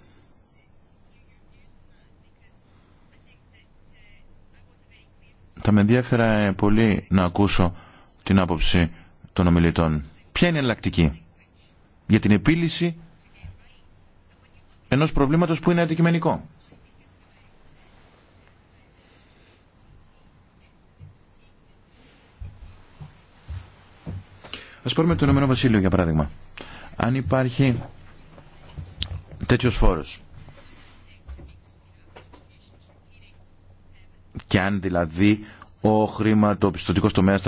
Θα με ενδιαφέρα ε, πολύ να ακούσω την άποψη των ομιλητών. Ποια είναι η εναλλακτική για την επίλυση ενός προβλήματος που είναι αντικειμενικό. Ας πούμε το Ηνωμένο Βασίλειο για παράδειγμα. Αν υπάρχει τέτοιο φόρος και αν δηλαδή ο χρηματοπιστωτικό τομέα,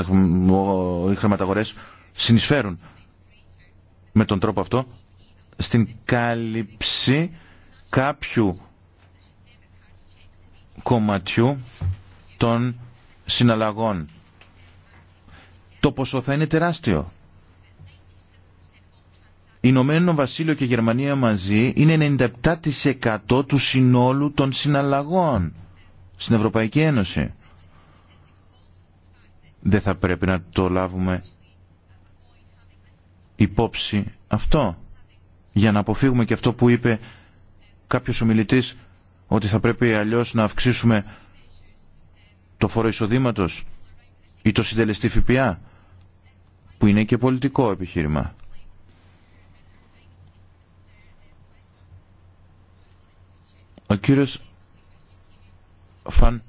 οι χρηματαγορέ συνεισφέρουν με τον τρόπο αυτό στην κάλυψη κάποιου κομματιού των συναλλαγών. Το ποσό θα είναι τεράστιο. Ηνωμένο Βασίλειο και Γερμανία μαζί είναι 97% του συνόλου των συναλλαγών στην Ευρωπαϊκή Ένωση. Δεν θα πρέπει να το λάβουμε υπόψη αυτό για να αποφύγουμε και αυτό που είπε κάποιος ομιλητής ότι θα πρέπει αλλιώς να αυξήσουμε το φόρο εισοδήματος ή το συντελεστή ΦΠΑ που είναι και πολιτικό επιχείρημα. Ο κύριος Φαν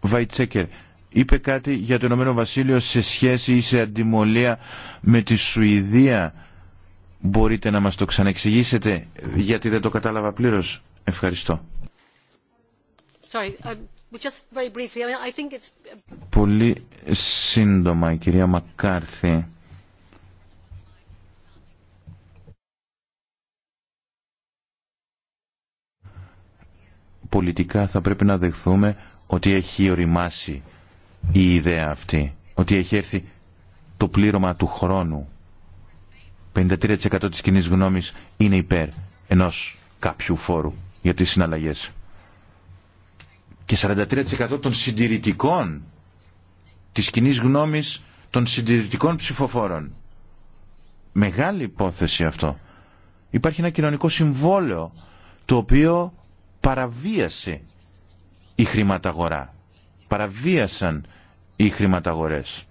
Βαϊτσέκερ είπε κάτι για το Ηνωμένο Βασίλειο σε σχέση ή σε αντιμολία με τη Σουηδία. Μπορείτε να μας το ξαναεξηγήσετε γιατί δεν το κατάλαβα πλήρως. Ευχαριστώ. Πολύ σύντομα η κυρία Μακάρθη. πολιτικά θα πρέπει να δεχθούμε ότι έχει οριμάσει η ιδέα αυτή, ότι έχει έρθει το πλήρωμα του χρόνου. 53% της κοινή γνώμης είναι υπέρ ενός κάποιου φόρου για τις συναλλαγές. Και 43% των συντηρητικών της κοινή γνώμης των συντηρητικών ψηφοφόρων. Μεγάλη υπόθεση αυτό. Υπάρχει ένα κοινωνικό συμβόλαιο το οποίο παραβίασε η χρηματαγορά. Παραβίασαν οι χρηματαγορές.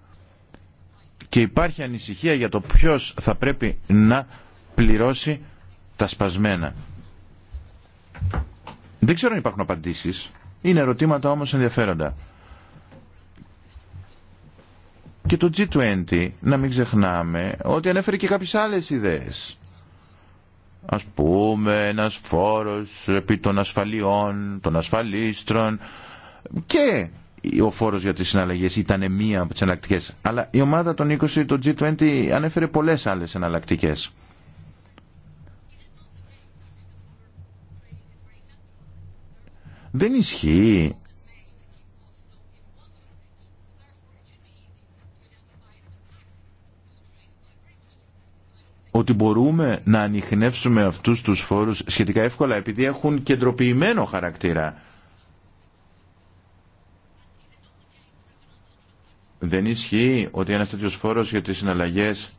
Και υπάρχει ανησυχία για το ποιος θα πρέπει να πληρώσει τα σπασμένα. Δεν ξέρω αν υπάρχουν απαντήσεις. Είναι ερωτήματα όμως ενδιαφέροντα. Και το G20, να μην ξεχνάμε, ότι ανέφερε και κάποιες άλλες ιδέες ας πούμε ένας φόρος επί των ασφαλιών, των ασφαλίστρων και ο φόρος για τις συναλλαγές ήταν μία από τις εναλλακτικέ. Αλλά η ομάδα των 20, το G20, ανέφερε πολλές άλλες εναλλακτικέ. Δεν ισχύει ότι μπορούμε να ανοιχνεύσουμε αυτούς τους φόρους σχετικά εύκολα επειδή έχουν κεντροποιημένο χαρακτήρα. Δεν ισχύει ότι ένας τέτοιος φόρος για τις συναλλαγές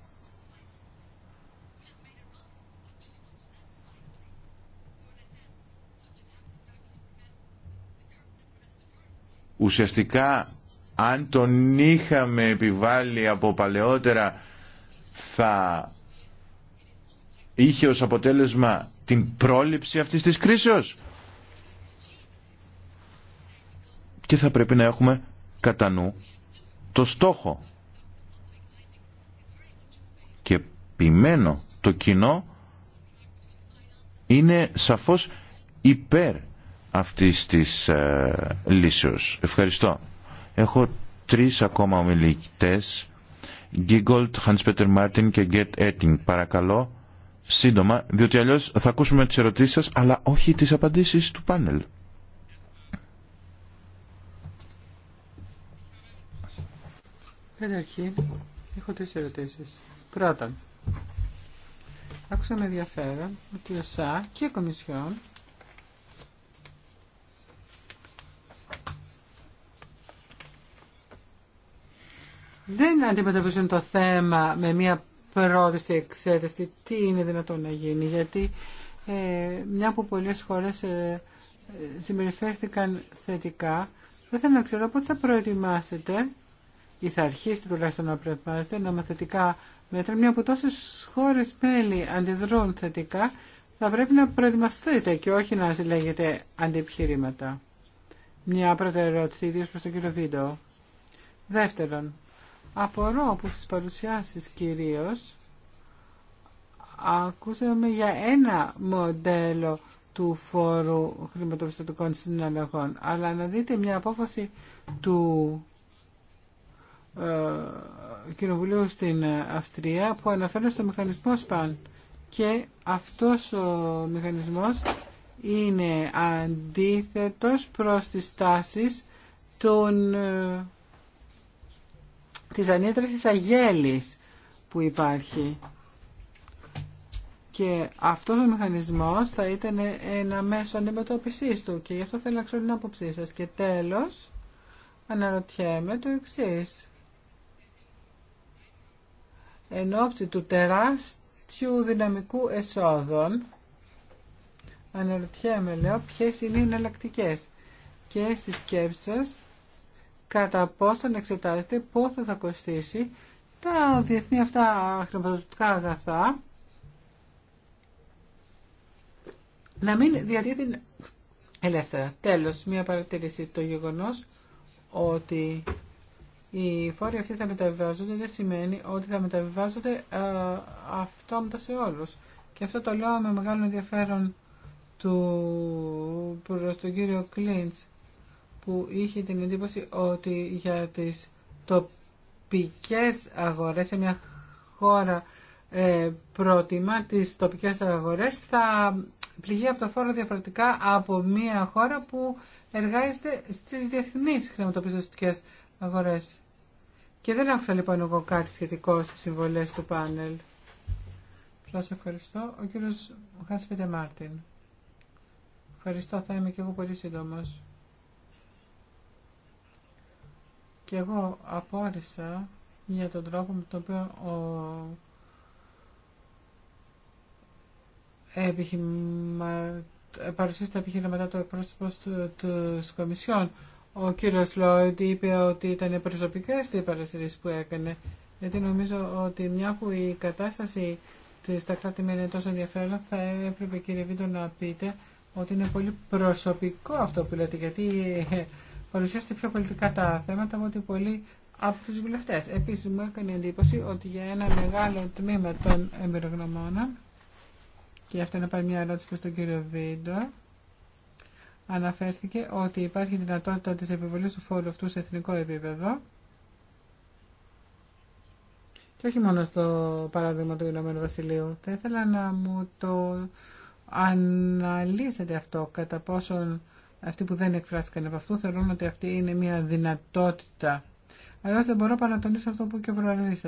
ουσιαστικά αν τον είχαμε επιβάλει από παλαιότερα θα είχε ως αποτέλεσμα την πρόληψη αυτής της κρίσεως. Και θα πρέπει να έχουμε κατά νου το στόχο. Και επιμένω το κοινό είναι σαφώς υπέρ αυτής της ε, λύσεως. Ευχαριστώ. Έχω τρεις ακόμα ομιλητές. Γκίγκολτ, Χάνσπετερ Μάρτιν και Γκέτ Έτινγκ Παρακαλώ σύντομα, διότι αλλιώς θα ακούσουμε τις ερωτήσεις σας, αλλά όχι τις απαντήσεις του πάνελ. Καταρχήν, έχω τρεις ερωτήσεις. Πρώτον, άκουσα με ενδιαφέρον ότι ο ΣΑ και η Κομισιόν δεν αντιμετωπίζουν το θέμα με μια πρώτη στην εξέταση τι είναι δυνατόν να γίνει. Γιατί ε, μια από πολλές χώρες ε, συμπεριφέρθηκαν θετικά, δεν θέλω να ξέρω πότε θα προετοιμάσετε ή θα αρχίσετε τουλάχιστον να προετοιμάσετε νομοθετικά μέτρα, μια από τόσες χώρες μέλη αντιδρούν θετικά, θα πρέπει να προετοιμαστείτε και όχι να συλλέγετε αντιεπιχειρήματα. Μια πρώτη ερώτηση, ιδίως προς τον κύριο Βίντεο. Δεύτερον, Απορώ που στις παρουσιάσεις κυρίως ακούσαμε για ένα μοντέλο του φόρου χρηματοπιστωτικών συναλλαγών. Αλλά να δείτε μια απόφαση του ε, Κοινοβουλίου στην Αυστρία που αναφέρεται στο μηχανισμό ΣΠΑΝ και αυτός ο μηχανισμός είναι αντίθετος προς τις τάσεις των ε, της ανίδρασης αγέλης που υπάρχει. Και αυτός ο μηχανισμός θα ήταν ένα μέσο αντιμετώπισης του και γι' αυτό θέλω να ξέρω την άποψή σας. Και τέλος, αναρωτιέμαι το εξή. Εν ώψη του τεράστιου δυναμικού εσόδων, αναρωτιέμαι λέω ποιες είναι οι εναλλακτικέ και στη σκέψη σας κατά να εξετάζεται πόσο θα κοστίσει τα διεθνή αυτά χρηματοδοτικά αγαθά να μην διατίθεται ελεύθερα. Τέλος, μία παρατήρηση το γεγονός ότι οι φόροι αυτοί θα μεταβιβάζονται δεν σημαίνει ότι θα μεταβιβάζονται ε, αυτόματα σε όλους. Και αυτό το λέω με μεγάλο ενδιαφέρον του, προς τον κύριο Κλίντς που είχε την εντύπωση ότι για τις τοπικές αγορές σε μια χώρα ε, προτιμά τις τοπικές αγορές θα πληγεί από το φόρο διαφορετικά από μια χώρα που εργάζεται στις διεθνείς χρηματοπιστωτικές αγορές. Και δεν άκουσα λοιπόν εγώ κάτι σχετικό στις συμβολές του πάνελ. Σας ευχαριστώ. Ο κύριος Χάσπιτε Μάρτιν. Ευχαριστώ, θα είμαι και εγώ πολύ σύντομος. Και εγώ απόρρισα για τον τρόπο με τον οποίο ο επιχειμα... παρουσίασε τα επιχειρηματά του εκπρόσωπο τη Κομισιόν. Ο κύριο Λόιντ είπε ότι ήταν προσωπικέ οι παρασυρήσει που έκανε. Γιατί νομίζω ότι μια που η κατάσταση στα κράτη με είναι τόσο ενδιαφέρον, θα έπρεπε κύριε Βίντο να πείτε ότι είναι πολύ προσωπικό αυτό που λέτε. Γιατί ε, παρουσιάσετε πιο πολιτικά τα θέματα από ότι πολλοί από τους βουλευτές. Επίσης μου έκανε εντύπωση ότι για ένα μεγάλο τμήμα των εμπειρογνωμόνων και αυτό να πάρει μια ερώτηση προς τον κύριο Βίντο αναφέρθηκε ότι υπάρχει δυνατότητα της επιβολής του φόρου αυτού σε εθνικό επίπεδο και όχι μόνο στο παράδειγμα του Ηνωμένου Βασιλείου. Θα ήθελα να μου το αναλύσετε αυτό κατά πόσον αυτοί που δεν εκφράστηκαν από αυτού θεωρούν ότι αυτή είναι μια δυνατότητα. Αλλά δεν μπορώ παρά να τονίσω αυτό που και ο Αν σα.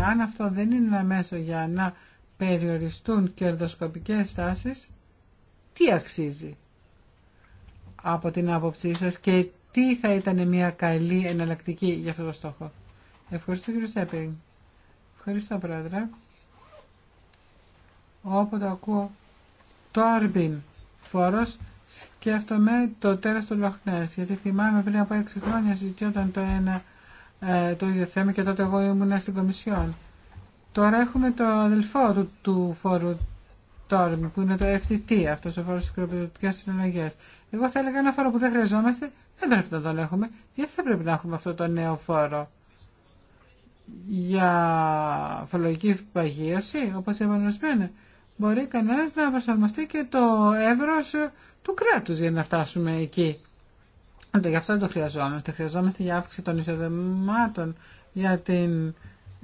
Εάν αυτό δεν είναι ένα μέσο για να περιοριστούν κερδοσκοπικές στάσεις, τι αξίζει από την άποψή σα και τι θα ήταν μια καλή εναλλακτική για αυτό το στόχο. Ευχαριστώ κύριε Σέπεριν. Ευχαριστώ πρόεδρε. Όποτε ακούω το Αρμπίν, φόρος σκέφτομαι το τέρας του λοχνέ, γιατί θυμάμαι πριν από 6 χρόνια συζητιόταν το ένα ε, το ίδιο θέμα και τότε εγώ ήμουν στην Κομισιόν. Τώρα έχουμε το αδελφό του, του φόρου Τόρμ, που είναι το FTT, αυτό ο φόρο τη κροπιδοτικές Εγώ θα έλεγα ένα φόρο που δεν χρειαζόμαστε, δεν πρέπει να τον έχουμε. Γιατί θα πρέπει να έχουμε αυτό το νέο φόρο για φορολογική παγίωση, όπω είπαμε μπορεί κανένας να προσαρμοστεί και το εύρος του κράτους για να φτάσουμε εκεί. γι' αυτό το χρειαζόμαστε. Χρειαζόμαστε για αύξηση των εισοδημάτων, για την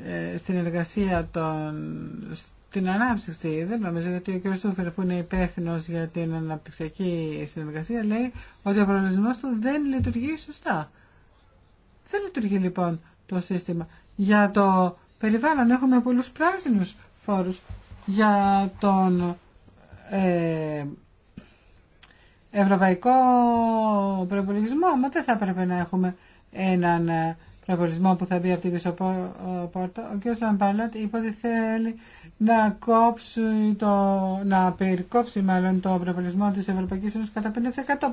ε, στην εργασία των, στην ανάπτυξη. Δεν νομίζω γιατί ο κ. Στούφερ που είναι υπεύθυνο για την αναπτυξιακή συνεργασία λέει ότι ο προορισμό του δεν λειτουργεί σωστά. Δεν λειτουργεί λοιπόν το σύστημα. Για το περιβάλλον έχουμε πολλούς πράσινους φόρους για τον ε, ευρωπαϊκό προπολογισμό, μα δεν θα έπρεπε να έχουμε έναν ε, προπολογισμό που θα μπει από την πίσω πόρτα. Ο κ. Λαμπάλατ είπε ότι θέλει να κόψει το, να περικόψει μάλλον το προπολογισμό της Ευρωπαϊκής Ένωσης κατά 5%.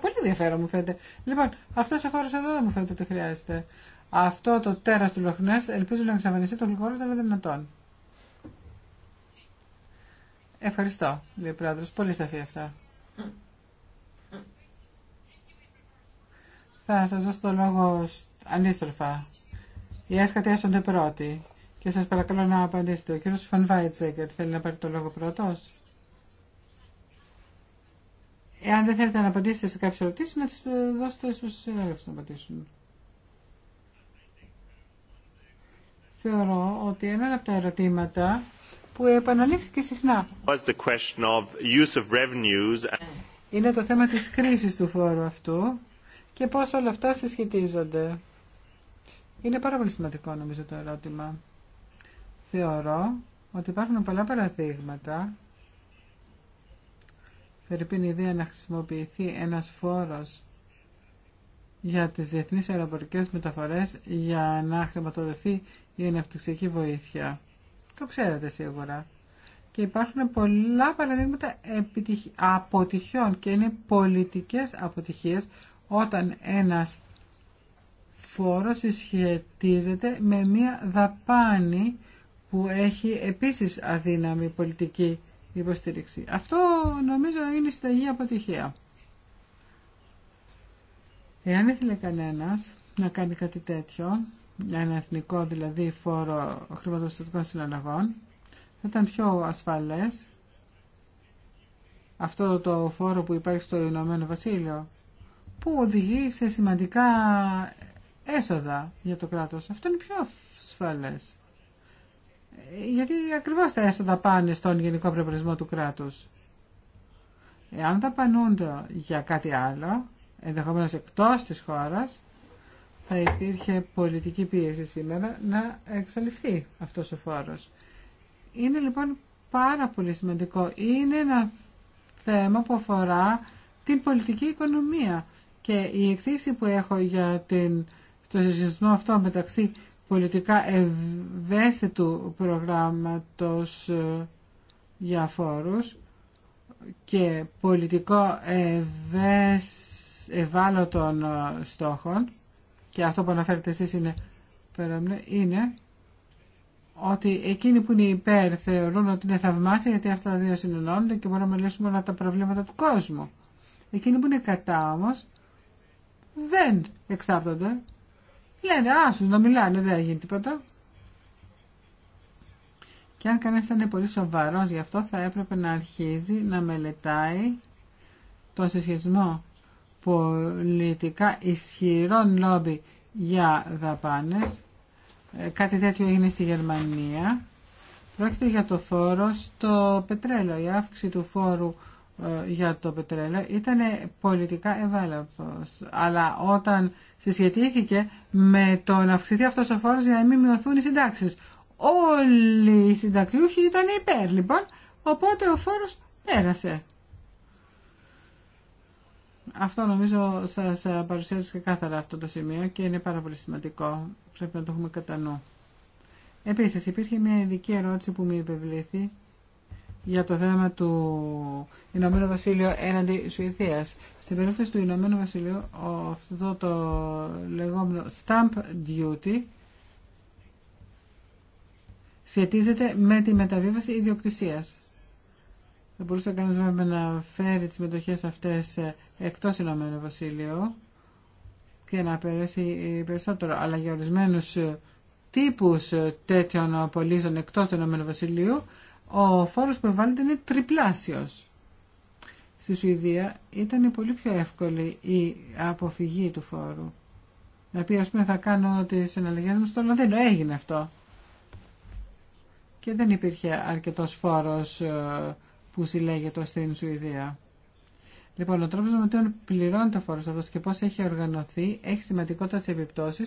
Πολύ ενδιαφέρον μου φαίνεται. Λοιπόν, αυτό ο χώρο εδώ δεν μου φαίνεται ότι χρειάζεται. Αυτό το τέρας του Λοχνές ελπίζω να εξαφανιστεί το γλυκόρο των δυνατών. Ευχαριστώ, λέει ο πρόεδρο. Πολύ σαφή αυτά. Θα σα δώσω το λόγο αντίστροφα. Οι έσονται πρώτοι. Και σα παρακαλώ να απαντήσετε. Ο κύριο Φων θέλει να πάρει το λόγο πρώτος. Εάν δεν θέλετε να απαντήσετε σε κάποιε ερωτήσει να τις ε, δώσετε στου συνάδελφου να απαντήσουν. Θεωρώ ότι ένα από τα ερωτήματα που επαναλήφθηκε συχνά. Είναι το θέμα της κρίσης του φόρου αυτού και πώς όλα αυτά συσχετίζονται. Είναι πάρα πολύ σημαντικό νομίζω το ερώτημα. Θεωρώ ότι υπάρχουν πολλά παραδείγματα. Φερρυπίν ιδέα να χρησιμοποιηθεί ένας φόρος για τις διεθνείς αεροπορικές μεταφορές για να χρηματοδοθεί η αναπτυξιακή βοήθεια το ξέρετε σίγουρα. Και υπάρχουν πολλά παραδείγματα αποτυχιών και είναι πολιτικές αποτυχίες όταν ένας φόρος συσχετίζεται με μια δαπάνη που έχει επίσης αδύναμη πολιτική υποστήριξη. Αυτό νομίζω είναι η συνταγή αποτυχία. Εάν ήθελε κανένας να κάνει κάτι τέτοιο, ένα εθνικό δηλαδή φόρο χρηματοδοτικών συναλλαγών θα ήταν πιο ασφαλές αυτό το φόρο που υπάρχει στο Ηνωμένο Βασίλειο που οδηγεί σε σημαντικά έσοδα για το κράτος. Αυτό είναι πιο ασφαλές. Γιατί ακριβώς τα έσοδα πάνε στον γενικό προπολογισμό του κράτους. Εάν πανούνται για κάτι άλλο, ενδεχομένως εκτός της χώρας, θα υπήρχε πολιτική πίεση σήμερα να εξαλειφθεί αυτός ο φόρος. Είναι λοιπόν πάρα πολύ σημαντικό. Είναι ένα θέμα που αφορά την πολιτική οικονομία. Και η εξήγηση που έχω για την, το συζητισμό αυτό μεταξύ πολιτικά ευαίσθητου προγράμματος ε, για φόρους και πολιτικό ευαίσθητου ευάλωτων ε, στόχων και αυτό που αναφέρετε εσείς είναι, ναι, είναι ότι εκείνοι που είναι υπέρ θεωρούν ότι είναι θαυμάσια γιατί αυτά τα δύο συνενώνονται και μπορούμε να λύσουμε όλα τα προβλήματα του κόσμου. Εκείνοι που είναι κατά όμω δεν εξάπτονται. Λένε άσους να μιλάνε, δεν έγινε τίποτα. Και αν κανένας ήταν πολύ σοβαρός γι' αυτό θα έπρεπε να αρχίζει να μελετάει τον συσχετισμό πολιτικά ισχυρό λόμπι για δαπάνες. Ε, κάτι τέτοιο έγινε στη Γερμανία. Πρόκειται για το φόρο στο πετρέλαιο. Η αύξηση του φόρου ε, για το πετρέλαιο ήταν πολιτικά ευάλωτος. Αλλά όταν συσχετήθηκε με το να αυξηθεί αυτός ο φόρος για να μην μειωθούν οι συντάξεις. Όλοι οι συνταξιούχοι ήταν υπέρ λοιπόν, οπότε ο φόρος πέρασε. Αυτό νομίζω σας παρουσιάζει και κάθαρα αυτό το σημείο και είναι πάρα πολύ σημαντικό. Πρέπει να το έχουμε κατά νου. Επίσης υπήρχε μια ειδική ερώτηση που μου υπευλήθη για το θέμα του Ηνωμένου Βασίλειου έναντι Σουηθίας. Στην περίπτωση του Ηνωμένου Βασίλειου αυτό το λεγόμενο stamp duty σχετίζεται με τη μεταβίβαση ιδιοκτησίας. Θα μπορούσε κανείς να φέρει τις μετοχές αυτές ε, εκτός Ηνωμένου Βασιλείου και να περάσει περισσότερο. Αλλά για ορισμένου ε, τύπους ε, τέτοιων πωλήσεων εκτός του Ηνωμένου Βασιλείου ο φόρος που εμβάλλεται είναι τριπλάσιος. Στη Σουηδία ήταν πολύ πιο εύκολη η αποφυγή του φόρου. Να πει, ας πούμε, θα κάνω τις συναλλαγές μου στο Λονδίνο. Έγινε αυτό. Και δεν υπήρχε αρκετός φόρος που συλλέγεται στην Σουηδία. Λοιπόν, ο τρόπο με τον πληρώνει το φόρο αυτό και πώ έχει οργανωθεί έχει σημαντικότητα τι επιπτώσει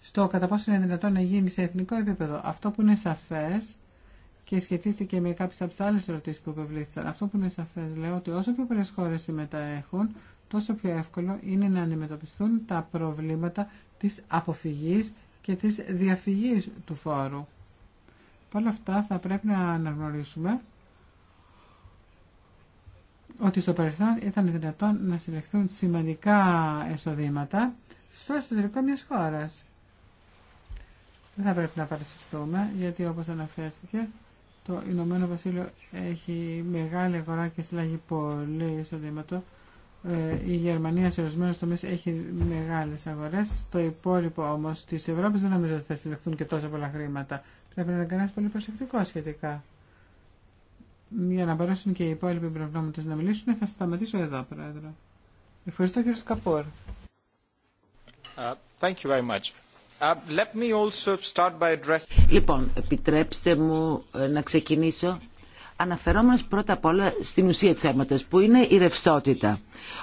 στο κατά πόσο είναι δυνατόν να γίνει σε εθνικό επίπεδο. Αυτό που είναι σαφέ και σχετίστηκε με κάποιε από τι άλλε ερωτήσει που υπευλήθησαν. Αυτό που είναι σαφέ λέω ότι όσο πιο πολλέ χώρε συμμετέχουν, τόσο πιο εύκολο είναι να αντιμετωπιστούν τα προβλήματα τη αποφυγή και τη διαφυγή του φόρου. Παρ' όλα αυτά θα πρέπει να αναγνωρίσουμε ότι στο παρελθόν ήταν δυνατόν να συλλεχθούν σημαντικά εισοδήματα στο εσωτερικό μιας χώρας. Δεν θα πρέπει να παρασυρθούμε, γιατί όπως αναφέρθηκε, το Ηνωμένο Βασίλειο έχει μεγάλη αγορά και συλλάγει πολύ εισοδήματο. Ε, η Γερμανία σε ορισμένους τομείς έχει μεγάλες αγορές. Το υπόλοιπο όμως τη Ευρώπη δεν νομίζω ότι θα συλλεχθούν και τόσα πολλά χρήματα. Πρέπει να κάνεις πολύ προσεκτικό σχετικά για να μπορέσουν και οι υπόλοιποι προβλήματα να μιλήσουν, θα σταματήσω εδώ, Πρόεδρε. Ευχαριστώ, κύριε Σκαπόρ. Uh, thank you very much. Uh, let me also start by addressing... Λοιπόν, επιτρέψτε μου ε, να ξεκινήσω αναφερόμενος πρώτα απ' όλα στην ουσία του θέματος που είναι η ρευστότητα.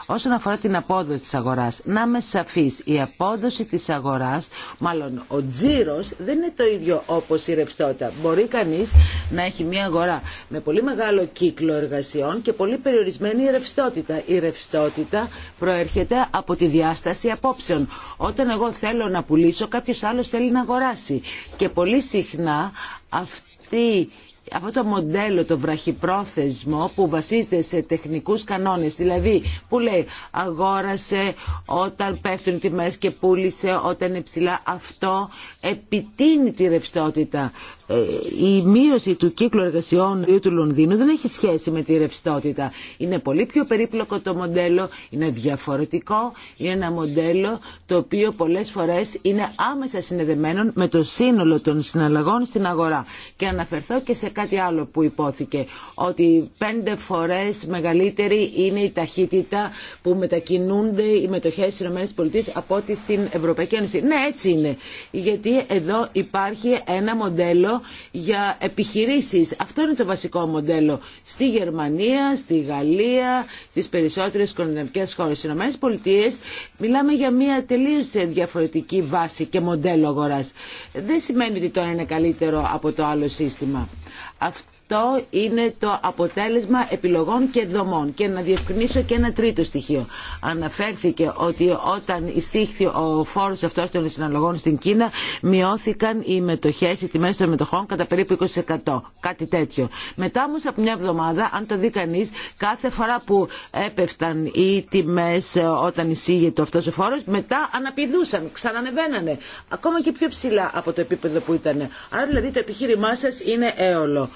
Όσον αφορά την απόδοση της αγοράς, να είμαι σαφής, η απόδοση της αγοράς, μάλλον ο τζίρος δεν είναι το ίδιο όπως η ρευστότητα. Μπορεί κανείς να έχει μια αγορά με πολύ μεγάλο κύκλο εργασιών και πολύ περιορισμένη ρευστότητα. Η ρευστότητα προέρχεται από τη διάσταση απόψεων. Όταν εγώ θέλω να πουλήσω, κάποιος άλλος θέλει να αγοράσει. Και πολύ συχνά αυτή αυτό το μοντέλο, το βραχυπρόθεσμο που βασίζεται σε τεχνικούς κανόνες, δηλαδή που λέει αγόρασε όταν πέφτουν τιμές και πούλησε όταν είναι ψηλά, αυτό επιτείνει τη ρευστότητα. Ε, η μείωση του κύκλου εργασιών του Λονδίνου δεν έχει σχέση με τη ρευστότητα. Είναι πολύ πιο περίπλοκο το μοντέλο, είναι διαφορετικό, είναι ένα μοντέλο το οποίο πολλές φορές είναι άμεσα συνεδεμένο με το σύνολο των συναλλαγών στην αγορά. Και αναφερθώ και σε κάτι άλλο που υπόθηκε, ότι πέντε φορές μεγαλύτερη είναι η ταχύτητα που μετακινούνται οι μετοχές στις ΗΠΑ από ό,τι στην Ευρωπαϊκή Ένωση. Ναι, έτσι είναι, γιατί εδώ υπάρχει ένα μοντέλο για επιχειρήσεις. Αυτό είναι το βασικό μοντέλο στη Γερμανία, στη Γαλλία, στις περισσότερες κοινωνικές χώρες. Στις Ηνωμένες Πολιτείες μιλάμε για μια τελείως διαφορετική βάση και μοντέλο αγοράς. Δεν σημαίνει ότι το ένα είναι καλύτερο από το άλλο σύστημα. Αυτό αυτό είναι το αποτέλεσμα επιλογών και δομών. Και να διευκρινίσω και ένα τρίτο στοιχείο. Αναφέρθηκε ότι όταν εισήχθη ο φόρο αυτό των συναλλογών στην Κίνα, μειώθηκαν οι μετοχέ, οι τιμέ των μετοχών κατά περίπου 20%. Κάτι τέτοιο. Μετά όμω από μια εβδομάδα, αν το δει κανεί, κάθε φορά που έπεφταν οι τιμέ ε, όταν εισήγεται αυτό ο φόρο, μετά αναπηδούσαν, ξανανεβαίνανε. Ακόμα και πιο ψηλά από το επίπεδο που ήταν. Άρα δηλαδή το επιχείρημά σα είναι έολο.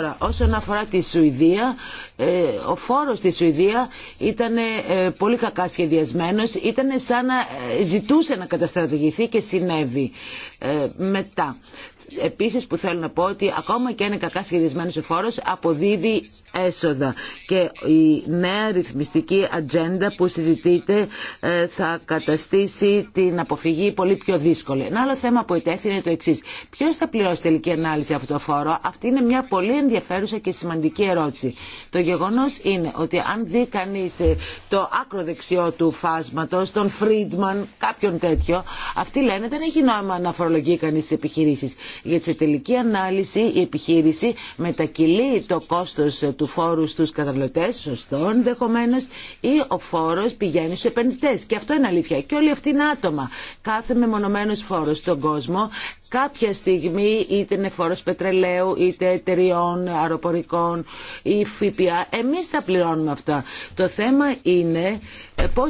Τώρα, όσον αφορά τη Σουηδία, ε, ο φόρος στη Σουηδία ήταν ε, πολύ κακά σχεδιασμένος, ήταν σαν να ε, ζητούσε να καταστρατηγηθεί και συνέβη μετά. Επίση που θέλω να πω ότι ακόμα και ένα κακά σχεδιασμένο ο αποδίδει έσοδα και η νέα ρυθμιστική ατζέντα που συζητείτε ε, θα καταστήσει την αποφυγή πολύ πιο δύσκολη. Ένα άλλο θέμα που ετέθη είναι το εξή. Ποιο θα πληρώσει τελική ανάλυση αυτό το φόρο, αυτή είναι μια πολύ ενδιαφέρουσα και σημαντική ερώτηση. Το γεγονό είναι ότι αν δει κανεί ε, το άκρο δεξιό του φάσματο, τον Φρίντμαν, κάποιον τέτοιο, αυτοί λένε δεν έχει νόημα να φορολογεί κανεί τι επιχειρήσει γιατί σε τελική ανάλυση η επιχείρηση μετακυλεί το κόστος του φόρου στους καταναλωτές, σωστό ενδεχομένω, ή ο φόρος πηγαίνει στους επενδυτές. Και αυτό είναι αλήθεια. Και όλοι αυτοί είναι άτομα. Κάθε μεμονωμένος φόρος στον κόσμο κάποια στιγμή είτε είναι φόρο πετρελαίου είτε εταιριών αεροπορικών ή ΦΠΑ εμείς τα πληρώνουμε αυτά το θέμα είναι ε, πώ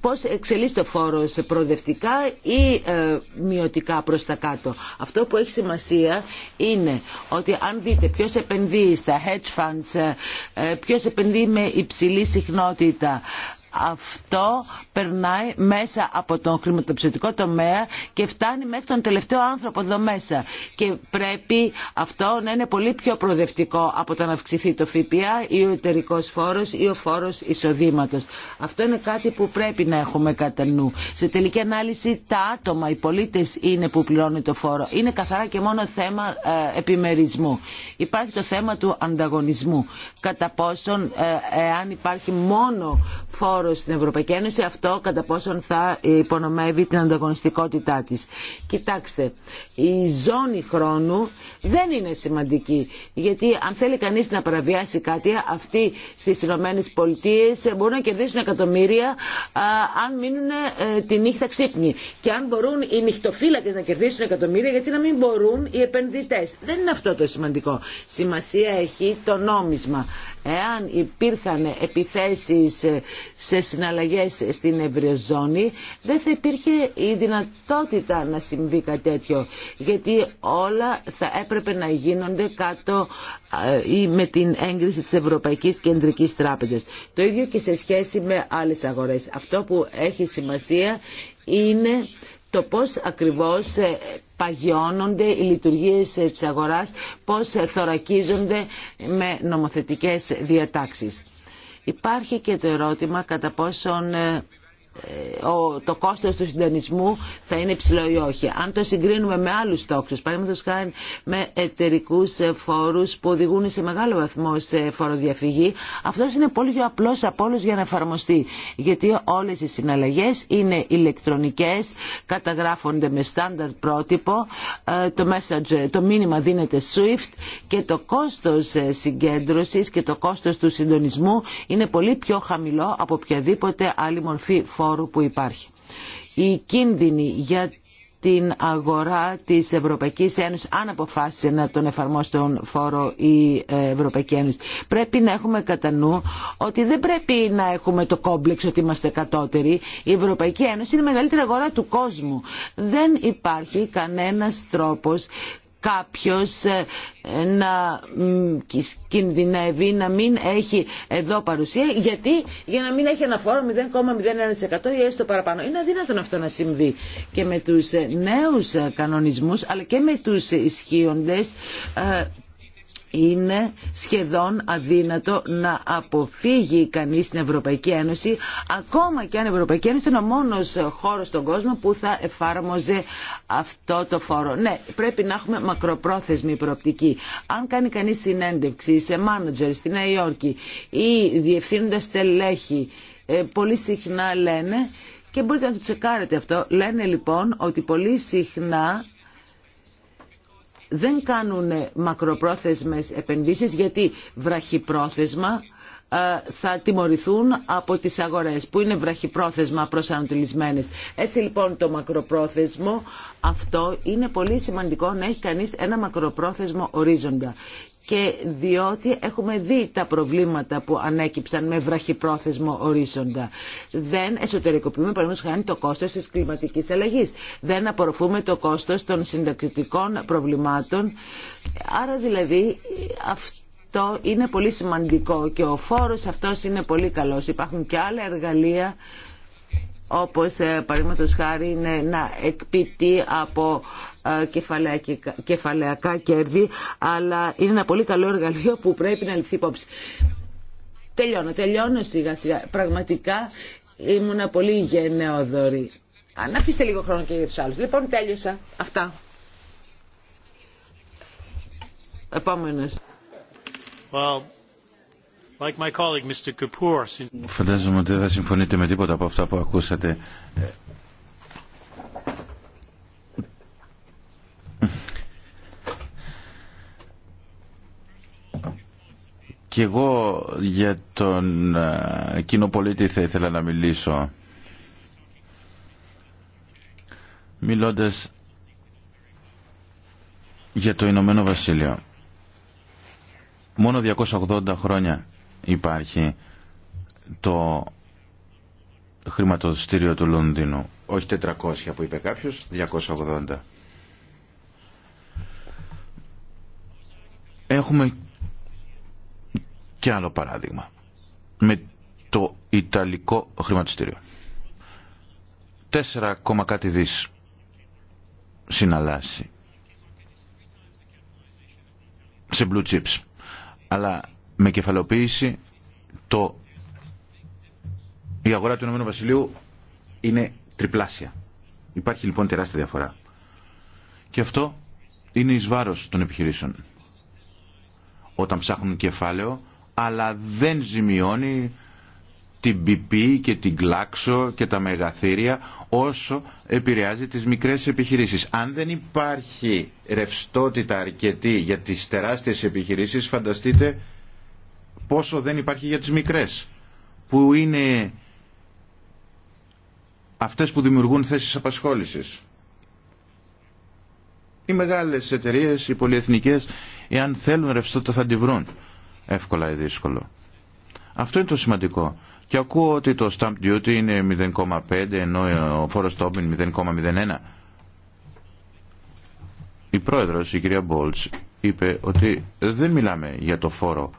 πώς εξελίσσεται ο φόρος προοδευτικά ή ε, μειωτικά προς τα κάτω αυτό που έχει σημασία είναι ότι αν δείτε ποιο επενδύει στα hedge funds ε, ε, ποιος επενδύει με υψηλή συχνότητα αυτό περνάει μέσα από τον χρηματοπιστωτικό τομέα και φτάνει μέχρι τον τελευταίο άνθρωπο εδώ μέσα. Και πρέπει αυτό να είναι πολύ πιο προοδευτικό από το να αυξηθεί το ΦΠΑ ή ο εταιρικό φόρο ή ο φόρο εισοδήματο. Αυτό είναι κάτι που πρέπει να έχουμε κατά νου. Σε τελική ανάλυση, τα άτομα, οι πολίτε είναι που πληρώνουν το φόρο. Είναι καθαρά και μόνο θέμα ε, επιμερισμού. Υπάρχει το θέμα του ανταγωνισμού. Κατά πόσον, ε, εάν υπάρχει μόνο φόρο στην Ευρωπαϊκή Ένωση, αυτό κατά πόσον θα υπονομεύει την ανταγωνιστικότητά τη. Κοιτάξτε, η ζώνη χρόνου δεν είναι σημαντική, γιατί αν θέλει κανεί να παραβιάσει κάτι, αυτοί στι Ηνωμένε Πολιτείε μπορούν να κερδίσουν εκατομμύρια αν μείνουν ε, τη νύχτα ξύπνοι. Και αν μπορούν οι νυχτοφύλακε να κερδίσουν εκατομμύρια, γιατί να μην μπορούν οι επενδυτέ. Δεν είναι αυτό το σημαντικό. Σημασία έχει το νόμισμα. Εάν υπήρχαν επιθέσεις σε συναλλαγές στην Ευρωζώνη, δεν θα υπήρχε η δυνατότητα να συμβεί κάτι τέτοιο, γιατί όλα θα έπρεπε να γίνονται κάτω ε, ή με την έγκριση της Ευρωπαϊκής Κεντρικής Τράπεζας. Το ίδιο και σε σχέση με άλλες αγορές. Αυτό που έχει σημασία είναι το πώς ακριβώς ε, παγιώνονται οι λειτουργίες ε, της αγοράς, πώς ε, θωρακίζονται με νομοθετικές διατάξεις. Υπάρχει και το ερώτημα κατά πόσον ε, το κόστος του συντονισμού θα είναι υψηλό ή όχι. Αν το συγκρίνουμε με άλλους τόξους, παραδείγματος χάρη με εταιρικού ε, φόρους που οδηγούν σε μεγάλο βαθμό σε φοροδιαφυγή, αυτός είναι πολύ πιο απλό από όλους για να εφαρμοστεί. Γιατί όλες οι συναλλαγές είναι ηλεκτρονικές, καταγράφονται με στάνταρτ πρότυπο, ε, το, message, το μήνυμα δίνεται SWIFT και το κόστος συγκέντρωσης και το κόστος του συντονισμού είναι πολύ πιο χαμηλό από οποιαδήποτε άλλη μορφή φόρου η που υπάρχει. Η κίνδυνη για την αγορά της Ευρωπαϊκής Ένωσης αν αποφάσισε να τον εφαρμόσει τον φόρο η Ευρωπαϊκή Ένωση. Πρέπει να έχουμε κατά νου ότι δεν πρέπει να έχουμε το κόμπλεξ ότι είμαστε κατώτεροι. Η Ευρωπαϊκή Ένωση είναι η μεγαλύτερη αγορά του κόσμου. Δεν υπάρχει κανένας τρόπος κάποιος ε, να κινδυνεύει να μην έχει εδώ παρουσία γιατί για να μην έχει ένα φόρο 0,01% ή έστω παραπάνω. Είναι αδύνατον αυτό να συμβεί και με τους ε, νέους ε, κανονισμούς αλλά και με τους ισχύοντες είναι σχεδόν αδύνατο να αποφύγει κανείς την Ευρωπαϊκή Ένωση ακόμα και αν η Ευρωπαϊκή Ένωση είναι ο μόνος χώρος στον κόσμο που θα εφάρμοζε αυτό το φόρο. Ναι, πρέπει να έχουμε μακροπρόθεσμη προοπτική. Αν κάνει κανείς συνέντευξη σε μάνατζερ στη Νέα Υόρκη ή διευθύνοντα στελέχη ε, πολύ συχνά λένε και μπορείτε να το τσεκάρετε αυτό λένε λοιπόν ότι πολύ συχνά δεν κάνουν μακροπρόθεσμες επενδύσεις γιατί βραχυπρόθεσμα ε, θα τιμωρηθούν από τις αγορές που είναι βραχυπρόθεσμα προσανατολισμένες. Έτσι λοιπόν το μακροπρόθεσμο αυτό είναι πολύ σημαντικό να έχει κανείς ένα μακροπρόθεσμο ορίζοντα και διότι έχουμε δει τα προβλήματα που ανέκυψαν με βραχυπρόθεσμο ορίζοντα. Δεν εσωτερικοποιούμε, παραδείγματο το κόστο τη κλιματική αλλαγή. Δεν απορροφούμε το κόστο των συντακτικών προβλημάτων. Άρα δηλαδή αυτό είναι πολύ σημαντικό και ο φόρος αυτός είναι πολύ καλός. Υπάρχουν και άλλα εργαλεία όπως ε, παραδείγματος χάρη είναι να εκπίπτει από ε, κεφαλαιακά κέρδη, αλλά είναι ένα πολύ καλό εργαλείο που πρέπει να ληφθεί υπόψη. Τελειώνω, τελειώνω σιγά σιγά. Πραγματικά ήμουν πολύ γενναιόδορη. Αν αφήστε λίγο χρόνο και για τους άλλους. Λοιπόν, τέλειωσα. Αυτά. Επόμενος. Φαντάζομαι ότι δεν θα συμφωνείτε με τίποτα από αυτά που ακούσατε. Και εγώ για τον ε, κοινοπολίτη θα ήθελα να μιλήσω. Μιλώντας για το Ηνωμένο Βασίλειο. Μόνο 280 χρόνια υπάρχει το χρηματοδοτηστήριο του Λονδίνου. Όχι 400 που είπε κάποιος, 280. Έχουμε και άλλο παράδειγμα. Με το Ιταλικό χρηματιστήριο. 4, κάτι δις συναλλάσσει σε blue chips. Αλλά με κεφαλοποίηση το... η αγορά του Ηνωμένου Βασιλείου είναι τριπλάσια. Υπάρχει λοιπόν τεράστια διαφορά. Και αυτό είναι εις βάρος των επιχειρήσεων. Όταν ψάχνουν κεφάλαιο, αλλά δεν ζημιώνει την BP και την Glaxo και τα μεγαθύρια όσο επηρεάζει τις μικρές επιχειρήσεις. Αν δεν υπάρχει ρευστότητα αρκετή για τις τεράστιες επιχειρήσεις, φανταστείτε πόσο δεν υπάρχει για τις μικρές, που είναι αυτές που δημιουργούν θέσεις απασχόλησης. Οι μεγάλες εταιρείες, οι πολυεθνικές, εάν θέλουν ρευστότητα θα τη βρουν εύκολα ή δύσκολο. Αυτό είναι το σημαντικό. Και ακούω ότι το stamp duty είναι 0,5 ενώ ο φόρος το είναι 0,01. Η πρόεδρος, η κυρία Μπόλτς, είπε ότι δεν μιλάμε για το φόρο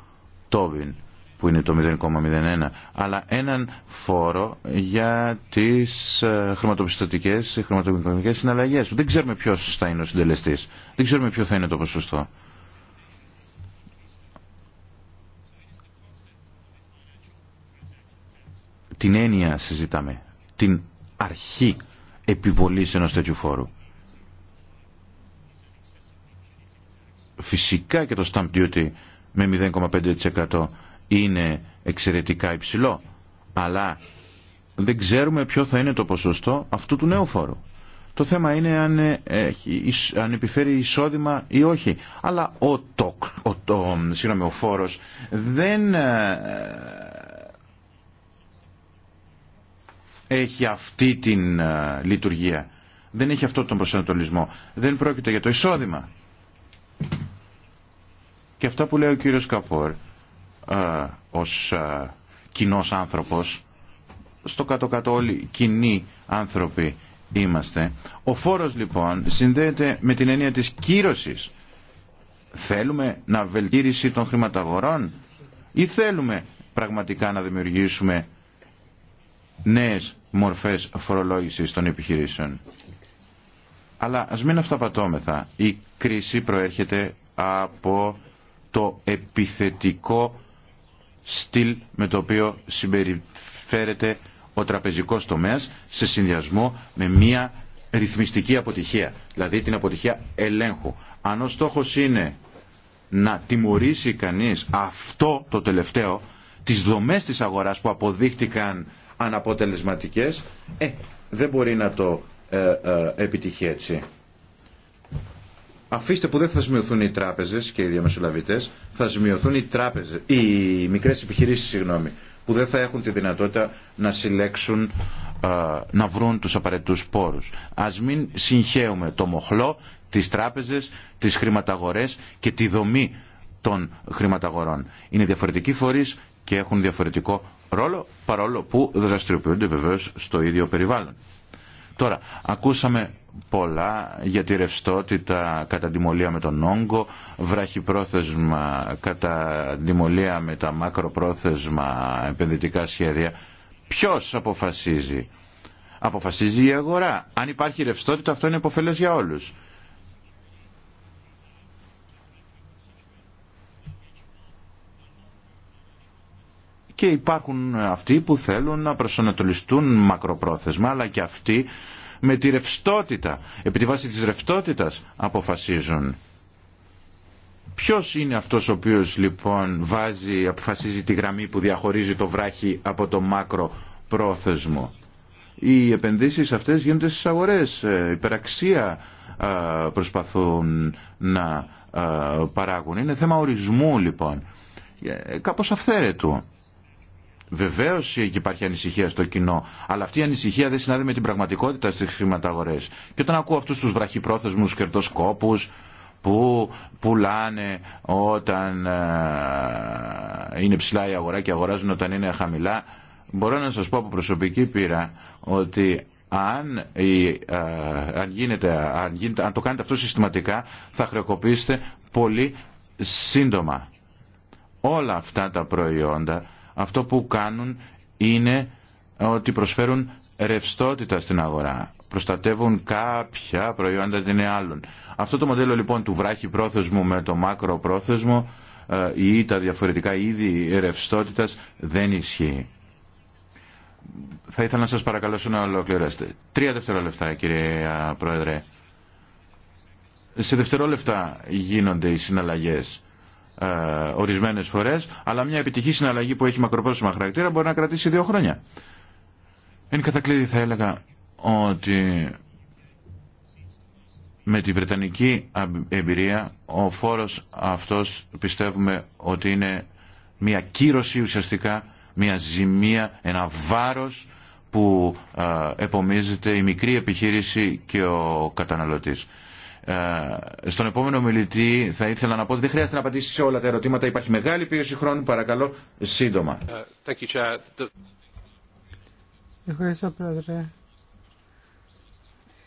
Tobin που είναι το 0,01 αλλά έναν φόρο για τις ε, χρηματοπιστωτικές χρηματοοικονομικές συναλλαγές δεν ξέρουμε ποιος θα είναι ο συντελεστής δεν ξέρουμε ποιο θα είναι το ποσοστό την έννοια συζητάμε την αρχή επιβολής ενός τέτοιου φόρου φυσικά και το stamp duty με 0,5% είναι εξαιρετικά υψηλό, αλλά δεν ξέρουμε ποιο θα είναι το ποσοστό αυτού του νέου φόρου. Το θέμα είναι αν, ε, έχει, αν επιφέρει εισόδημα ή όχι. Αλλά ο, το, ο, ο φόρος δεν ε, έχει αυτή την ε, λειτουργία. Δεν έχει αυτό τον προσανατολισμό. Δεν πρόκειται για το εισόδημα. Και αυτά που λέει ο κύριος Καπόρ α, ε, ως α, ε, κοινός άνθρωπος, στο κάτω-κάτω όλοι κοινοί άνθρωποι είμαστε. Ο φόρος λοιπόν συνδέεται με την έννοια της κύρωσης. Θέλουμε να βελτιρίσει των χρηματαγορών ή θέλουμε πραγματικά να δημιουργήσουμε νέες μορφές φορολόγησης των επιχειρήσεων. Αλλά ας μην αυταπατώμεθα. Η κρίση προέρχεται από το επιθετικό στυλ με το οποίο συμπεριφέρεται ο τραπεζικός τομέας σε συνδυασμό με μια ρυθμιστική αποτυχία, δηλαδή την αποτυχία ελέγχου. Αν ο στόχος είναι να τιμωρήσει κανείς αυτό το τελευταίο, τις δομές της αγοράς που αποδείχτηκαν αναποτελεσματικές, ε, δεν μπορεί να το ε, ε, επιτυχεί έτσι. Αφήστε που δεν θα σμειωθούν οι τράπεζε και οι διαμεσολαβητέ, θα σμειωθούν οι, τράπεζε, οι μικρέ επιχειρήσει, συγγνώμη, που δεν θα έχουν τη δυνατότητα να συλλέξουν, να βρουν του απαραίτητου πόρου. Α μην συγχαίουμε το μοχλό, τι τράπεζε, τι χρηματαγορέ και τη δομή των χρηματαγορών. Είναι διαφορετικοί φορεί και έχουν διαφορετικό ρόλο, παρόλο που δραστηριοποιούνται βεβαίω στο ίδιο περιβάλλον. Τώρα, ακούσαμε πολλά για τη ρευστότητα κατά μολία με τον όγκο, βραχυπρόθεσμα κατά μολία με τα μακροπρόθεσμα επενδυτικά σχέδια. Ποιος αποφασίζει. Αποφασίζει η αγορά. Αν υπάρχει ρευστότητα αυτό είναι υποφελές για όλους. και υπάρχουν αυτοί που θέλουν να προσανατολιστούν μακροπρόθεσμα αλλά και αυτοί με τη ρευστότητα, επί τη βάση της ρευστότητας αποφασίζουν. Ποιος είναι αυτός ο οποίος λοιπόν βάζει, αποφασίζει τη γραμμή που διαχωρίζει το βράχι από το μακροπρόθεσμο. πρόθεσμο. Οι επενδύσεις αυτές γίνονται στις αγορές, ε, υπεραξία προσπαθούν να παράγουν. Είναι θέμα ορισμού λοιπόν, ε, κάπως αυθαίρετου. Βεβαίω υπάρχει ανησυχία στο κοινό, αλλά αυτή η ανησυχία δεν συνάδει με την πραγματικότητα στι χρηματαγορέ. Και όταν ακούω αυτού του βραχυπρόθεσμου κερδοσκόπου που πουλάνε όταν ε, είναι ψηλά η αγορά και αγοράζουν όταν είναι χαμηλά, μπορώ να σα πω από προσωπική πείρα ότι αν, η, ε, αν, γίνεται, αν, αν το κάνετε αυτό συστηματικά θα χρεοκοπήσετε πολύ σύντομα. Όλα αυτά τα προϊόντα αυτό που κάνουν είναι ότι προσφέρουν ρευστότητα στην αγορά. Προστατεύουν κάποια προϊόντα την άλλων. Αυτό το μοντέλο λοιπόν του βράχη πρόθεσμου με το μάκρο πρόθεσμο ε, ή τα διαφορετικά είδη ρευστότητα δεν ισχύει. Θα ήθελα να σας παρακαλώσω να ολοκληρώσετε. Τρία δευτερόλεπτα κύριε Πρόεδρε. Σε δευτερόλεπτα γίνονται οι συναλλαγές. Ε, ορισμένες φορές, αλλά μια επιτυχή συναλλαγή που έχει μακροπρόθεσμα χαρακτήρα μπορεί να κρατήσει δύο χρόνια. Είναι κατακλείδη θα έλεγα ότι με τη Βρετανική εμπειρία ο φόρος αυτός πιστεύουμε ότι είναι μια κύρωση ουσιαστικά, μια ζημία, ένα βάρος που ε, επομίζεται η μικρή επιχείρηση και ο καταναλωτής. Ε, στον επόμενο μιλητή θα ήθελα να πω ότι δεν χρειάζεται να απαντήσει σε όλα τα ερωτήματα. Υπάρχει μεγάλη πίεση χρόνου. Παρακαλώ, σύντομα. Ε, Ευχαριστώ, Πρόεδρε.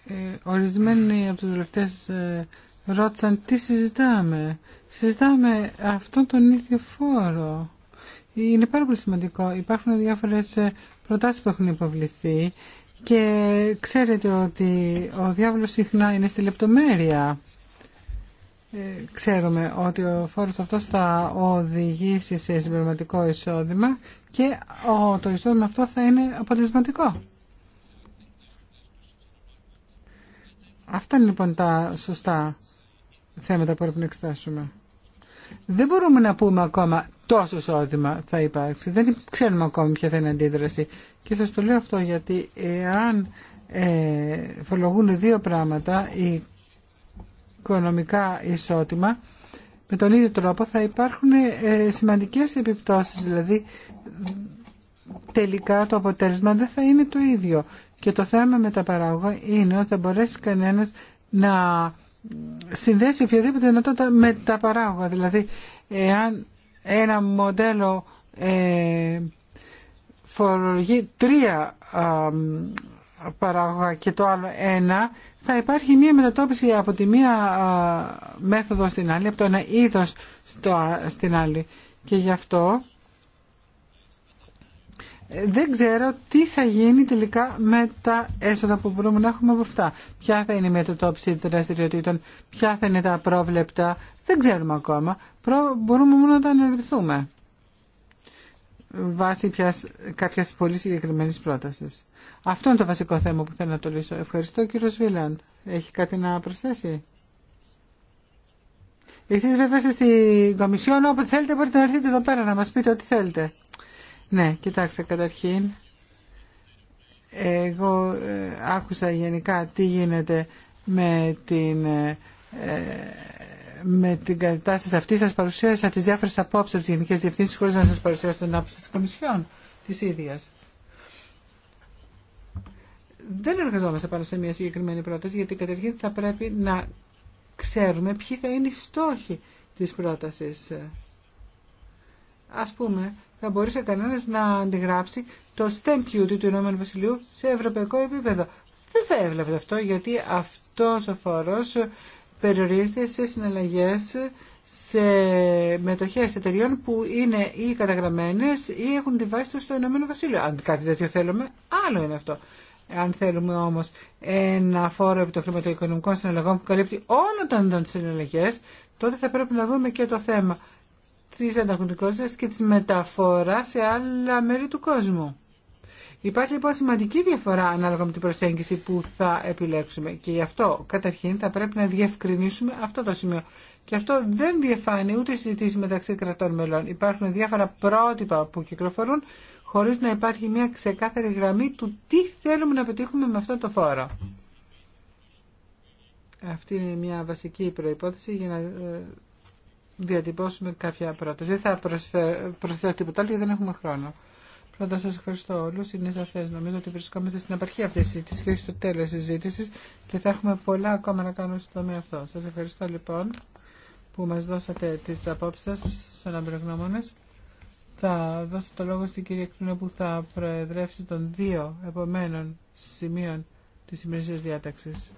Ε, ορισμένοι από τους βουλευτές ε, ρώτησαν τι συζητάμε. Συζητάμε αυτόν τον ίδιο φόρο. Είναι πάρα πολύ σημαντικό. Υπάρχουν διάφορες προτάσεις που έχουν υποβληθεί και ξέρετε ότι ο διάβολος συχνά είναι στη λεπτομέρεια. Ε, ξέρουμε ότι ο φόρος αυτός θα οδηγήσει σε συμπληρωματικό εισόδημα και το εισόδημα αυτό θα είναι αποτελεσματικό. Αυτά είναι λοιπόν τα σωστά θέματα που πρέπει να εξετάσουμε. Δεν μπορούμε να πούμε ακόμα τόσο εισόδημα θα υπάρξει. Δεν ξέρουμε ακόμη ποια θα είναι η αντίδραση. Και σας το λέω αυτό γιατί εάν ε, φορολογούν δύο πράγματα, η οικονομικά ισότιμα με τον ίδιο τρόπο θα υπάρχουν ε, σημαντικές επιπτώσεις. Δηλαδή τελικά το αποτέλεσμα δεν θα είναι το ίδιο. Και το θέμα με τα παράγωγα είναι ότι θα μπορέσει κανένας να συνδέσει οποιαδήποτε δυνατότητα με τα παράγωγα. Δηλαδή εάν ένα μοντέλο ε, φορολογεί τρία παράγωγα και το άλλο ένα, θα υπάρχει μία μετατόπιση από τη μία μέθοδο στην άλλη, από το ένα είδος στο, στην άλλη. Και γι' αυτό ε, δεν ξέρω τι θα γίνει τελικά με τα έσοδα που μπορούμε να έχουμε από αυτά. Ποια θα είναι η μετατόπιση δραστηριοτήτων, ποια θα είναι τα πρόβλεπτα δεν ξέρουμε ακόμα. Μπορούμε μόνο να τα αναρωτηθούμε βάσει πιας κάποιας πολύ συγκεκριμένης πρότασης. Αυτό είναι το βασικό θέμα που θέλω να το λύσω. Ευχαριστώ κύριο Σβίλαντ. Έχει κάτι να προσθέσει. Εσείς βέβαια είστε στην Κομισιόν, όποτε θέλετε μπορείτε να έρθετε εδώ πέρα να μας πείτε ό,τι θέλετε. Ναι, κοιτάξτε καταρχήν. Εγώ ε, άκουσα γενικά τι γίνεται με την ε, με την κατάσταση αυτή σα παρουσίασα τι διάφορε απόψει από τις Γενικές Διευθύνσεις χωρίς να σα παρουσιάσω την άποψη της Κομισιόν τη ίδια. Δεν εργαζόμαστε πάνω σε μια συγκεκριμένη πρόταση γιατί καταρχήν θα πρέπει να ξέρουμε ποιοι θα είναι οι στόχοι της πρότασης. Ας πούμε, θα μπορούσε κανένα να αντιγράψει το STEM duty του Ηνωμένου Βασιλείου σε ευρωπαϊκό επίπεδο. Δεν θα έβλεπε αυτό γιατί αυτός ο φόρος περιορίζεται σε συναλλαγές σε μετοχές εταιριών που είναι ή καταγραμμένες ή έχουν τη βάση στο Ηνωμένο Βασίλειο. Αν κάτι τέτοιο θέλουμε, άλλο είναι αυτό. Αν θέλουμε όμως ένα φόρο επί των χρηματοοικονομικών συναλλαγών που καλύπτει όλων των συναλλαγές, τότε θα πρέπει να δούμε και το θέμα της ανταγωνικότητας και της μεταφοράς σε άλλα μέρη του κόσμου. Υπάρχει λοιπόν σημαντική διαφορά ανάλογα με την προσέγγιση που θα επιλέξουμε και γι' αυτό καταρχήν θα πρέπει να διευκρινίσουμε αυτό το σημείο. Και αυτό δεν διαφάνει ούτε συζητήσει μεταξύ κρατών μελών. Υπάρχουν διάφορα πρότυπα που κυκλοφορούν χωρί να υπάρχει μια ξεκάθαρη γραμμή του τι θέλουμε να πετύχουμε με αυτό το φόρο. Αυτή είναι μια βασική προϋπόθεση για να ε, διατυπώσουμε κάποια πρόταση. Δεν θα προσθέσω τίποτα άλλο γιατί δεν έχουμε χρόνο. Πρώτα σας ευχαριστώ όλους, είναι σαφές. Νομίζω ότι βρισκόμαστε στην απαρχή αυτής της και στο της και θα έχουμε πολλά ακόμα να κάνουμε στο τομέα αυτό. Σας ευχαριστώ λοιπόν που μας δώσατε τις απόψεις σας σαν αμπρογνώμονες. Θα δώσω το λόγο στην κυρία Κρίνα που θα προεδρεύσει των δύο επομένων σημείων της ημερησίας διάταξης.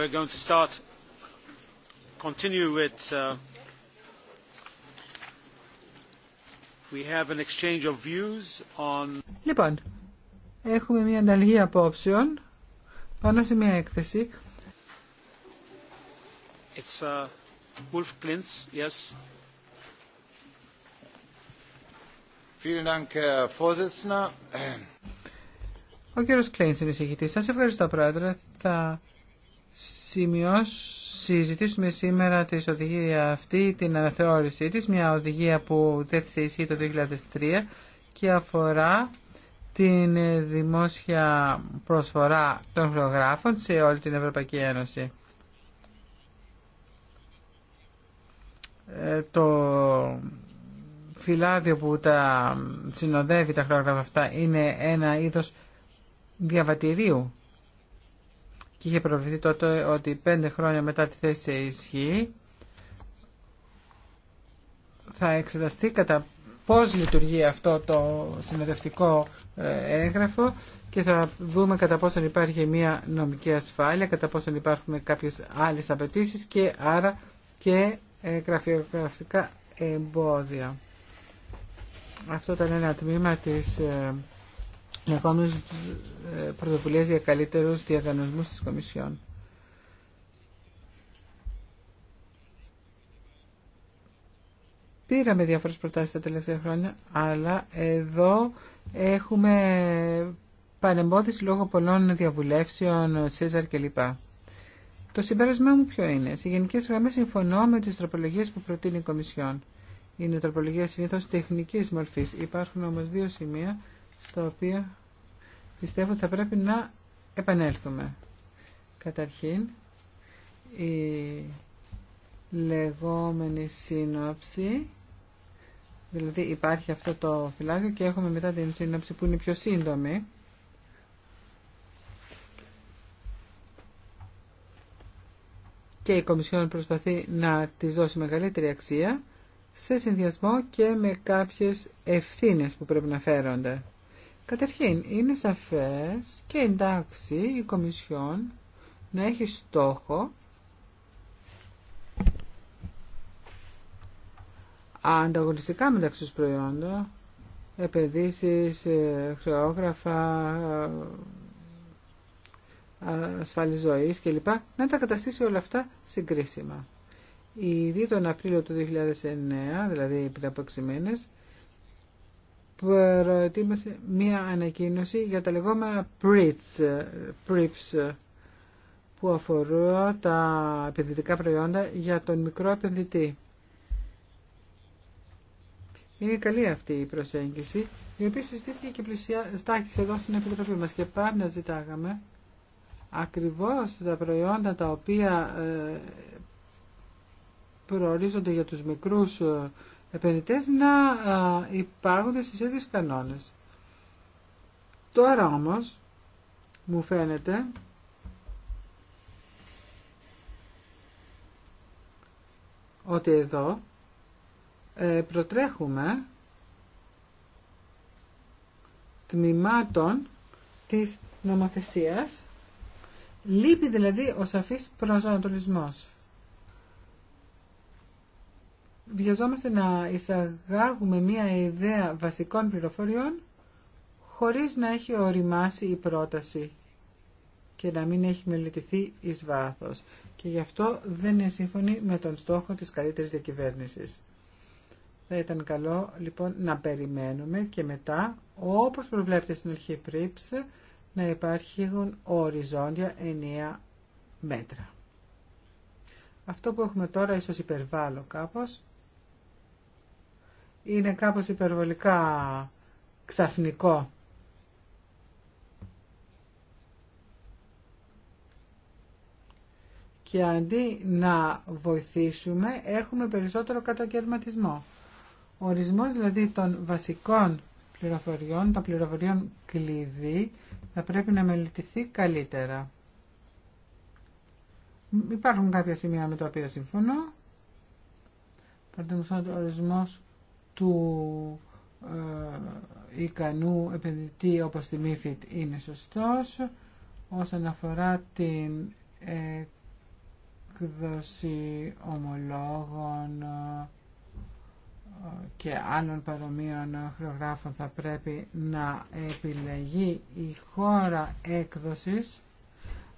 We're going to start, continue with. We have an exchange of views on. Λοιπόν, έχουμε μια ανταλλαγή απόψεων πάνω σε μια έκθεση. It's uh, Wolf Klintz, yes. Vielen Dank, Herr Vorsitzender. Ο κύριος Κλέιν είναι εισηγητής. Σας ευχαριστώ, Πρόεδρε. Θα σημειώσει συζητήσουμε σήμερα τη οδηγία αυτή, την αναθεώρησή της, μια οδηγία που τέθησε ισχύ το 2003 και αφορά την δημόσια προσφορά των χρεογράφων σε όλη την Ευρωπαϊκή Ένωση. Ε, το φυλάδιο που τα συνοδεύει τα χρεογράφα αυτά είναι ένα είδος διαβατηρίου και είχε προβληθεί τότε ότι πέντε χρόνια μετά τη θέση σε ισχύ θα εξεταστεί κατά πώς λειτουργεί αυτό το συνεδευτικό ε, έγγραφο και θα δούμε κατά πόσον υπάρχει μια νομική ασφάλεια, κατά πόσον υπάρχουν κάποιες άλλες απαιτήσει και άρα και ε, γραφειογραφικά εμπόδια. Αυτό ήταν ένα τμήμα της ε, ενδεχόμενε πρωτοβουλίε για καλύτερου διαγωνισμού τη Κομισιόν. Πήραμε διάφορες προτάσεις τα τελευταία χρόνια, αλλά εδώ έχουμε πανεμπόδιση λόγω πολλών διαβουλεύσεων, Σέζαρ κλπ. Το συμπέρασμά μου ποιο είναι. Σε γενικέ γραμμέ συμφωνώ με τι τροπολογίε που προτείνει η Κομισιόν. Είναι τροπολογία συνήθω τεχνική μορφή. Υπάρχουν όμω δύο σημεία στα οποία πιστεύω ότι θα πρέπει να επανέλθουμε. Καταρχήν, η λεγόμενη σύνοψη, δηλαδή υπάρχει αυτό το φυλάδιο και έχουμε μετά την σύνοψη που είναι πιο σύντομη, και η Κομισιόν προσπαθεί να τη δώσει μεγαλύτερη αξία σε συνδυασμό και με κάποιες ευθύνες που πρέπει να φέρονται. Κατερχήν, είναι σαφές και εντάξει η Κομισιόν να έχει στόχο ανταγωνιστικά μεταξύ τους προϊόντων, επενδύσεις, ε, χρεόγραφα, ε, ασφαλή ζωής κλπ. να τα καταστήσει όλα αυτά συγκρίσιμα. Ήδη τον Απρίλιο του 2009, δηλαδή πριν από 6 μήνες, προετοίμασε μία ανακοίνωση για τα λεγόμενα PRIPS, που αφορούν τα επενδυτικά προϊόντα για τον μικρό επενδυτή. Είναι καλή αυτή η προσέγγιση, η οποία συστήθηκε και πλησιά, εδώ στην Επιτροπή μας και πάντα ζητάγαμε ακριβώς τα προϊόντα τα οποία ε, προορίζονται για τους μικρούς ε, επενδυτές να υπάρχουν στι ίδιε κανόνες. Τώρα όμω μου φαίνεται ότι εδώ ε, προτρέχουμε τμήματων της νομοθεσίας λείπει δηλαδή ο σαφής προσανατολισμός βιαζόμαστε να εισαγάγουμε μία ιδέα βασικών πληροφοριών χωρίς να έχει οριμάσει η πρόταση και να μην έχει μελετηθεί εις βάθος. Και γι' αυτό δεν είναι σύμφωνη με τον στόχο της καλύτερης διακυβέρνησης. Θα ήταν καλό λοιπόν να περιμένουμε και μετά, όπως προβλέπεται στην αρχή πρίψε, να υπάρχουν οριζόντια ενιαία μέτρα. Αυτό που έχουμε τώρα ίσως υπερβάλλω κάπως, είναι κάπως υπερβολικά ξαφνικό. Και αντί να βοηθήσουμε, έχουμε περισσότερο κατακαιρματισμό. Ο ορισμός δηλαδή των βασικών πληροφοριών, των πληροφοριών κλειδί, θα πρέπει να μελετηθεί καλύτερα. Υπάρχουν κάποια σημεία με τα οποία συμφωνώ. Παραδείγματος ο ορισμός του ε, ικανού επενδυτή όπως τη ΜΥΦΙΤ είναι σωστός. Όσον αφορά την έκδοση ομολόγων ε, και άλλων παρομοίων χρεογράφων θα πρέπει να επιλεγεί η χώρα έκδοσης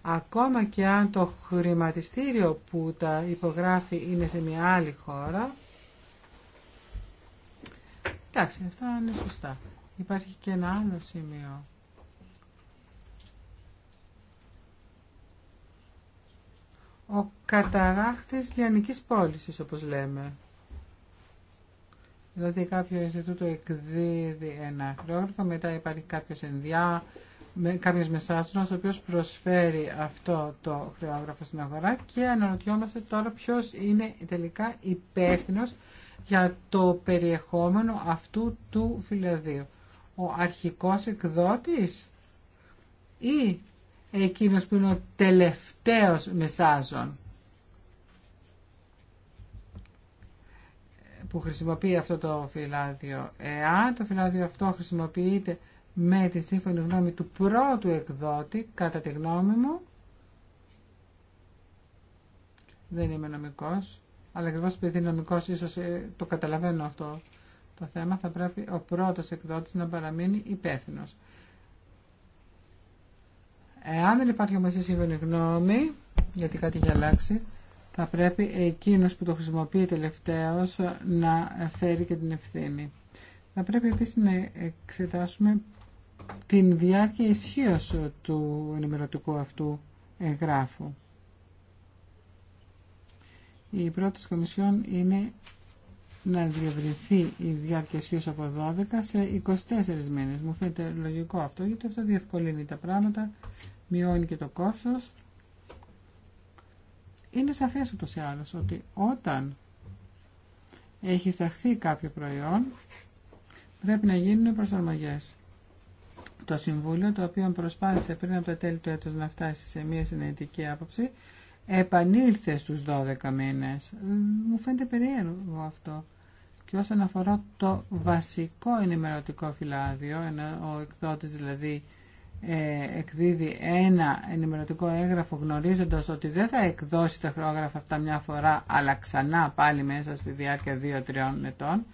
ακόμα και αν το χρηματιστήριο που τα υπογράφει είναι σε μια άλλη χώρα Εντάξει, αυτά είναι σωστά. Υπάρχει και ένα άλλο σημείο. Ο καταράχτης λιανικής πώλησης, όπως λέμε. Δηλαδή κάποιο Ινστιτούτο εκδίδει ένα χρόνο, μετά υπάρχει κάποιος ενδιά, με, κάποιος ο οποίος προσφέρει αυτό το χρεόγραφο στην αγορά και αναρωτιόμαστε τώρα ποιος είναι τελικά υπεύθυνος για το περιεχόμενο αυτού του φυλαδίου. Ο αρχικός εκδότης ή εκείνος που είναι ο τελευταίος μεσάζων που χρησιμοποιεί αυτό το φυλάδιο. Εάν το φυλάδιο αυτό χρησιμοποιείται με τη σύμφωνη γνώμη του πρώτου εκδότη, κατά τη γνώμη μου, δεν είμαι νομικός, αλλά ακριβώ επειδή νομικό ίσω ε, το καταλαβαίνω αυτό το θέμα, θα πρέπει ο πρώτο εκδότη να παραμείνει υπεύθυνο. Εάν δεν υπάρχει όμω η σύμφωνη γνώμη, γιατί κάτι έχει αλλάξει, θα πρέπει εκείνο που το χρησιμοποιεί τελευταίο να φέρει και την ευθύνη. Θα πρέπει επίση να εξετάσουμε την διάρκεια ισχύω του ενημερωτικού αυτού εγγράφου. Η πρώτη Κομισιόν είναι να διευρυνθεί η διάρκεια ισχύω από 12 σε 24 μήνες. Μου φαίνεται λογικό αυτό, γιατί αυτό διευκολύνει τα πράγματα, μειώνει και το κόστος. Είναι σαφές ούτως ή άλλως ότι όταν έχει εισαχθεί κάποιο προϊόν, πρέπει να γίνουν προσαρμογές. Το Συμβούλιο, το οποίο προσπάθησε πριν από το τέλη του έτους να φτάσει σε μια συνεντική άποψη, επανήλθε στους 12 μήνες. Μου φαίνεται περίεργο αυτό. Και όσον αφορά το βασικό ενημερωτικό φυλάδιο, ο εκδότης δηλαδή ε, εκδίδει ένα ενημερωτικό έγγραφο γνωρίζοντας ότι δεν θα εκδώσει τα χρόγραφα αυτά μια φορά αλλά ξανά πάλι μέσα στη διάρκεια 2-3 ετών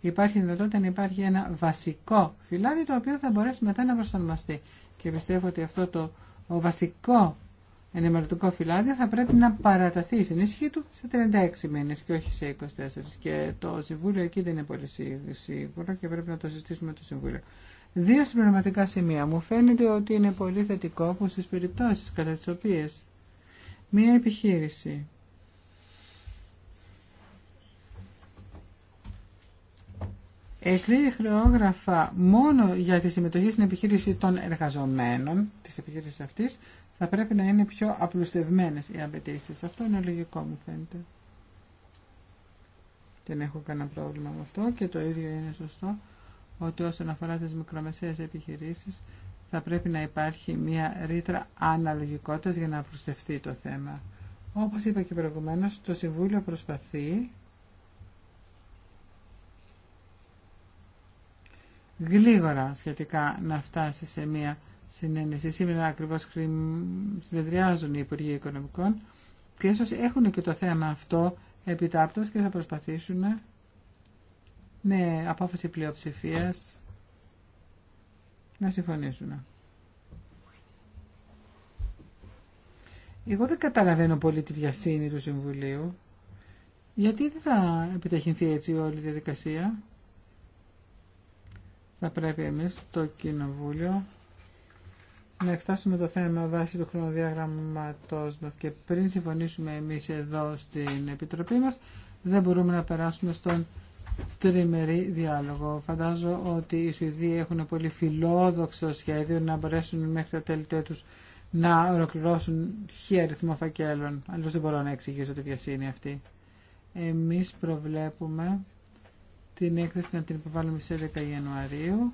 υπάρχει δυνατότητα να υπάρχει ένα βασικό φυλάδιο το οποίο θα μπορέσει μετά να προσαρμοστεί και πιστεύω ότι αυτό το ο βασικό ενημερωτικό φυλάδιο θα πρέπει να παραταθεί στην ίσχυ του σε 36 μήνες και όχι σε 24. Και το Συμβούλιο εκεί δεν είναι πολύ σίγουρο και πρέπει να το συζητήσουμε το Συμβούλιο. Δύο συμπληρωματικά σημεία. Μου φαίνεται ότι είναι πολύ θετικό που στις περιπτώσεις κατά τις οποίες μία επιχείρηση εκδίδει χρεόγραφα μόνο για τη συμμετοχή στην επιχείρηση των εργαζομένων της επιχείρησης αυτής, θα πρέπει να είναι πιο απλουστευμένες οι απαιτήσει. Αυτό είναι λογικό μου φαίνεται. Δεν έχω κανένα πρόβλημα με αυτό και το ίδιο είναι σωστό ότι όσον αφορά τις μικρομεσαίες επιχειρήσεις θα πρέπει να υπάρχει μια ρήτρα αναλογικότητας για να απλουστευτεί το θέμα. Όπως είπα και προηγουμένως, το Συμβούλιο προσπαθεί γλίγορα σχετικά να φτάσει σε μια συνένεση. Σήμερα ακριβώς συνεδριάζουν οι Υπουργοί Οικονομικών και ίσως έχουν και το θέμα αυτό επιτάπτως και θα προσπαθήσουν με απόφαση πλειοψηφίας να συμφωνήσουν. Εγώ δεν καταλαβαίνω πολύ τη βιασύνη του Συμβουλίου. Γιατί δεν θα επιταχυνθεί έτσι όλη η διαδικασία. Θα πρέπει εμείς το Κοινοβούλιο να εξετάσουμε το θέμα βάσει του χρονοδιάγραμματός μας και πριν συμφωνήσουμε εμείς εδώ στην Επιτροπή μας, δεν μπορούμε να περάσουμε στον τριμερή διάλογο. Φαντάζω ότι οι Σουηδοί έχουν πολύ φιλόδοξο σχέδιο να μπορέσουν μέχρι τα τέλη του να ολοκληρώσουν χι αριθμό φακέλων. Αλλιώς δεν μπορώ να εξηγήσω τη βιασύνη αυτή. Εμείς προβλέπουμε την έκθεση να την υποβάλουμε σε 11 Ιανουαρίου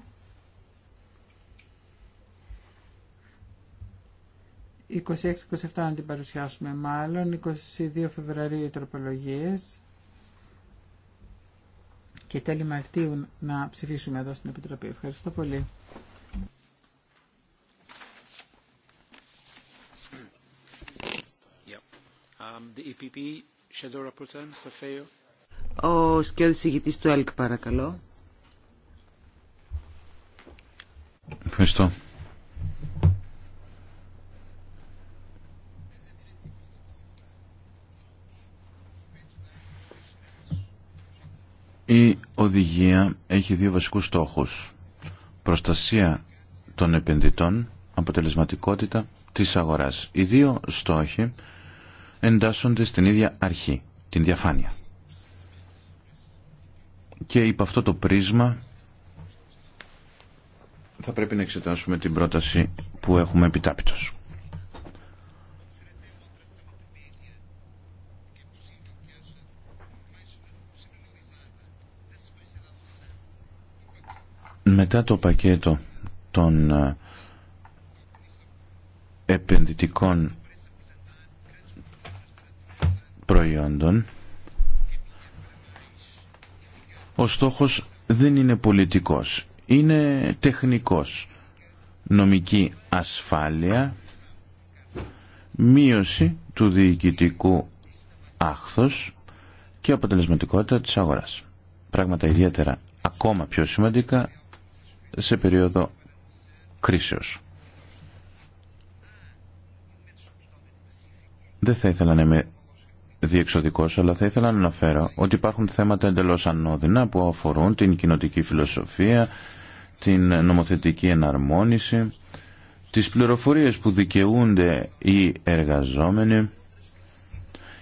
26-27 να την παρουσιάσουμε μάλλον, 22 Φεβρουαρίου οι τροπολογίες και τέλη Μαρτίου να ψηφίσουμε εδώ στην Επιτροπή. Ευχαριστώ πολύ. Um, e Ο σκέδης ηγητής του ΕΛΚ παρακαλώ. Ευχαριστώ. Η οδηγία έχει δύο βασικούς στόχους. Προστασία των επενδυτών, αποτελεσματικότητα της αγοράς. Οι δύο στόχοι εντάσσονται στην ίδια αρχή, την διαφάνεια. Και υπ' αυτό το πρίσμα θα πρέπει να εξετάσουμε την πρόταση που έχουμε επιτάπητος. Μετά το πακέτο των ε, επενδυτικών προϊόντων ο στόχος δεν είναι πολιτικός, είναι τεχνικός. Νομική ασφάλεια, μείωση του διοικητικού άχθος και αποτελεσματικότητα της αγοράς. Πράγματα ιδιαίτερα ακόμα πιο σημαντικά σε περίοδο κρίσεως. Δεν θα ήθελα να είμαι διεξοδικός, αλλά θα ήθελα να αναφέρω ότι υπάρχουν θέματα εντελώς ανώδυνα που αφορούν την κοινοτική φιλοσοφία, την νομοθετική εναρμόνιση, τις πληροφορίες που δικαιούνται οι εργαζόμενοι.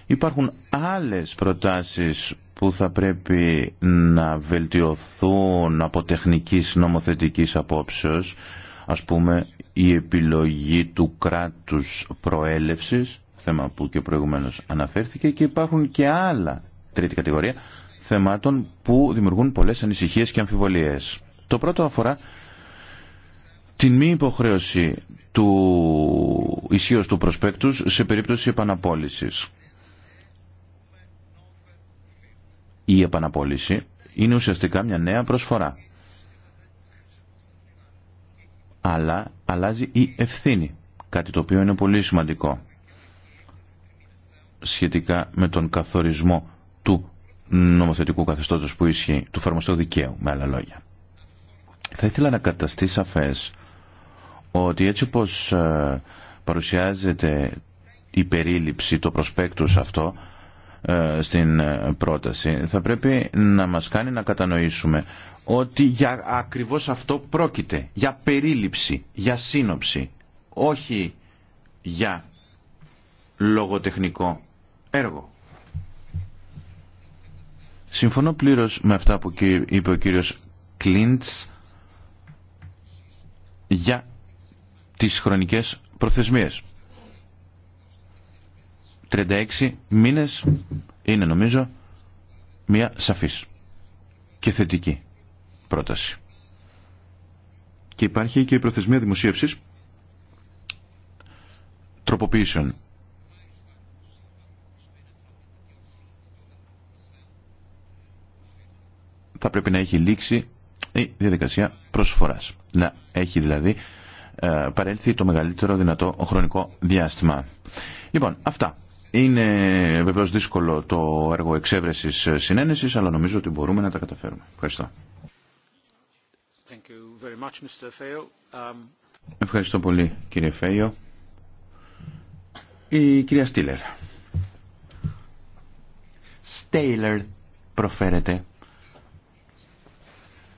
Υπάρχουν άλλες προτάσεις που θα πρέπει να βελτιωθούν από τεχνικής νομοθετικής απόψεως, ας πούμε η επιλογή του κράτους προέλευσης, θέμα που και προηγουμένως αναφέρθηκε, και υπάρχουν και άλλα τρίτη κατηγορία θεμάτων που δημιουργούν πολλές ανησυχίες και αμφιβολίες. Το πρώτο αφορά την μη υποχρέωση του ισχύω του προσπέκτους σε περίπτωση επαναπόλυσης. η επαναπόληση είναι ουσιαστικά μια νέα προσφορά. Αλλά αλλάζει η ευθύνη, κάτι το οποίο είναι πολύ σημαντικό σχετικά με τον καθορισμό του νομοθετικού καθεστώτος που ισχύει, του φαρμοστού δικαίου, με άλλα λόγια. Θα ήθελα να καταστεί σαφές ότι έτσι πως ε, παρουσιάζεται η περίληψη, το προσπέκτους αυτό, ε, στην ε, πρόταση θα πρέπει να μας κάνει να κατανοήσουμε ότι για ακριβώς αυτό πρόκειται για περίληψη, για σύνοψη όχι για λογοτεχνικό έργο. Συμφωνώ πλήρως με αυτά που είπε ο κύριος Κλίντς για τις χρονικές προθεσμίες. 36 μήνες είναι νομίζω μια σαφής και θετική πρόταση. Και υπάρχει και η προθεσμία δημοσίευσης τροποποιήσεων. Θα πρέπει να έχει λήξει η διαδικασία προσφοράς. Να έχει δηλαδή ε, παρέλθει το μεγαλύτερο δυνατό χρονικό διάστημα. Λοιπόν, αυτά. Είναι βεβαίω δύσκολο το έργο εξέβρεση συνένεση, αλλά νομίζω ότι μπορούμε να τα καταφέρουμε. Ευχαριστώ. Um, ευχαριστώ πολύ, κύριε Φέιο. Η κυρία Στήλερ. Στέιλερ προφέρεται.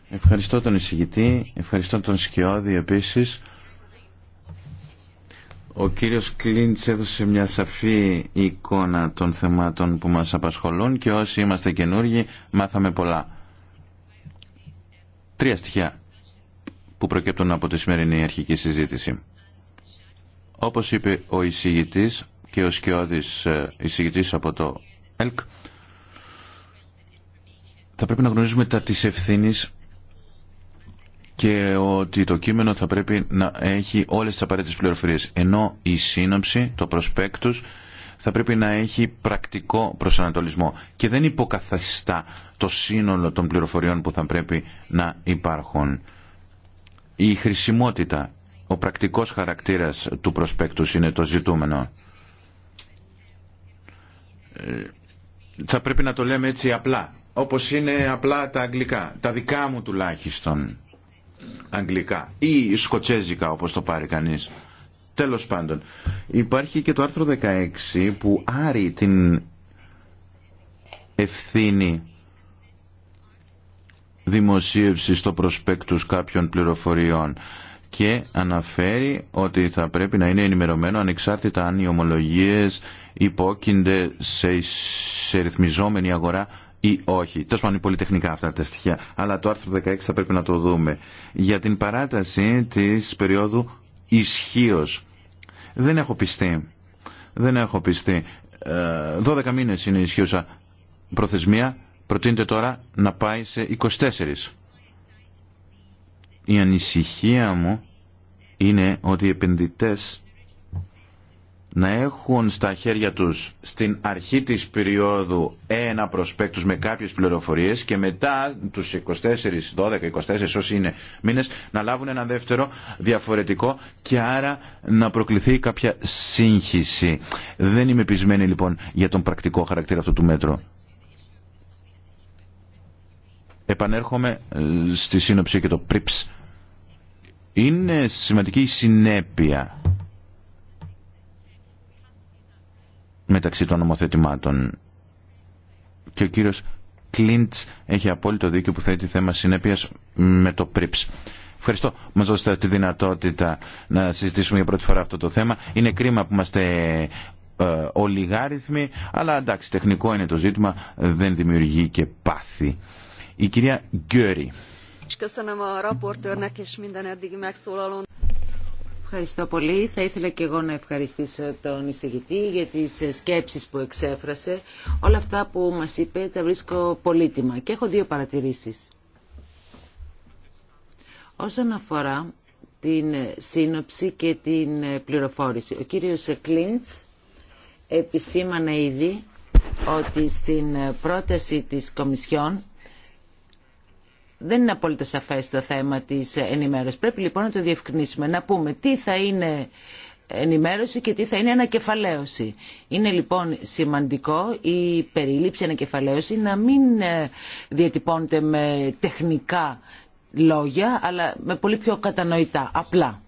Ευχαριστώ τον εισηγητή, ευχαριστώ τον Σκιώδη επίσης ο κύριος Κλίντς έδωσε μια σαφή εικόνα των θεμάτων που μας απασχολούν και όσοι είμαστε καινούργοι μάθαμε πολλά. Τρία στοιχεία που προκέπτουν από τη σημερινή αρχική συζήτηση. Όπως είπε ο εισηγητής και ο σκιώδης ε, εισηγητής από το ΕΛΚ, θα πρέπει να γνωρίζουμε τα της ευθύνης και ότι το κείμενο θα πρέπει να έχει όλες τις απαραίτητες πληροφορίες. Ενώ η σύνοψη, το προσπέκτους, θα πρέπει να έχει πρακτικό προσανατολισμό και δεν υποκαθιστά το σύνολο των πληροφοριών που θα πρέπει να υπάρχουν. Η χρησιμότητα, ο πρακτικός χαρακτήρας του προσπέκτους είναι το ζητούμενο. Ε, θα πρέπει να το λέμε έτσι απλά, όπως είναι απλά τα αγγλικά, τα δικά μου τουλάχιστον αγγλικά ή σκοτσέζικα όπως το πάρει κανείς. Τέλος πάντων, υπάρχει και το άρθρο 16 που άρει την ευθύνη δημοσίευση στο προσπέκτους κάποιων πληροφοριών και αναφέρει ότι θα πρέπει να είναι ενημερωμένο ανεξάρτητα αν οι ομολογίες υπόκεινται σε, σε ρυθμιζόμενη αγορά ή όχι. Τόσο πάνω είναι πολυτεχνικά αυτά τα στοιχεία. Αλλά το άρθρο 16 θα πρέπει να το δούμε. Για την παράταση της περίοδου ισχύω. Δεν έχω πιστεί. Δεν έχω πιστεί. 12 ε, μήνες είναι η ισχύουσα προθεσμία. Προτείνεται τώρα να πάει σε 24. Η ανησυχία μου είναι ότι οι επενδυτές να έχουν στα χέρια τους στην αρχή της περίοδου ένα προσπέκτους με κάποιες πληροφορίες και μετά τους 24, 12, 24 όσοι είναι μήνες να λάβουν ένα δεύτερο διαφορετικό και άρα να προκληθεί κάποια σύγχυση. Δεν είμαι πεισμένη λοιπόν για τον πρακτικό χαρακτήρα αυτού του μέτρου. Επανέρχομαι ε, στη σύνοψη και το PRIPS. Είναι σημαντική η συνέπεια μεταξύ των νομοθετημάτων. Και ο κύριος Κλίντς έχει απόλυτο δίκιο που θέτει θέμα συνέπειας με το ΠΡΙΠΣ. Ευχαριστώ. Μας δώσατε τη δυνατότητα να συζητήσουμε για πρώτη φορά αυτό το θέμα. Είναι κρίμα που είμαστε ε, ολιγάριθμοι, αλλά εντάξει, τεχνικό είναι το ζήτημα, δεν δημιουργεί και πάθη. Η κυρία Γκέρι. Ευχαριστώ πολύ. Θα ήθελα και εγώ να ευχαριστήσω τον εισηγητή για τις σκέψεις που εξέφρασε. Όλα αυτά που μας είπε τα βρίσκω πολύτιμα και έχω δύο παρατηρήσεις. Όσον αφορά την σύνοψη και την πληροφόρηση, ο κύριος Κλίντς επισήμανε ήδη ότι στην πρόταση της Κομισιόν δεν είναι απόλυτα σαφέ το θέμα της ενημέρωσης. Πρέπει λοιπόν να το διευκρινίσουμε, να πούμε τι θα είναι ενημέρωση και τι θα είναι ανακεφαλαίωση. Είναι λοιπόν σημαντικό η περίληψη ανακεφαλαίωση να μην ε, διατυπώνεται με τεχνικά λόγια, αλλά με πολύ πιο κατανοητά, απλά.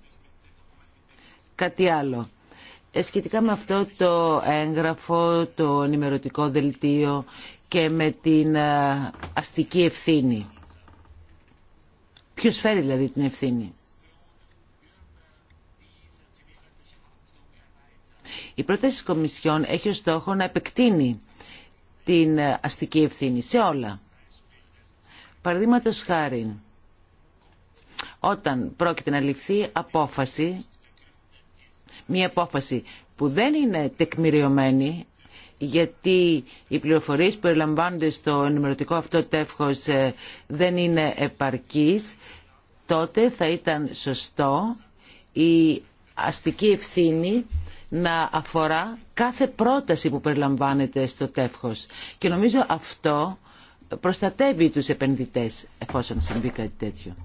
Κάτι άλλο. Ε, σχετικά με αυτό το έγγραφο, το ενημερωτικό δελτίο και με την ε, αστική ευθύνη. Ποιος φέρει δηλαδή την ευθύνη. Η πρόταση της Κομισιόν έχει ως στόχο να επεκτείνει την αστική ευθύνη σε όλα. Παραδείγματο χάρη, όταν πρόκειται να ληφθεί απόφαση, μία απόφαση που δεν είναι τεκμηριωμένη, γιατί οι πληροφορίες που περιλαμβάνονται στο ενημερωτικό αυτό τεύχος ε, δεν είναι επαρκείς, τότε θα ήταν σωστό η αστική ευθύνη να αφορά κάθε πρόταση που περιλαμβάνεται στο τεύχος. Και νομίζω αυτό προστατεύει τους επενδυτές εφόσον συμβεί κάτι τέτοιο.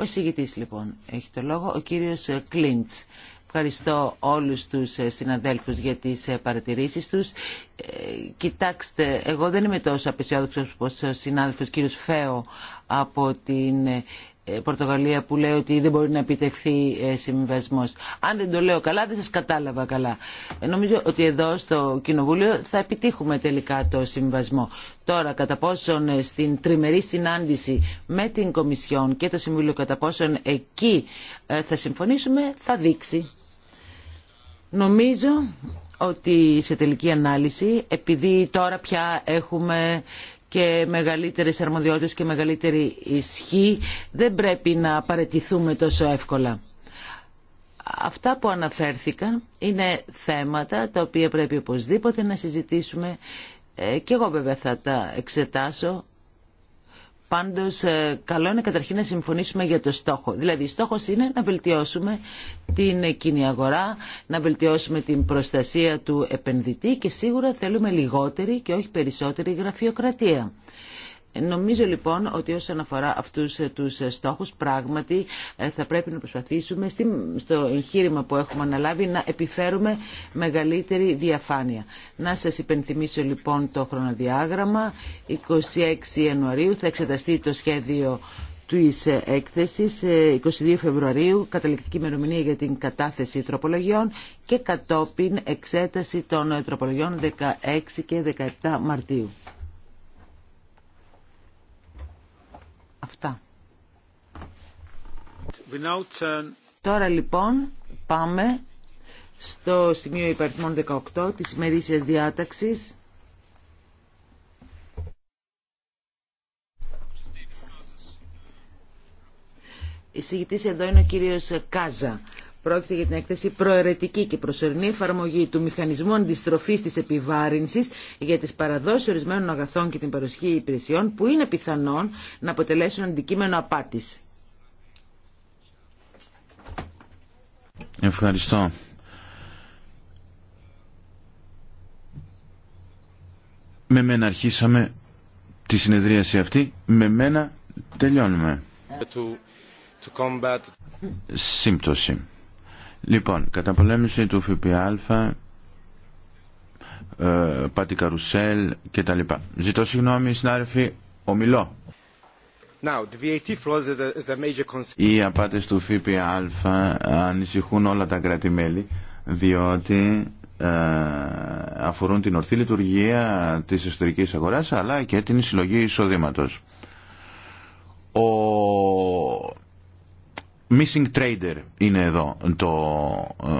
Ο εισηγητής λοιπόν έχει το λόγο, ο κύριος ε, Κλίντς. Ευχαριστώ όλους τους ε, συναδέλφους για τις ε, παρατηρήσεις τους. Κοιτάξτε, εγώ δεν είμαι τόσο απεσιόδοξος όπως ο συνάδελφος κύριος Φέο από την ε, Πορτογαλία που λέει ότι δεν μπορεί να επιτευχθεί ε, συμβιβασμό. Αν δεν το λέω καλά, δεν σα κατάλαβα καλά. Ε, νομίζω ότι εδώ στο Κοινοβούλιο θα επιτύχουμε τελικά το συμβιβασμό. Τώρα, κατά πόσον στην τριμερή συνάντηση με την Κομισιόν και το Συμβούλιο, κατά πόσον εκεί θα συμφωνήσουμε, θα δείξει. Νομίζω ότι σε τελική ανάλυση, επειδή τώρα πια έχουμε και μεγαλύτερες αρμοδιότητες και μεγαλύτερη ισχύ δεν πρέπει να παραιτηθούμε τόσο εύκολα. Αυτά που αναφέρθηκαν είναι θέματα τα οποία πρέπει οπωσδήποτε να συζητήσουμε ε, και εγώ βέβαια θα τα εξετάσω Πάντω, ε, καλό είναι καταρχήν να συμφωνήσουμε για το στόχο. Δηλαδή, στόχος είναι να βελτιώσουμε την κοινή αγορά, να βελτιώσουμε την προστασία του επενδυτή και σίγουρα θέλουμε λιγότερη και όχι περισσότερη γραφειοκρατία. Νομίζω λοιπόν ότι όσον αφορά αυτούς ε, τους ε, στόχους πράγματι ε, θα πρέπει να προσπαθήσουμε στο εγχείρημα που έχουμε αναλάβει να επιφέρουμε μεγαλύτερη διαφάνεια. Να σας υπενθυμίσω λοιπόν το χρονοδιάγραμμα. 26 Ιανουαρίου θα εξεταστεί το σχέδιο της έκθεσης 22 Φεβρουαρίου, καταληκτική μερομηνία για την κατάθεση τροπολογιών και κατόπιν εξέταση των τροπολογιών 16 και 17 Μαρτίου. Τώρα λοιπόν πάμε στο σημείο υπαριθμών 18 της ημερήσιας διάταξης. Η συγητής εδώ είναι ο κύριος Κάζα. Πρόκειται για την έκθεση προαιρετική και προσωρινή εφαρμογή του μηχανισμού αντιστροφή τη επιβάρυνση για τι παραδόσει ορισμένων αγαθών και την παροχή υπηρεσιών που είναι πιθανόν να αποτελέσουν αντικείμενο απάτη. Ευχαριστώ. Με μένα αρχίσαμε τη συνεδρίαση αυτή, με μένα τελειώνουμε. To, to combat... Σύμπτωση. Λοιπόν, καταπολέμηση του ΦΠΑ, ε, πάτη καρουσέλ κτλ. Ζητώ συγγνώμη συνάδελφοι, ομιλώ. Οι απάτες του ΦΠΑ ανησυχούν όλα τα κράτη-μέλη διότι ε, αφορούν την ορθή λειτουργία της ιστορικής αγοράς αλλά και την συλλογή εισοδήματος. Ο missing trader είναι εδώ το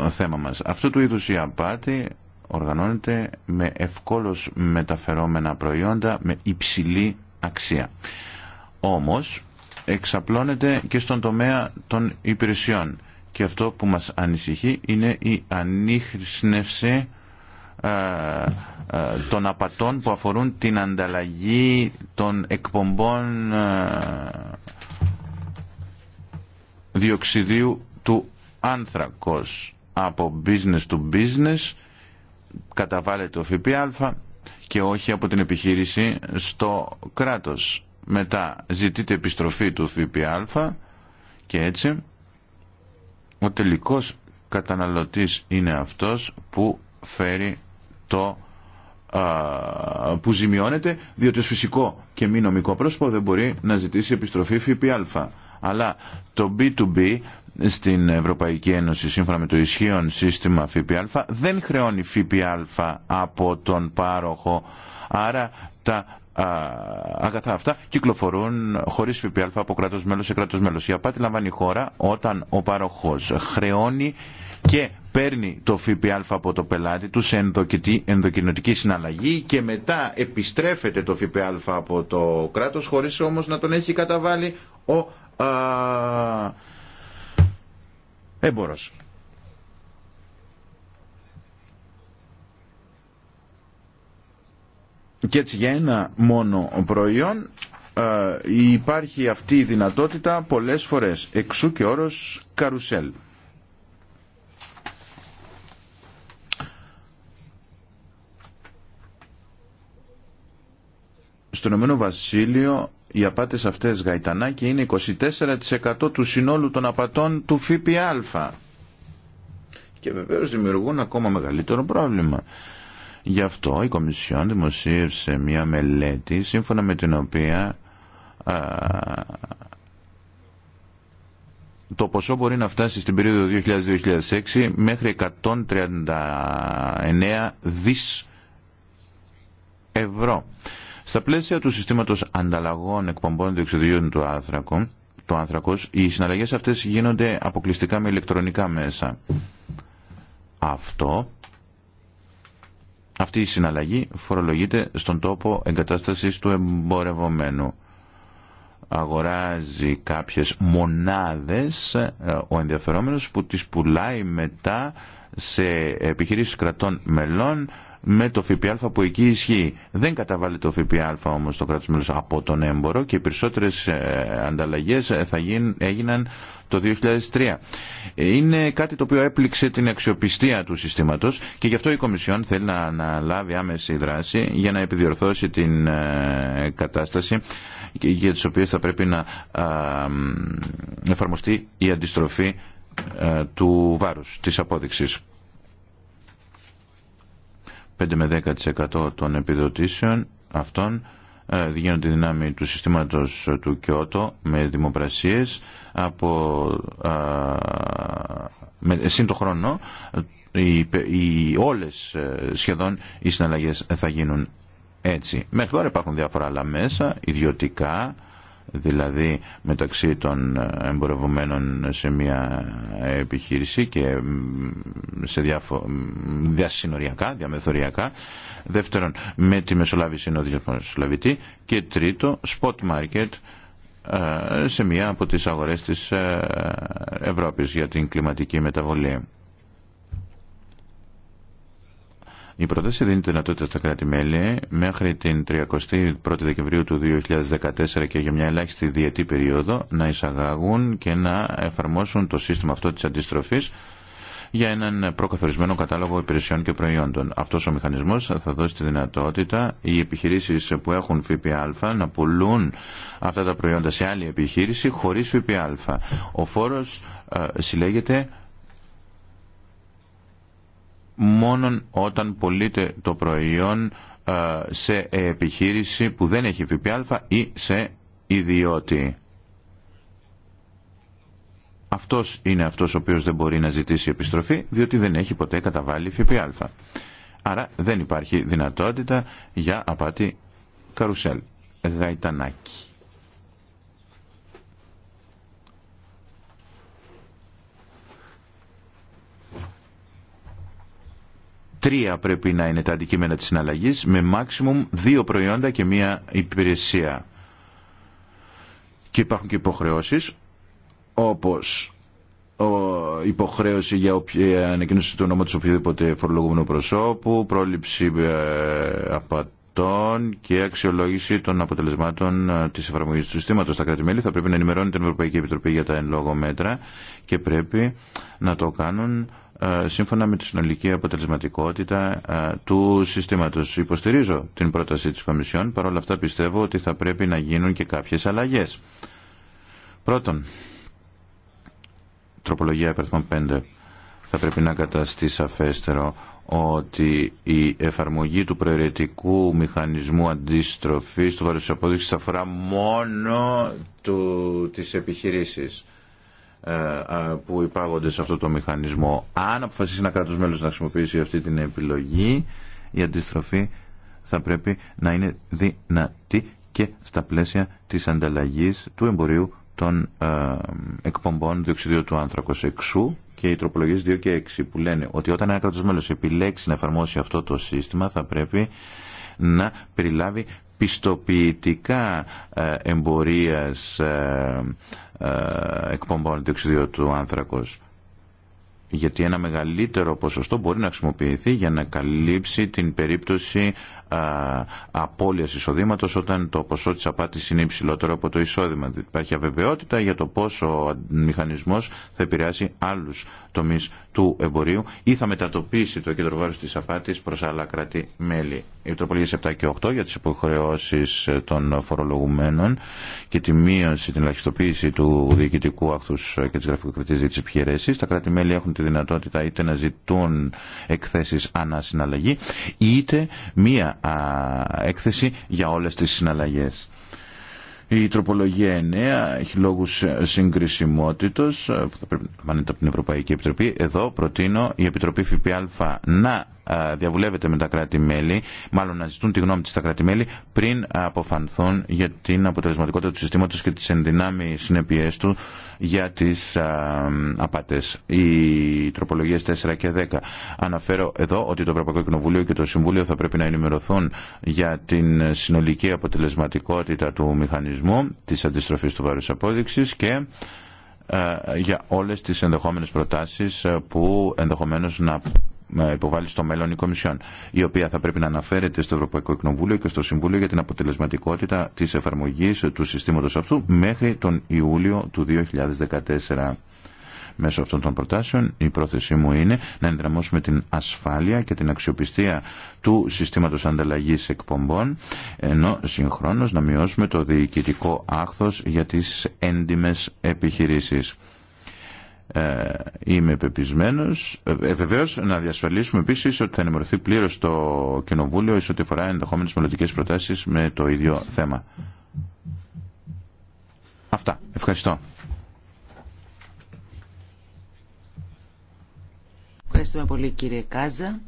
ε, θέμα μας. Αυτό του είδους η απάτη οργανώνεται με ευκόλως μεταφερόμενα προϊόντα με υψηλή αξία όμως εξαπλώνεται και στον τομέα των υπηρεσιών και αυτό που μας ανησυχεί είναι η ανίχνευση ε, ε, των απατών που αφορούν την ανταλλαγή των εκπομπών ε, διοξιδίου του άνθρακος από business to business καταβάλλεται ο ΦΠΑ και όχι από την επιχείρηση στο κράτος μετά ζητείτε επιστροφή του ΦΠΑ και έτσι ο τελικός καταναλωτής είναι αυτός που φέρει το που ζημιώνεται διότι ως φυσικό και μη νομικό πρόσωπο δεν μπορεί να ζητήσει επιστροφή ΦΠΑ. Αλλά το B2B στην Ευρωπαϊκή Ένωση σύμφωνα με το ισχύον σύστημα ΦΠΑ δεν χρεώνει ΦΠΑ από τον πάροχο. Άρα τα αγαθά αυτά κυκλοφορούν χωρίς ΦΠΑ από κράτος μέλος σε κράτος μέλος. Η απάτη λαμβάνει η χώρα όταν ο παροχός χρεώνει και παίρνει το ΦΠΑ από το πελάτη του σε ενδοκινοτική συναλλαγή και μετά επιστρέφεται το ΦΠΑ από το κράτος χωρίς όμως να τον έχει καταβάλει ο α, έμπορος. και έτσι για ένα μόνο προϊόν ε, υπάρχει αυτή η δυνατότητα πολλές φορές. Εξού και όρος καρουσέλ. Στον Ηνωμένο Βασίλειο οι απάτες αυτές γαϊτανάκι είναι 24% του συνόλου των απατών του ΦΠΑ. Και βεβαίως δημιουργούν ακόμα μεγαλύτερο πρόβλημα. Γι' αυτό η Κομισιόν δημοσίευσε μία μελέτη σύμφωνα με την οποία το ποσό μπορεί να φτάσει στην περίοδο 2000-2006 μέχρι 139 δις ευρώ. Στα πλαίσια του συστήματος ανταλλαγών εκπομπών διοξιδίων του άνθρακου, το άνθρακος, οι συναλλαγές αυτές γίνονται αποκλειστικά με ηλεκτρονικά μέσα. Αυτό αυτή η συναλλαγή φορολογείται στον τόπο εγκατάστασης του εμπορευομένου. Αγοράζει κάποιες μονάδες ε, ο ενδιαφερόμενος που τις πουλάει μετά σε επιχειρήσεις κρατών μελών με το ΦΠΑ που εκεί ισχύει. Δεν καταβάλει το ΦΠΑ όμως το κράτος μέλος από τον έμπορο και οι περισσότερες ε, ανταλλαγές ε, θα έγιναν το 2003. Είναι κάτι το οποίο έπληξε την αξιοπιστία του συστήματος και γι' αυτό η Κομισιόν θέλει να, να λάβει άμεση δράση για να επιδιορθώσει την ε, κατάσταση για τις οποίες θα πρέπει να εφαρμοστεί η αντιστροφή ε, του βάρους, της απόδειξης. 5 με 10% των επιδοτήσεων αυτών ε, γίνονται δυνάμει του συστήματος του Κιώτο με δημοπρασίες από με, σύν το χρόνο ε, οι, όλες σχεδόν οι συναλλαγές θα γίνουν έτσι. Μέχρι τώρα υπάρχουν διάφορα άλλα μέσα, ιδιωτικά, δηλαδή μεταξύ των εμπορευμένων σε μια επιχείρηση και σε διάφο... διασυνοριακά, διαμεθοριακά δεύτερον με τη μεσολάβηση ενό διαμεσολαβητή και τρίτο spot market ε, σε μια από τις αγορές της ε, Ευρώπης για την κλιματική μεταβολή. Η πρόταση δίνει τη δυνατότητα στα κράτη-μέλη μέχρι την 31η Δεκεμβρίου του 2014 και για μια ελάχιστη διετή περίοδο να εισαγάγουν και να εφαρμόσουν το σύστημα αυτό της αντιστροφής για έναν προκαθορισμένο κατάλογο υπηρεσιών και προϊόντων. Αυτός ο μηχανισμός θα δώσει τη δυνατότητα οι επιχειρήσεις που έχουν ΦΠΑ να πουλούν αυτά τα προϊόντα σε άλλη επιχείρηση χωρίς ΦΠΑ. Ο φόρος ε, συλλέγεται μόνον όταν πωλείται το προϊόν ε, σε επιχείρηση που δεν έχει ΦΠΑ ή σε ιδιώτη. Αυτός είναι αυτός ο οποίος δεν μπορεί να ζητήσει επιστροφή διότι δεν έχει ποτέ καταβάλει ΦΠΑ. Άρα δεν υπάρχει δυνατότητα για απάτη καρουσέλ. Γαϊτανάκι. τρία πρέπει να είναι τα αντικείμενα της συναλλαγής με maximum δύο προϊόντα και μία υπηρεσία. Και υπάρχουν και υποχρεώσεις όπως ο, υποχρέωση για οποια, ανακοίνωση του ονόματος οποιοδήποτε φορολογούμενου προσώπου, πρόληψη ε, απατών και αξιολόγηση των αποτελεσμάτων ε, της εφαρμογής του συστήματος. Τα κράτη-μέλη θα πρέπει να ενημερώνουν την Ευρωπαϊκή Επιτροπή για τα εν λόγω μέτρα και πρέπει να το κάνουν ε, σύμφωνα με τη συνολική αποτελεσματικότητα ε, του συστήματος. Υποστηρίζω την πρόταση της Κομισιόν, παρόλα αυτά πιστεύω ότι θα πρέπει να γίνουν και κάποιες αλλαγές. Πρώτον, τροπολογία υπερθμών 5 θα πρέπει να καταστεί σαφέστερο ότι η εφαρμογή του προαιρετικού μηχανισμού αντίστροφης του βαρουσιαπόδειξης αφορά μόνο του, τις ε, ε, που υπάγονται σε αυτό το μηχανισμό. Αν αποφασίσει ένα κράτος μέλος να χρησιμοποιήσει αυτή την επιλογή, η αντιστροφή θα πρέπει να είναι δυνατή και στα πλαίσια της ανταλλαγής του εμπορίου των ε, εκπομπών διοξιδίου του άνθρακος εξού και οι τροπολογίες 2 και 6 που λένε ότι όταν ένα κράτος μέλος επιλέξει να εφαρμόσει αυτό το σύστημα θα πρέπει να περιλάβει πιστοποιητικά εμπορίας ε, εκπομπών διοξιδίου του άνθρακος γιατί ένα μεγαλύτερο ποσοστό μπορεί να χρησιμοποιηθεί για να καλύψει την περίπτωση ε, απώλειας εισοδήματος όταν το ποσό της απάτης είναι υψηλότερο από το εισόδημα. Υπάρχει αβεβαιότητα για το πόσο ο μηχανισμός θα επηρεάσει άλλους τομείς του εμπορίου ή θα μετατοπίσει το κέντρο βάρους της απάτης προς άλλα κράτη-μέλη. Οι τροπολογίες 7 και 8 για τις υποχρεώσει των φορολογουμένων και τη μείωση, την ελαχιστοποίηση του διοικητικού άχθους και τη γραφειοκρατία για τι επιχειρήσει. Τα κράτη-μέλη έχουν τη δυνατότητα είτε να ζητούν εκθέσεις ανασυναλλαγή είτε μία έκθεση για όλες τις συναλλαγές. Η τροπολογία 9 έχει λόγους συγκρισιμότητος που θα πρέπει να από την Ευρωπαϊκή Επιτροπή. Εδώ προτείνω η Επιτροπή ΦΠΑ να διαβουλεύεται με τα κράτη-μέλη, μάλλον να ζητούν τη γνώμη της στα κράτη-μέλη πριν αποφανθούν για την αποτελεσματικότητα του συστήματος και τις ενδυνάμει συνεπιές του για τις απάτες. Οι τροπολογίες 4 και 10. Αναφέρω εδώ ότι το Ευρωπαϊκό Κοινοβούλιο και το Συμβούλιο θα πρέπει να ενημερωθούν για την συνολική αποτελεσματικότητα του μηχανισμού της αντιστροφής του βάρους απόδειξης και για όλες τις ενδεχόμενες προτάσεις που ενδεχομένως να υποβάλει στο μέλλον η Κομισιόν, η οποία θα πρέπει να αναφέρεται στο Ευρωπαϊκό Κοινοβούλιο και στο Συμβούλιο για την αποτελεσματικότητα τη εφαρμογή του συστήματο αυτού μέχρι τον Ιούλιο του 2014. Μέσω αυτών των προτάσεων η πρόθεσή μου είναι να ενδραμώσουμε την ασφάλεια και την αξιοπιστία του συστήματος ανταλλαγής εκπομπών ενώ συγχρόνως να μειώσουμε το διοικητικό άχθος για τις έντιμες επιχειρήσεις. Ε, είμαι πεπισμένο. ε, να διασφαλίσουμε επίση ότι θα ενημερωθεί πλήρω το Κοινοβούλιο εις ό,τι αφορά ενδεχόμενε μελλοντικέ προτάσεις με το ίδιο θέμα Αυτά, ευχαριστώ Ευχαριστούμε πολύ κύριε Κάζα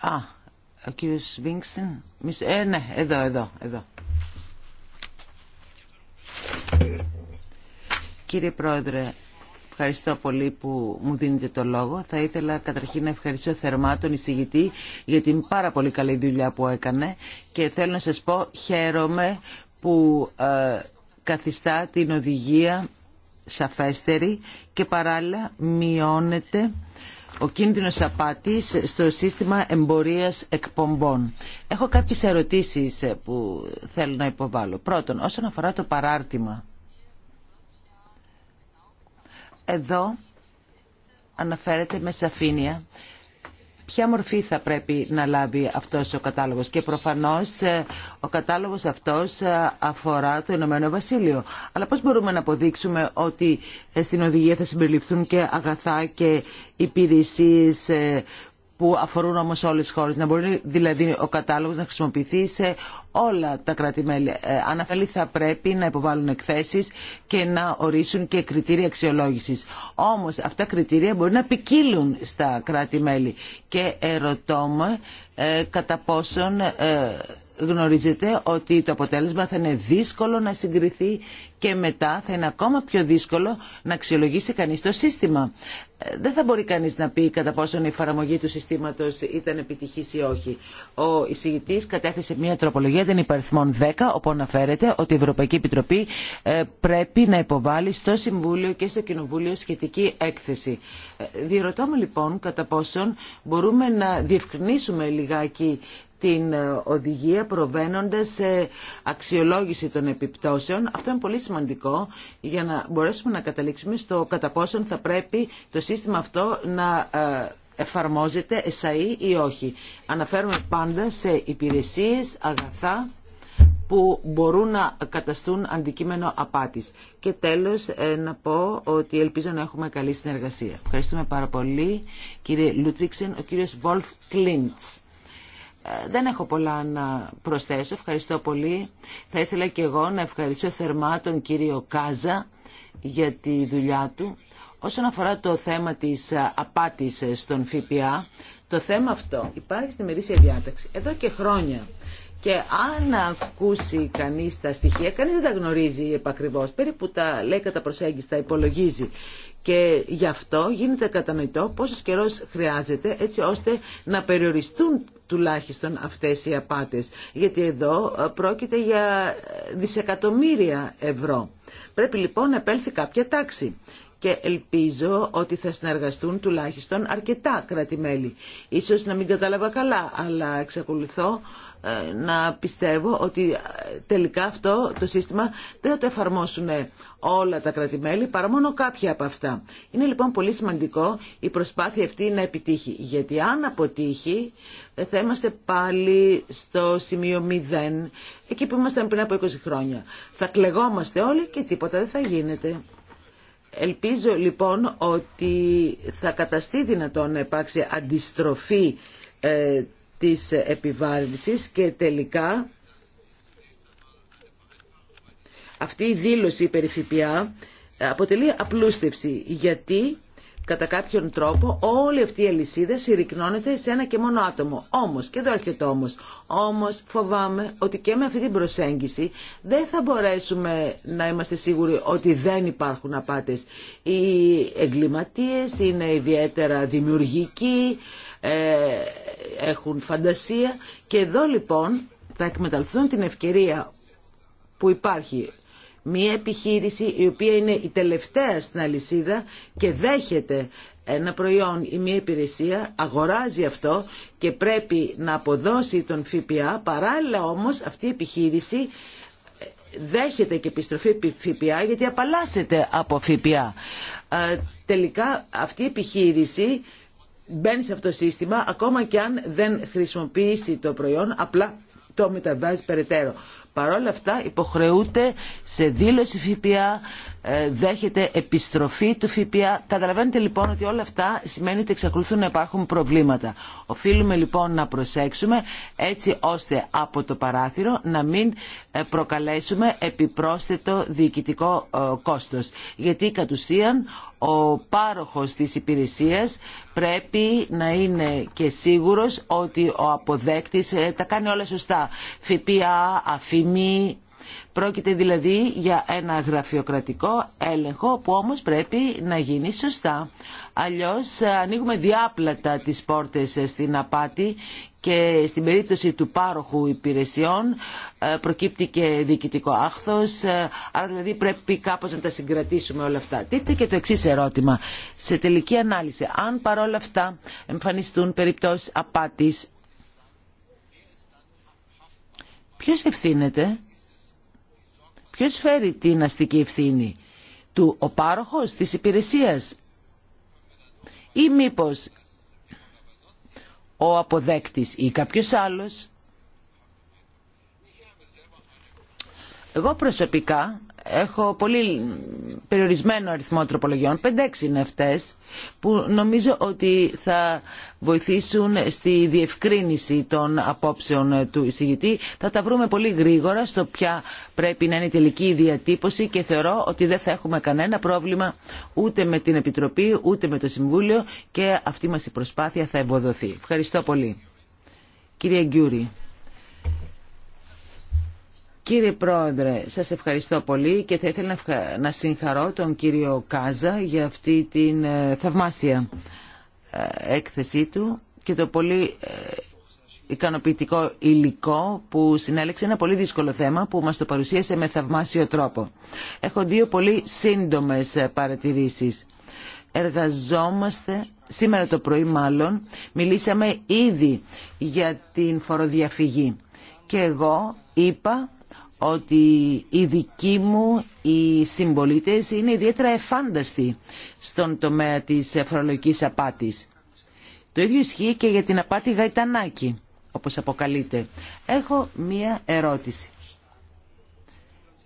Α, ο κύριος Βίνξεν ε, ναι, εδώ, εδώ, εδώ Κύριε Πρόεδρε, ευχαριστώ πολύ που μου δίνετε το λόγο. Θα ήθελα καταρχήν να ευχαριστήσω θερμά τον εισηγητή για την πάρα πολύ καλή δουλειά που έκανε και θέλω να σας πω χαίρομαι που ε, καθιστά την οδηγία σαφέστερη και παράλληλα μειώνεται ο κίνδυνος απάτης στο σύστημα εμπορίας εκπομπών. Έχω κάποιες ερωτήσεις που θέλω να υποβάλω. Πρώτον, όσον αφορά το παράρτημα εδώ αναφέρεται με σαφήνεια ποια μορφή θα πρέπει να λάβει αυτός ο κατάλογος. Και προφανώς ε, ο κατάλογος αυτός ε, αφορά το Ηνωμένο Βασίλειο. Αλλά πώς μπορούμε να αποδείξουμε ότι ε, στην οδηγία θα συμπεριληφθούν και αγαθά και υπηρεσίες που αφορούν όμως όλες τις χώρες. Να μπορεί δηλαδή ο κατάλογος να χρησιμοποιηθεί σε όλα τα κράτη-μέλη. Ε, θα πρέπει να υποβάλουν εκθέσεις και να ορίσουν και κριτήρια αξιολόγησης. Όμως αυτά κριτήρια μπορεί να ποικίλουν στα κράτη-μέλη. Και ερωτώ ε, κατά πόσον... Ε, γνωρίζετε ότι το αποτέλεσμα θα είναι δύσκολο να συγκριθεί και μετά θα είναι ακόμα πιο δύσκολο να αξιολογήσει κανείς το σύστημα. Ε, δεν θα μπορεί κανείς να πει κατά πόσον η εφαρμογή του συστήματος ήταν επιτυχής ή όχι. Ο εισηγητής κατέθεσε μια τροπολογία, δεν υπαριθμών 10, όπου αναφέρεται ότι η Ευρωπαϊκή των υπαριθμων 10 οπου αναφερεται πρέπει να υποβάλει στο Συμβούλιο και στο Κοινοβούλιο σχετική έκθεση. Ε, διερωτώ λοιπόν κατά πόσον μπορούμε να διευκρινίσουμε λιγάκι την ε, οδηγία προβαίνοντα σε αξιολόγηση των επιπτώσεων. Αυτό είναι πολύ σημαντικό για να μπορέσουμε να καταλήξουμε στο κατά πόσον θα πρέπει το σύστημα αυτό να ε, εφαρμόζεται εσαΐ ή όχι. Αναφέρουμε πάντα σε υπηρεσίες, αγαθά που μπορούν να καταστούν αντικείμενο απάτης. Και τέλος ε, να πω ότι ελπίζω να έχουμε καλή συνεργασία. Ευχαριστούμε πάρα πολύ κύριε Λούτριξεν, ο κύριος Βολφ Κλίντς δεν έχω πολλά να προσθέσω. Ευχαριστώ πολύ. Θα ήθελα και εγώ να ευχαριστήσω θερμά τον κύριο Κάζα για τη δουλειά του. Όσον αφορά το θέμα της απάτης στον ΦΠΑ, το θέμα αυτό υπάρχει στη μερίσια διάταξη εδώ και χρόνια. Και αν ακούσει κανείς τα στοιχεία, κανείς δεν τα γνωρίζει επακριβώς. Περίπου τα λέει κατά προσέγγιση, τα υπολογίζει. Και γι' αυτό γίνεται κατανοητό πόσο καιρό χρειάζεται έτσι ώστε να περιοριστούν τουλάχιστον αυτές οι απάτες. Γιατί εδώ ε, πρόκειται για δισεκατομμύρια ευρώ. Πρέπει λοιπόν να επέλθει κάποια τάξη και ελπίζω ότι θα συνεργαστούν τουλάχιστον αρκετά κράτη-μέλη. Ίσως να μην κατάλαβα καλά, αλλά εξακολουθώ ε, να πιστεύω ότι ε, τελικά αυτό το σύστημα δεν θα το εφαρμόσουν όλα τα κρατημέλη παρά μόνο κάποια από αυτά. Είναι λοιπόν πολύ σημαντικό η προσπάθεια αυτή να επιτύχει γιατί αν αποτύχει ε, θα είμαστε πάλι στο σημείο μηδέν εκεί που ήμασταν πριν από 20 χρόνια. Θα κλεγόμαστε όλοι και τίποτα δεν θα γίνεται. Ελπίζω λοιπόν ότι θα καταστεί δυνατόν να υπάρξει αντιστροφή της επιβάρυνσης και τελικά αυτή η δήλωση περί ΦΠΑ αποτελεί απλούστευση γιατί κατά κάποιον τρόπο όλη αυτή η αλυσίδα συρρυκνώνεται σε ένα και μόνο άτομο. Όμως, και εδώ έρχεται όμως, όμως φοβάμαι ότι και με αυτή την προσέγγιση δεν θα μπορέσουμε να είμαστε σίγουροι ότι δεν υπάρχουν απάτες. Οι εγκληματίες είναι ιδιαίτερα δημιουργικοί, ε, έχουν φαντασία και εδώ λοιπόν θα εκμεταλλευτούν την ευκαιρία που υπάρχει μια επιχείρηση η οποία είναι η τελευταία στην αλυσίδα και δέχεται ένα προϊόν ή μια υπηρεσία, αγοράζει αυτό και πρέπει να αποδώσει τον ΦΠΑ, παράλληλα όμως αυτή η επιχείρηση ε, δέχεται και επιστροφή ΦΠΑ γιατί απαλλάσσεται από ΦΠΑ. Ε, τελικά αυτή η επιχείρηση μπαίνει σε αυτό το σύστημα ακόμα και αν δεν χρησιμοποιήσει το προϊόν, απλά το μεταβάζει περαιτέρω. Παρ' όλα αυτά υποχρεούται σε δήλωση ΦΠΑ, ε, δέχεται επιστροφή του ΦΠΑ. Καταλαβαίνετε λοιπόν ότι όλα αυτά σημαίνει ότι εξακολουθούν να υπάρχουν προβλήματα. Οφείλουμε λοιπόν να προσέξουμε έτσι ώστε από το παράθυρο να μην ε, προκαλέσουμε επιπρόσθετο διοικητικό ε, κόστος. Γιατί κατ' ουσίαν ο πάροχος της υπηρεσίας πρέπει να είναι και σίγουρος ότι ο αποδέκτης ε, τα κάνει όλα σωστά. ΦΠΑ, αφημί, πρόκειται δηλαδή για ένα γραφειοκρατικό έλεγχο που όμως πρέπει να γίνει σωστά. Αλλιώς ε, ανοίγουμε διάπλατα τις πόρτες ε, στην απάτη και στην περίπτωση του πάροχου υπηρεσιών ε, προκύπτει και διοικητικό άχθος, ε, άρα δηλαδή πρέπει κάπως να τα συγκρατήσουμε όλα αυτά. Τίθεται και το εξής ερώτημα. Σε τελική ανάλυση, αν παρόλα αυτά εμφανιστούν περιπτώσεις απάτης, ποιος ευθύνεται, ποιος φέρει την αστική ευθύνη του ο πάροχος της υπηρεσίας ή μήπως ο αποδέκτης ή κάποιος άλλος. Εγώ προσωπικά έχω πολύ περιορισμένο αριθμό τροπολογιών, 5-6 είναι που νομίζω ότι θα βοηθήσουν στη διευκρίνηση των απόψεων του εισηγητή. Θα τα βρούμε πολύ γρήγορα στο ποια πρέπει να είναι η τελική διατύπωση και θεωρώ ότι δεν θα έχουμε κανένα πρόβλημα ούτε με την Επιτροπή, ούτε με το Συμβούλιο και αυτή μας η προσπάθεια θα εμποδοθεί. Ευχαριστώ πολύ. Κυρία Γκιούρη. Κύριε Πρόεδρε, σας ευχαριστώ πολύ και θα ήθελα να συγχαρώ τον κύριο Κάζα για αυτή την ε, θαυμάσια ε, έκθεσή του και το πολύ ε, ικανοποιητικό υλικό που συνέλεξε ένα πολύ δύσκολο θέμα που μας το παρουσίασε με θαυμάσιο τρόπο. Έχω δύο πολύ σύντομες παρατηρήσεις. Εργαζόμαστε, σήμερα το πρωί μάλλον, μιλήσαμε ήδη για την φοροδιαφυγή και εγώ είπα ότι οι δικοί μου οι συμπολίτε είναι ιδιαίτερα εφάνταστοι στον τομέα της φορολογικής απάτης. Το ίδιο ισχύει και για την απάτη γαϊτανάκη, όπως αποκαλείται. Έχω μία ερώτηση.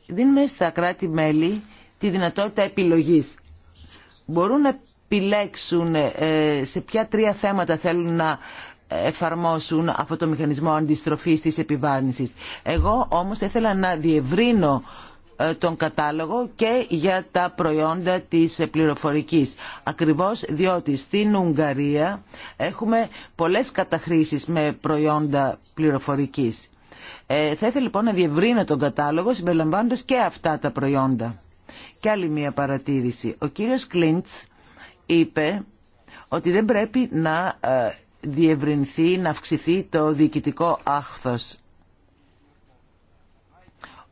Δίνουμε στα κράτη-μέλη τη δυνατότητα επιλογής. Μπορούν να επιλέξουν ε, σε ποια τρία θέματα θέλουν να εφαρμόσουν αυτό το μηχανισμό αντιστροφής της επιβάρυνσης. Εγώ όμως ήθελα να διευρύνω ε, τον κατάλογο και για τα προϊόντα της πληροφορικής. Ακριβώς διότι στην Ουγγαρία έχουμε πολλές καταχρήσεις με προϊόντα πληροφορικής. Ε, θα ήθελα λοιπόν να διευρύνω τον κατάλογο συμπεριλαμβάνοντας και αυτά τα προϊόντα. Και άλλη μία παρατήρηση. Ο κύριος Κλίντς είπε ότι δεν πρέπει να ε, διευρυνθεί, να αυξηθεί το διοικητικό άχθος.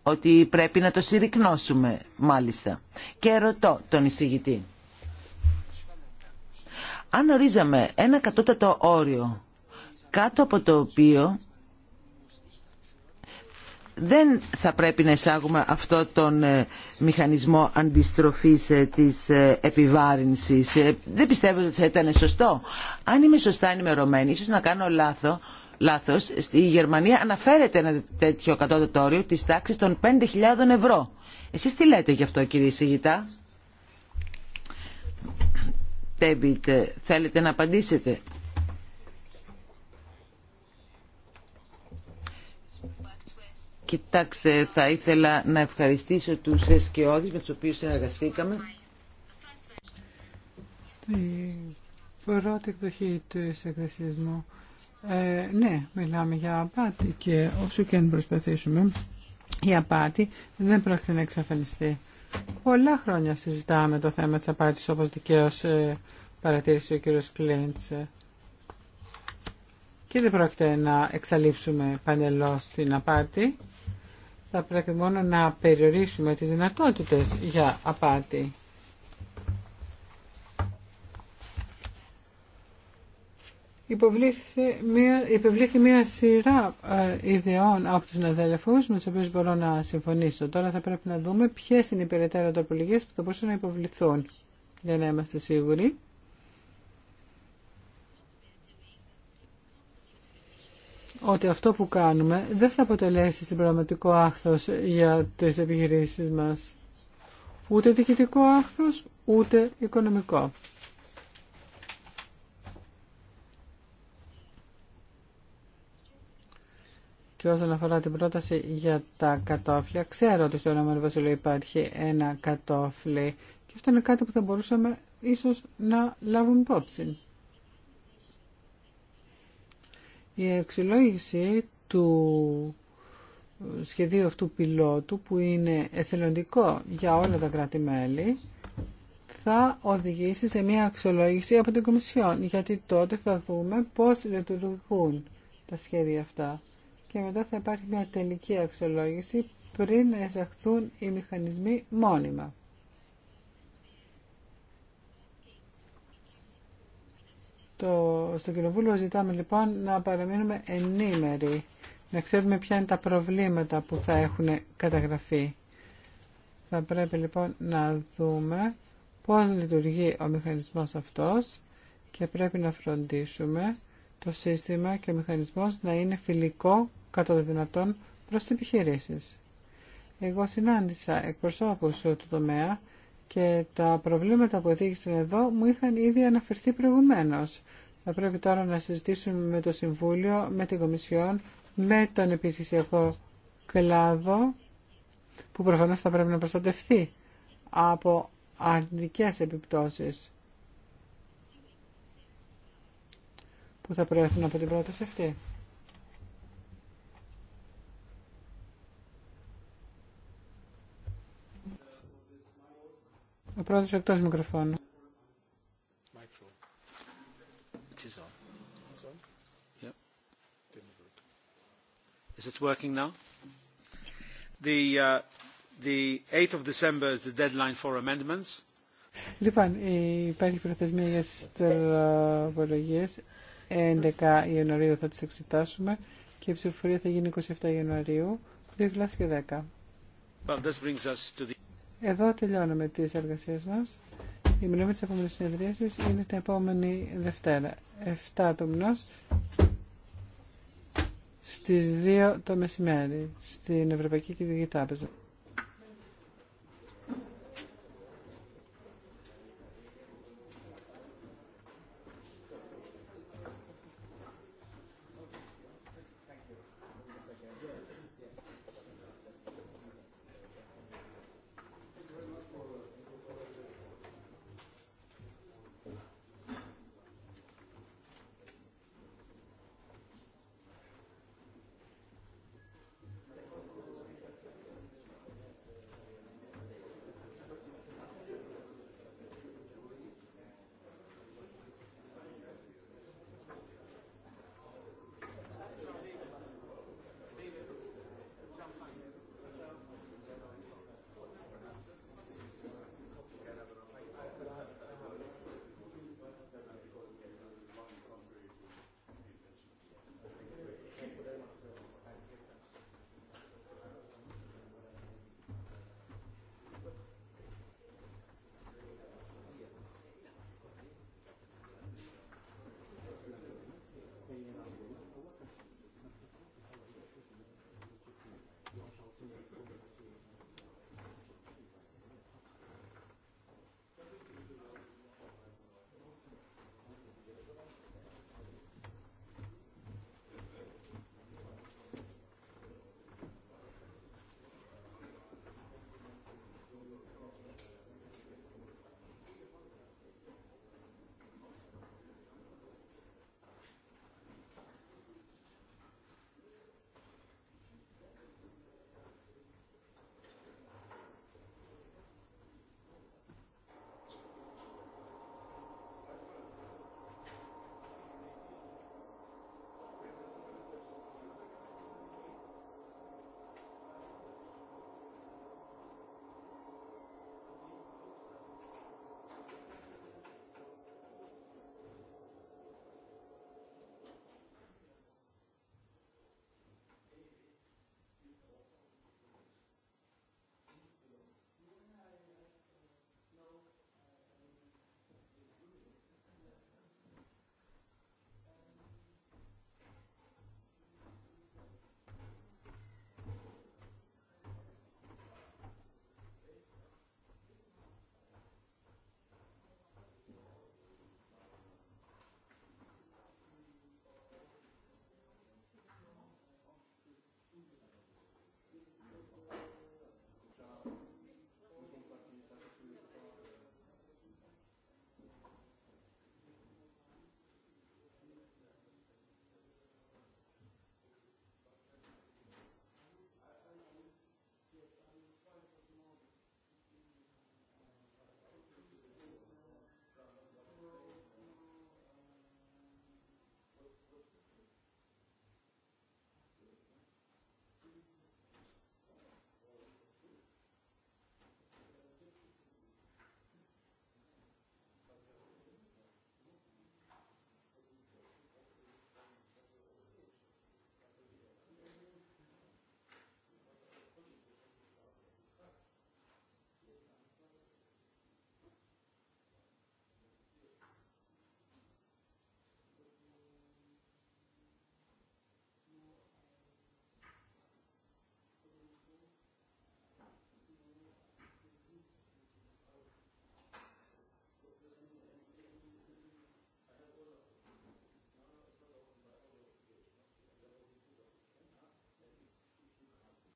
Ότι πρέπει να το συρρυκνώσουμε, μάλιστα. Και ρωτώ τον εισηγητή. Αν ορίζαμε ένα κατώτατο όριο, κάτω από το οποίο δεν θα πρέπει να εισάγουμε αυτό τον ε, μηχανισμό αντιστροφής ε, της ε, επιβάρυνσης. Δεν πιστεύω ότι θα ήταν σωστό. Αν είμαι σωστά ενημερωμένη, ίσως να κάνω λάθο, λάθος, στη Γερμανία αναφέρεται ένα τέτοιο κατώτατο όριο της τάξης των 5.000 ευρώ. Εσείς τι λέτε γι' αυτό κύριε Σιγητά. Τέμπιτ, θέλετε να απαντήσετε. Κοιτάξτε, θα ήθελα να ευχαριστήσω τους εσκαιώδεις με τους οποίους συνεργαστήκαμε. Η πρώτη εκδοχή του εκδοσίας μου. Ε, ναι, μιλάμε για απάτη και όσο και αν προσπαθήσουμε, η απάτη δεν πρόκειται να εξαφανιστεί. Πολλά χρόνια συζητάμε το θέμα της απάτης όπως δικαίως ε, παρατήρησε ο κύριος Κλίντς. Και δεν πρόκειται να εξαλείψουμε πανελώς την απάτη θα πρέπει μόνο να περιορίσουμε τις δυνατότητες για απάτη. Υποβλήθη μία, μία σειρά ε, ιδεών από τους συναδέλφους με τους οποίους μπορώ να συμφωνήσω. Τώρα θα πρέπει να δούμε ποιες είναι οι περαιτέρω τροπολογίες που θα μπορούσαν να υποβληθούν για να είμαστε σίγουροι. ότι αυτό που κάνουμε δεν θα αποτελέσει συμπραγματικό άχθος για τις επιχειρήσεις μας. Ούτε διοικητικό άχθος, ούτε οικονομικό. Και όσον αφορά την πρόταση για τα κατόφλια, ξέρω ότι στο Ρωμανό Βασιλείο υπάρχει ένα κατόφλι και αυτό είναι κάτι που θα μπορούσαμε ίσως να λάβουμε υπόψη. Η αξιολόγηση του σχεδίου αυτού πιλότου που είναι εθελοντικό για όλα τα κράτη-μέλη θα οδηγήσει σε μια αξιολόγηση από την Κομισιόν γιατί τότε θα δούμε πώς λειτουργούν τα σχέδια αυτά και μετά θα υπάρχει μια τελική αξιολόγηση πριν εισαχθούν οι μηχανισμοί μόνιμα. Το, στο Κοινοβούλιο ζητάμε λοιπόν να παραμείνουμε ενήμεροι, να ξέρουμε ποια είναι τα προβλήματα που θα έχουν καταγραφεί. Θα πρέπει λοιπόν να δούμε πώς λειτουργεί ο μηχανισμός αυτός και πρέπει να φροντίσουμε το σύστημα και ο μηχανισμός να είναι φιλικό κατά το δυνατόν προς τις επιχειρήσεις. Εγώ συνάντησα εκπροσώπους του τομέα και τα προβλήματα που οδήγησαν εδώ μου είχαν ήδη αναφερθεί προηγουμένως. Θα πρέπει τώρα να συζητήσουμε με το Συμβούλιο, με την Κομισιόν, με τον επιχειρησιακό κλάδο, που προφανώς θα πρέπει να προστατευτεί από αρνητικές επιπτώσεις που θα προέρχονται από την πρόταση αυτή. Ο πρόεδρος εκτός μικροφώνου. Is it working now? The, uh, the 8th of December is the deadline for amendments. Λοιπόν, υπάρχει προθεσμία για στεροπολογίες. 11 Ιανουαρίου θα τις εξετάσουμε και η ψηφοφορία θα γίνει 27 Ιανουαρίου 2010. Well, this brings us to the... Εδώ τελειώνουμε τις εργασίες μας. Η μνήμη της επόμενης συνεδρίασης είναι την επόμενη Δευτέρα, 7 το μηνός, στις 2 το μεσημέρι, στην Ευρωπαϊκή Κεντρική Τράπεζα.